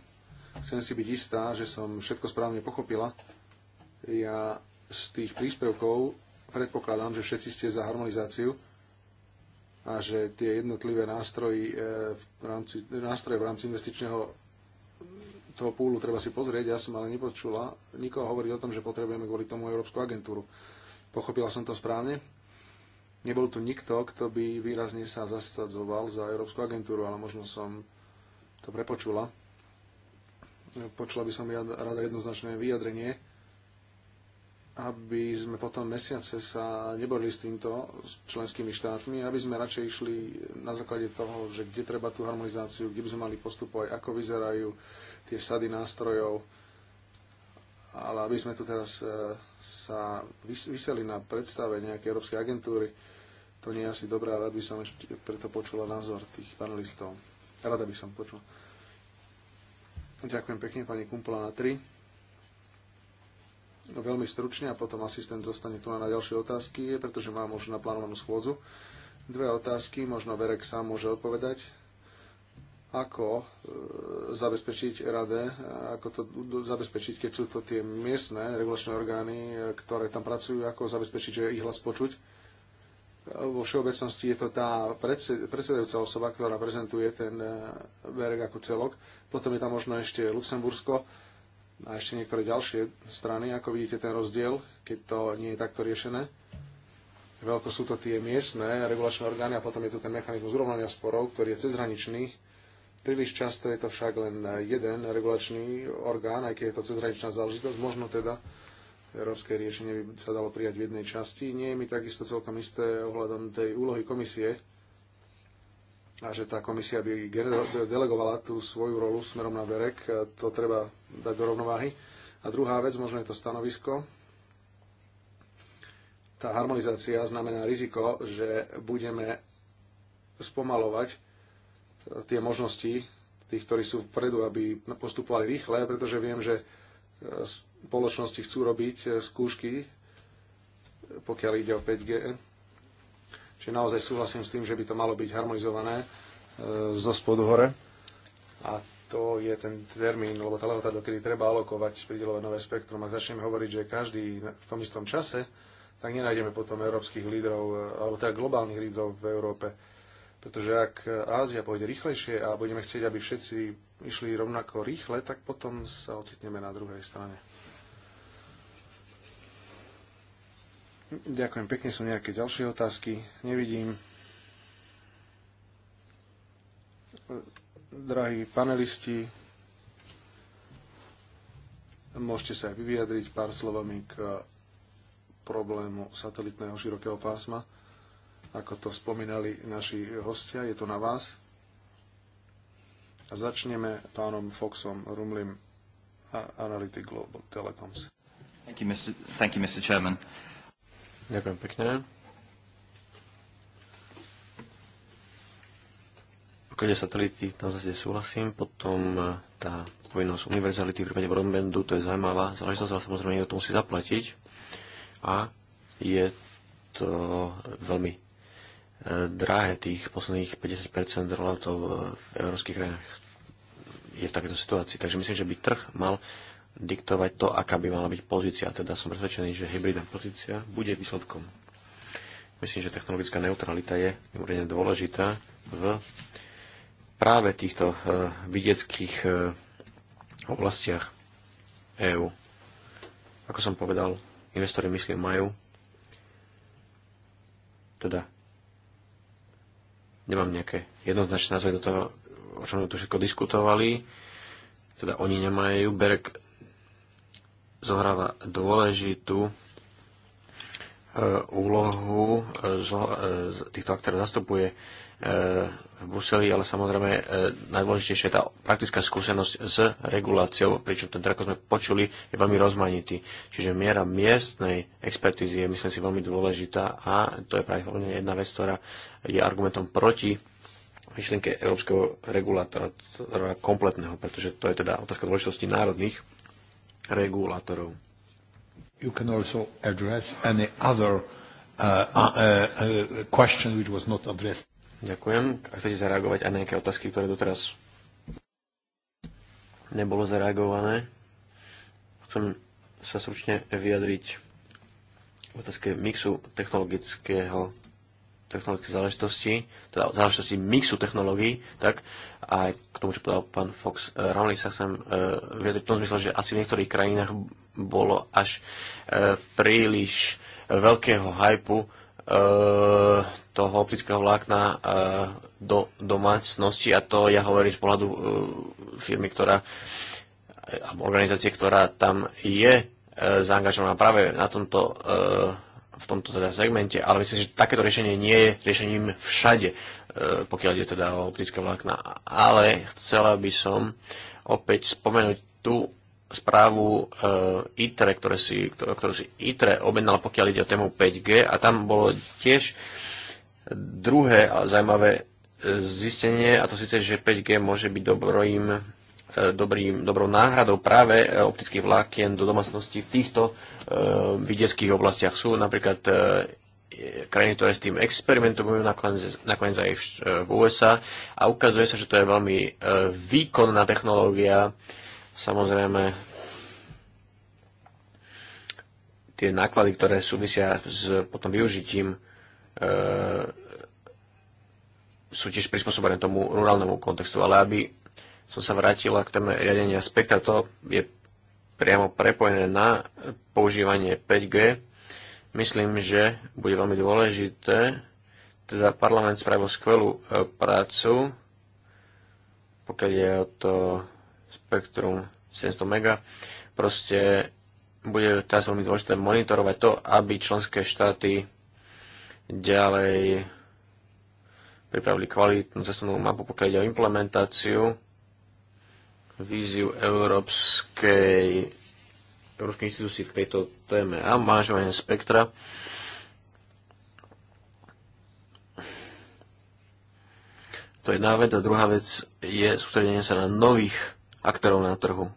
Chcem si byť istá, že som všetko správne pochopila. Ja z tých príspevkov predpokladám, že všetci ste za harmonizáciu a že tie jednotlivé nástroje v rámci, nástroje v rámci investičného toho púlu treba si pozrieť. Ja som ale nepočula nikoho hovoriť o tom, že potrebujeme kvôli tomu Európsku agentúru. Pochopila som to správne? Nebol tu nikto, kto by výrazne sa zasadzoval za Európsku agentúru, ale možno som to prepočula. Počula by som rada jednoznačné vyjadrenie aby sme potom mesiace sa neborili s týmto s členskými štátmi, aby sme radšej išli na základe toho, že kde treba tú harmonizáciu, kde by sme mali postupovať, ako vyzerajú tie sady nástrojov, ale aby sme tu teraz e, sa vyseli na predstave nejakej európskej agentúry, to nie je asi dobré, ale by som ešte preto počula názor tých panelistov. Rada by som počula. Ďakujem pekne, pani Kumpola, na 3. No, veľmi stručne a potom asistent zostane tu na ďalšie otázky, pretože mám už naplánovanú schôdzu. Dve otázky, možno Verek sám môže odpovedať. Ako e, zabezpečiť rade, ako to zabezpečiť, keď sú to tie miestne regulačné orgány, e, ktoré tam pracujú, ako zabezpečiť, že ich hlas počuť. Vo všeobecnosti je to tá predsedajúca osoba, ktorá prezentuje ten e, verek ako celok. Potom je tam možno ešte Luxembursko, a ešte niektoré ďalšie strany. Ako vidíte ten rozdiel, keď to nie je takto riešené? Veľko sú to tie miestne regulačné orgány a potom je tu ten mechanizmus urovnania sporov, ktorý je cezhraničný. Príliš často je to však len jeden regulačný orgán, aj keď je to cezhraničná záležitosť. Možno teda európske riešenie by sa dalo prijať v jednej časti. Nie je mi takisto celkom isté ohľadom tej úlohy komisie, a že tá komisia by delegovala tú svoju rolu smerom na verek, to treba dať do rovnováhy. A druhá vec, možno je to stanovisko. Tá harmonizácia znamená riziko, že budeme spomalovať e, tie možnosti tých, ktorí sú vpredu, aby postupovali rýchle, pretože viem, že e, spoločnosti chcú robiť e, skúšky, pokiaľ ide o 5G, Čiže naozaj súhlasím s tým, že by to malo byť harmonizované e, zo spodu hore. A to je ten termín, lebo tá lehota, dokedy treba alokovať pridelovať nové spektrum. Ak začneme hovoriť, že každý v tom istom čase, tak nenájdeme potom európskych lídrov, e, alebo teda globálnych lídrov v Európe. Pretože ak Ázia pôjde rýchlejšie a budeme chcieť, aby všetci išli rovnako rýchle, tak potom sa ocitneme na druhej strane. Ďakujem pekne. Sú nejaké ďalšie otázky? Nevidím. Drahí panelisti, môžete sa aj vyjadriť pár slovami k problému satelitného širokého pásma. Ako to spomínali naši hostia, je to na vás. A začneme pánom Foxom Rumlim, Analytic Global Telecoms. Thank you, Mr. Thank you, Mr. Chairman. Ďakujem pekne. Pokiaľ satelity, tam zase súhlasím. Potom eh, tá povinnosť univerzality v prípade broadbandu, to je zaujímavá záležitosť, ale samozrejme niekto to musí zaplatiť. A je to veľmi eh, drahé tých posledných 50% rolautov eh, v európskych krajinách je v takéto situácii. Takže myslím, že by trh mal diktovať to, aká by mala byť pozícia. Teda som presvedčený, že hybridná pozícia bude výsledkom. Myslím, že technologická neutralita je mimoriadne dôležitá v práve týchto e, vidieckých e, oblastiach EÚ. Ako som povedal, investori myslím majú. Teda nemám nejaké jednoznačné názory do toho, o čom tu všetko diskutovali. Teda oni nemajú. Berek zohráva dôležitú e, úlohu e, e, týchto aktérov zastupuje v Bruseli, ale samozrejme najdôležitejšia je tá praktická skúsenosť s reguláciou, pričom ten, ako sme počuli, je veľmi rozmanitý. Čiže miera miestnej expertízy je, myslím si, veľmi dôležitá a to je práve jedna vec, ktorá je argumentom proti myšlienke európskeho regulátora teda kompletného, pretože to je teda otázka dôležitosti národných regulátorov. You can also address any other uh, uh, uh, question which was not addressed. Ďakujem. Ak chcete zareagovať aj na nejaké otázky, ktoré doteraz nebolo zareagované, chcem sa sručne vyjadriť otázke mixu technologického technologické záležitosti, teda záležitosti mixu technológií, tak a k tomu, čo povedal pán Fox e, Ramli sa chcem uh, vyjadriť v tom zmysle, že asi v niektorých krajinách bolo až uh, príliš veľkého hypu toho optického vlákna do domácnosti a to ja hovorím z pohľadu firmy, ktorá alebo organizácie, ktorá tam je zaangažovaná práve na tomto v tomto teda segmente, ale myslím, že takéto riešenie nie je riešením všade, e, pokiaľ ide teda o optické vlákna. Ale chcela by som opäť spomenúť tú správu e, ITRE, ktoré si, ktorú si ITRE objednala, pokiaľ ide o tému 5G a tam bolo tiež druhé zaujímavé e, zistenie a to síce, že 5G môže byť dobrým dobrým, dobrou náhradou práve e, optických vlákien do domácnosti v týchto e, vidieckých oblastiach. Sú napríklad e, krajiny, ktoré s tým experimentujú, nakoniec, nakoniec aj v USA a ukazuje sa, že to je veľmi výkonná technológia. Samozrejme, tie náklady, ktoré súvisia s potom využitím, e, sú tiež prispôsobené tomu rurálnemu kontextu. Ale aby som sa vrátila k téme riadenia spektra. To je priamo prepojené na používanie 5G. Myslím, že bude veľmi dôležité. Teda parlament spravil skvelú e, prácu, pokiaľ je o to spektrum 700 mega. Proste bude teraz veľmi dôležité monitorovať to, aby členské štáty ďalej pripravili kvalitnú cestovnú mapu, pokiaľ ide o implementáciu víziu Európskej, Európskej inštitúcii v tejto téme a manažovanie spektra. To je jedna vec. A druhá vec je sústredenie sa na nových aktorov na trhu.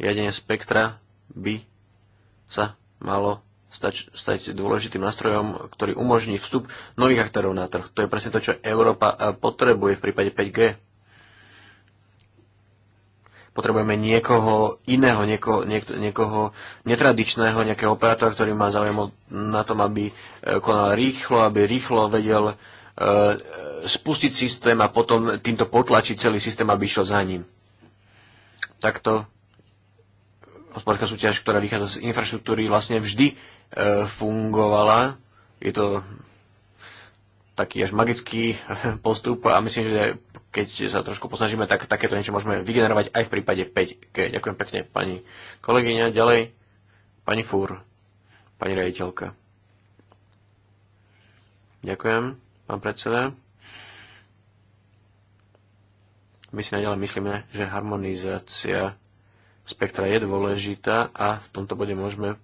Riadenie spektra by sa malo stať, stať dôležitým nástrojom, ktorý umožní vstup nových aktorov na trh. To je presne to, čo Európa eh, potrebuje v prípade 5G potrebujeme niekoho iného, niekoho, niek- niekoho netradičného, nejakého operátora, ktorý má záujem na tom, aby e, konal rýchlo, aby rýchlo vedel e, e, spustiť systém a potom týmto potlačiť celý systém, aby išiel za ním. Takto hospodárska súťaž, ktorá vychádza z infraštruktúry, vlastne vždy e, fungovala. Je to taký až magický postup a myslím, že keď sa trošku posnažíme, tak takéto niečo môžeme vygenerovať aj v prípade 5G. Ďakujem pekne, pani kolegyňa. Ďalej, pani Fúr, pani rejiteľka. Ďakujem, pán predseda. My si naďalej myslíme, že harmonizácia spektra je dôležitá a v tomto bode môžeme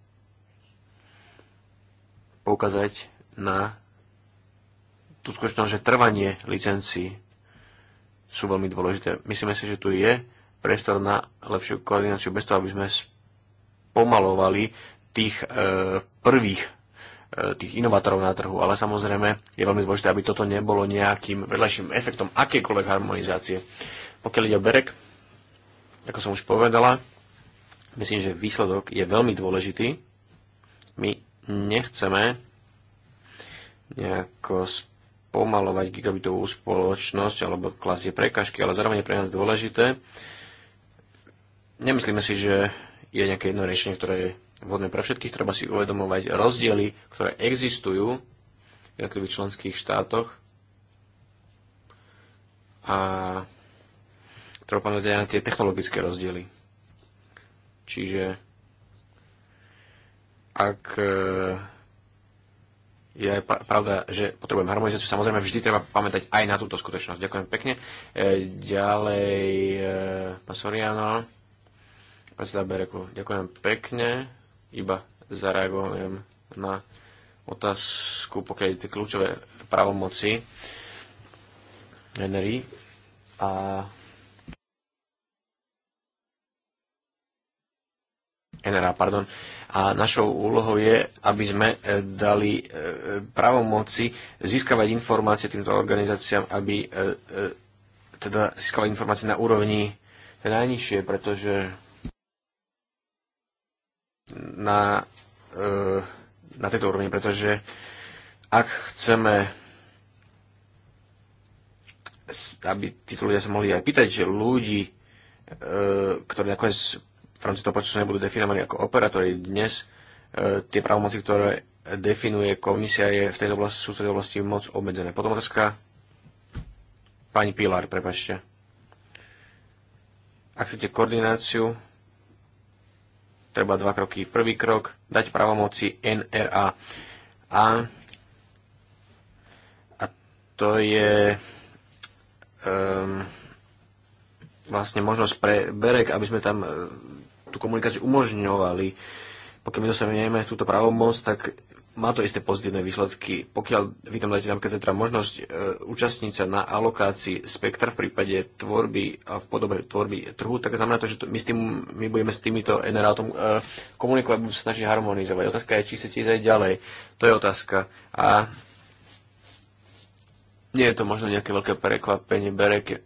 poukázať na tú skutočnosť, že trvanie licencií sú veľmi dôležité. Myslíme si, že tu je priestor na lepšiu koordináciu bez toho, aby sme pomalovali tých e, prvých e, tých inovátorov na trhu, ale samozrejme je veľmi dôležité, aby toto nebolo nejakým vedľajším efektom akékoľvek harmonizácie. Pokiaľ ide o Berek, ako som už povedala, myslím, že výsledok je veľmi dôležitý. My nechceme nejako spomalovať gigabitovú spoločnosť alebo klasie prekažky, ale zároveň je pre nás dôležité. Nemyslíme si, že je nejaké jedno riešenie, ktoré je vhodné pre všetkých. Treba si uvedomovať rozdiely, ktoré existujú v jednotlivých členských štátoch a treba pamätať aj na tie technologické rozdiely. Čiže ak e, je pravda, že potrebujem harmonizáciu. Samozrejme, vždy treba pamätať aj na túto skutočnosť. Ďakujem pekne. E, ďalej, e, pán Soriano, predseda Bereku, ďakujem pekne. Iba zareagujem na otázku, pokiaľ tie kľúčové pravomoci Henry. a NRA, pardon. A našou úlohou je, aby sme eh, dali eh, pravomoci získavať informácie týmto organizáciám, aby eh, teda získavať informácie na úrovni najnižšie, pretože na, na tejto úrovni, pretože ak chceme aby títo ľudia sa mohli aj pýtať že ľudí, ktorí nakoniec v rámci toho počasenia budú definovaní ako operátori. Dnes e, tie právomoci, ktoré definuje komisia, je v tejto oblasti, sú v tejto oblasti moc obmedzené. Potom otázka pani Pilar, prepašte. Ak chcete koordináciu, treba dva kroky. Prvý krok, dať právomoci NRA. A, a to je um, vlastne možnosť pre Berek, aby sme tam e, tú komunikáciu umožňovali. Pokiaľ my dosiahneme túto právomoc, tak má to isté pozitívne výsledky. Pokiaľ vy tam dáte napríklad teda možnosť e, účastniť sa na alokácii spektra v prípade tvorby a v podobe tvorby trhu, tak znamená to, že to, my, s tým, my budeme s týmito generátom e, komunikovať, budeme sa snažiť harmonizovať. Otázka je, či sa ísť aj ďalej. To je otázka. A nie je to možno nejaké veľké prekvapenie, berek,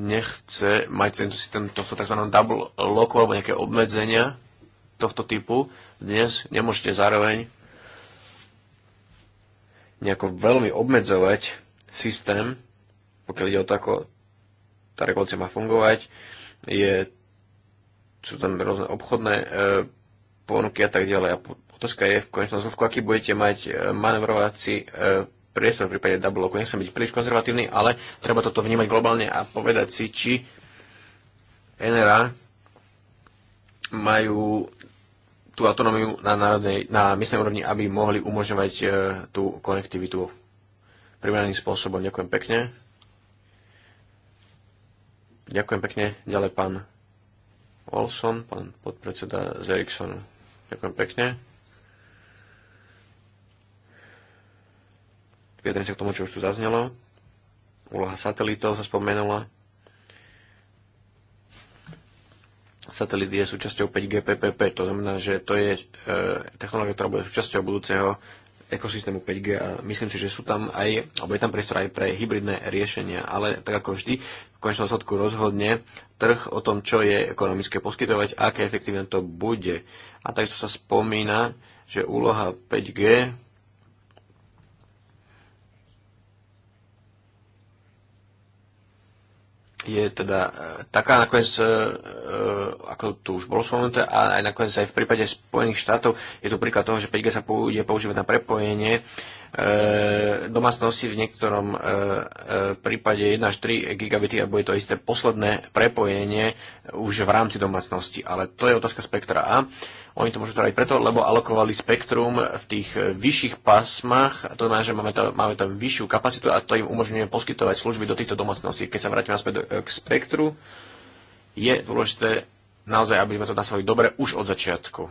nechce mať tento systém tohto tzv. double locku alebo nejaké obmedzenia tohto typu, dnes nemôžete zároveň nejako veľmi obmedzovať systém, pokiaľ ide o to, ako tá regulácia má fungovať. Je, sú tam rôzne obchodné e, ponuky a tak ďalej. A otázka je v konečnom zlovku, aký budete mať e, manevrovací e, priestor v prípade double locku. Nechcem byť príliš konzervatívny, ale treba toto vnímať globálne a povedať si, či NRA majú tú autonómiu na, národnej, na miestnej úrovni, aby mohli umožňovať e, tú konektivitu primeraným spôsobom. Ďakujem pekne. Ďakujem pekne. Ďalej pán Olson, pán podpredseda z Ericssonu. Ďakujem pekne. vyjadrím sa k tomu, čo už tu zaznelo. Úloha satelitov sa spomenula. Satelit je súčasťou 5G PPP, to znamená, že to je e, technológia, ktorá bude súčasťou budúceho ekosystému 5G a myslím si, že sú tam aj, alebo je tam priestor aj pre hybridné riešenia, ale tak ako vždy, v konečnom sledku rozhodne trh o tom, čo je ekonomické poskytovať, aké efektívne to bude. A takisto sa spomína, že úloha 5G je teda e, taká nakoniec, e, e, ako tu už bolo spomenuté, a aj nakoniec aj v prípade Spojených štátov je tu príklad toho, že 5G sa bude používať na prepojenie E, domácnosti, v niektorom e, e, prípade 1 až 3 gigabity a bude to isté posledné prepojenie už v rámci domácnosti. Ale to je otázka spektra A. Oni to môžu to teda aj preto, lebo alokovali spektrum v tých vyšších pásmach, to znamená, že máme tam, máme tam vyššiu kapacitu a to im umožňuje poskytovať služby do týchto domácností. Keď sa vrátime naspäť k spektru, je dôležité naozaj, aby sme to nastavili dobre už od začiatku.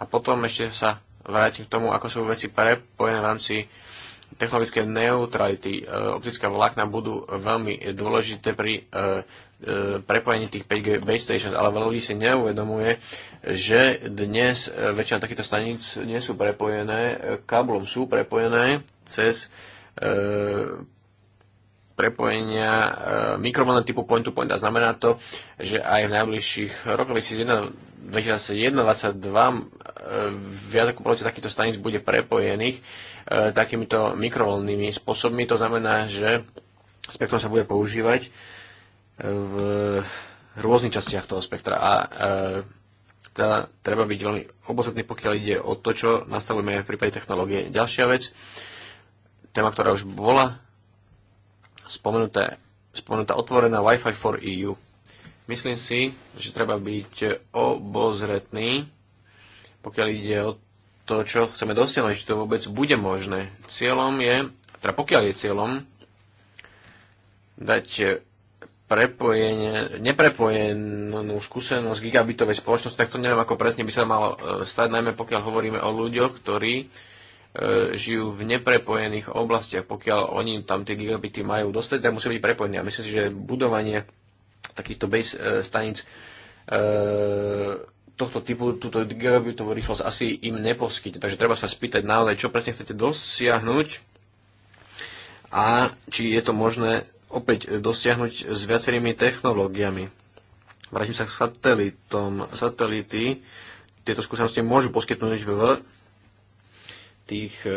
A potom ešte sa vrátim k tomu, ako sú veci prepojené v rámci technologické neutrality. E, optické vlákna budú veľmi dôležité pri e, e, prepojení tých 5G base stations, ale veľa ľudí si neuvedomuje, že dnes väčšina takýchto staníc nie sú prepojené, kablom sú prepojené cez prepojenia e, mikromodel typu point-to-point a znamená to, že aj v najbližších rokoch 2021-2022 e, viac ako polovica takýchto staníc bude prepojených e, takýmito mikrovoľnými spôsobmi. To znamená, že spektrum sa bude používať v rôznych častiach toho spektra a teda treba byť veľmi obozretný, pokiaľ ide o to, čo nastavujeme v prípade technológie. Ďalšia vec, téma, ktorá už bola spomenuté, spomenutá otvorená Wi-Fi for EU. Myslím si, že treba byť obozretný, pokiaľ ide o to, čo chceme dosiahnuť, či to vôbec bude možné. Cieľom je, teda pokiaľ je cieľom, dať prepojenie, neprepojenú skúsenosť gigabitovej spoločnosti, tak to neviem, ako presne by sa malo e, stať, najmä pokiaľ hovoríme o ľuďoch, ktorí E, žijú v neprepojených oblastiach. Pokiaľ oni tam tie gigabity majú dostať, tak musia byť prepojení. A myslím si, že budovanie takýchto base e, staníc e, tohto typu túto gigabitovú rýchlosť asi im neposkyte. Takže treba sa spýtať naozaj, čo presne chcete dosiahnuť a či je to možné opäť dosiahnuť s viacerými technológiami. Vrátim sa k satelitom. Satelity tieto skúsenosti môžu poskytnúť v tých e, e,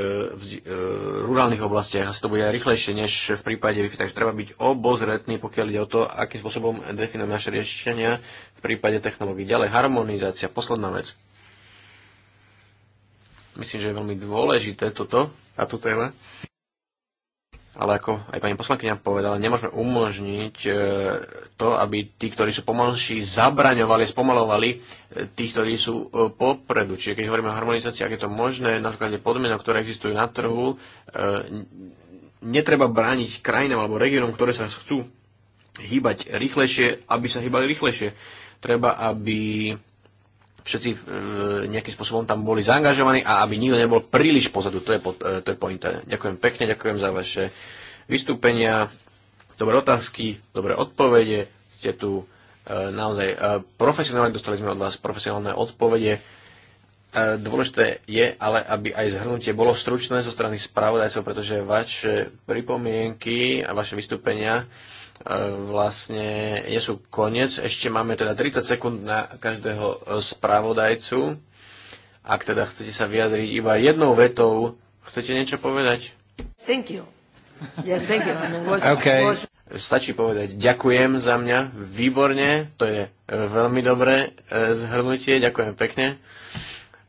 rurálnych oblastiach. Asi to bude aj rýchlejšie než v prípade Wi-Fi, takže treba byť obozretný, pokiaľ ide o to, akým spôsobom definujú naše riešenia v prípade technológií. Ďalej, harmonizácia, posledná vec. Myslím, že je veľmi dôležité toto a tu téma ale ako aj pani poslankyňa povedala, nemôžeme umožniť e, to, aby tí, ktorí sú pomalší, zabraňovali, spomalovali e, tých, ktorí sú e, popredu. Čiže keď hovoríme o harmonizácii, ak je to možné, na základe podmienok, ktoré existujú na trhu, netreba brániť krajinám alebo regiónom, ktoré sa chcú hýbať rýchlejšie, aby sa hýbali rýchlejšie. Treba, aby všetci e, nejakým spôsobom tam boli zaangažovaní a aby nikto nebol príliš pozadu. To je, po, e, to je pointa. Ďakujem pekne, ďakujem za vaše vystúpenia, dobré otázky, dobré odpovede. Ste tu e, naozaj e, profesionálne, dostali sme od vás profesionálne odpovede. E, dôležité je ale, aby aj zhrnutie bolo stručné zo strany spravodajcov, pretože vaše pripomienky a vaše vystúpenia E, vlastne nie sú koniec. Ešte máme teda 30 sekúnd na každého spravodajcu. Ak teda chcete sa vyjadriť iba jednou vetou, chcete niečo povedať? Thank you. Yes, thank you. I mean, was, okay. was... Stačí povedať ďakujem za mňa, výborne, to je e, veľmi dobré e, zhrnutie, ďakujem pekne.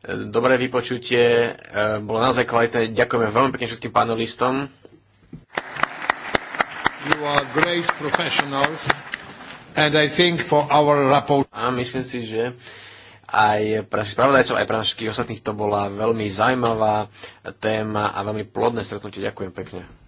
Dobré vypočutie, bolo naozaj kvalitné, ďakujeme veľmi pekne všetkým panelistom. You are great professionals and I think for our rapport... A myslím si, že aj pre našich spravodajcov, aj pre našich ostatných to bola veľmi zaujímavá téma a veľmi plodné stretnutie. Ďakujem pekne.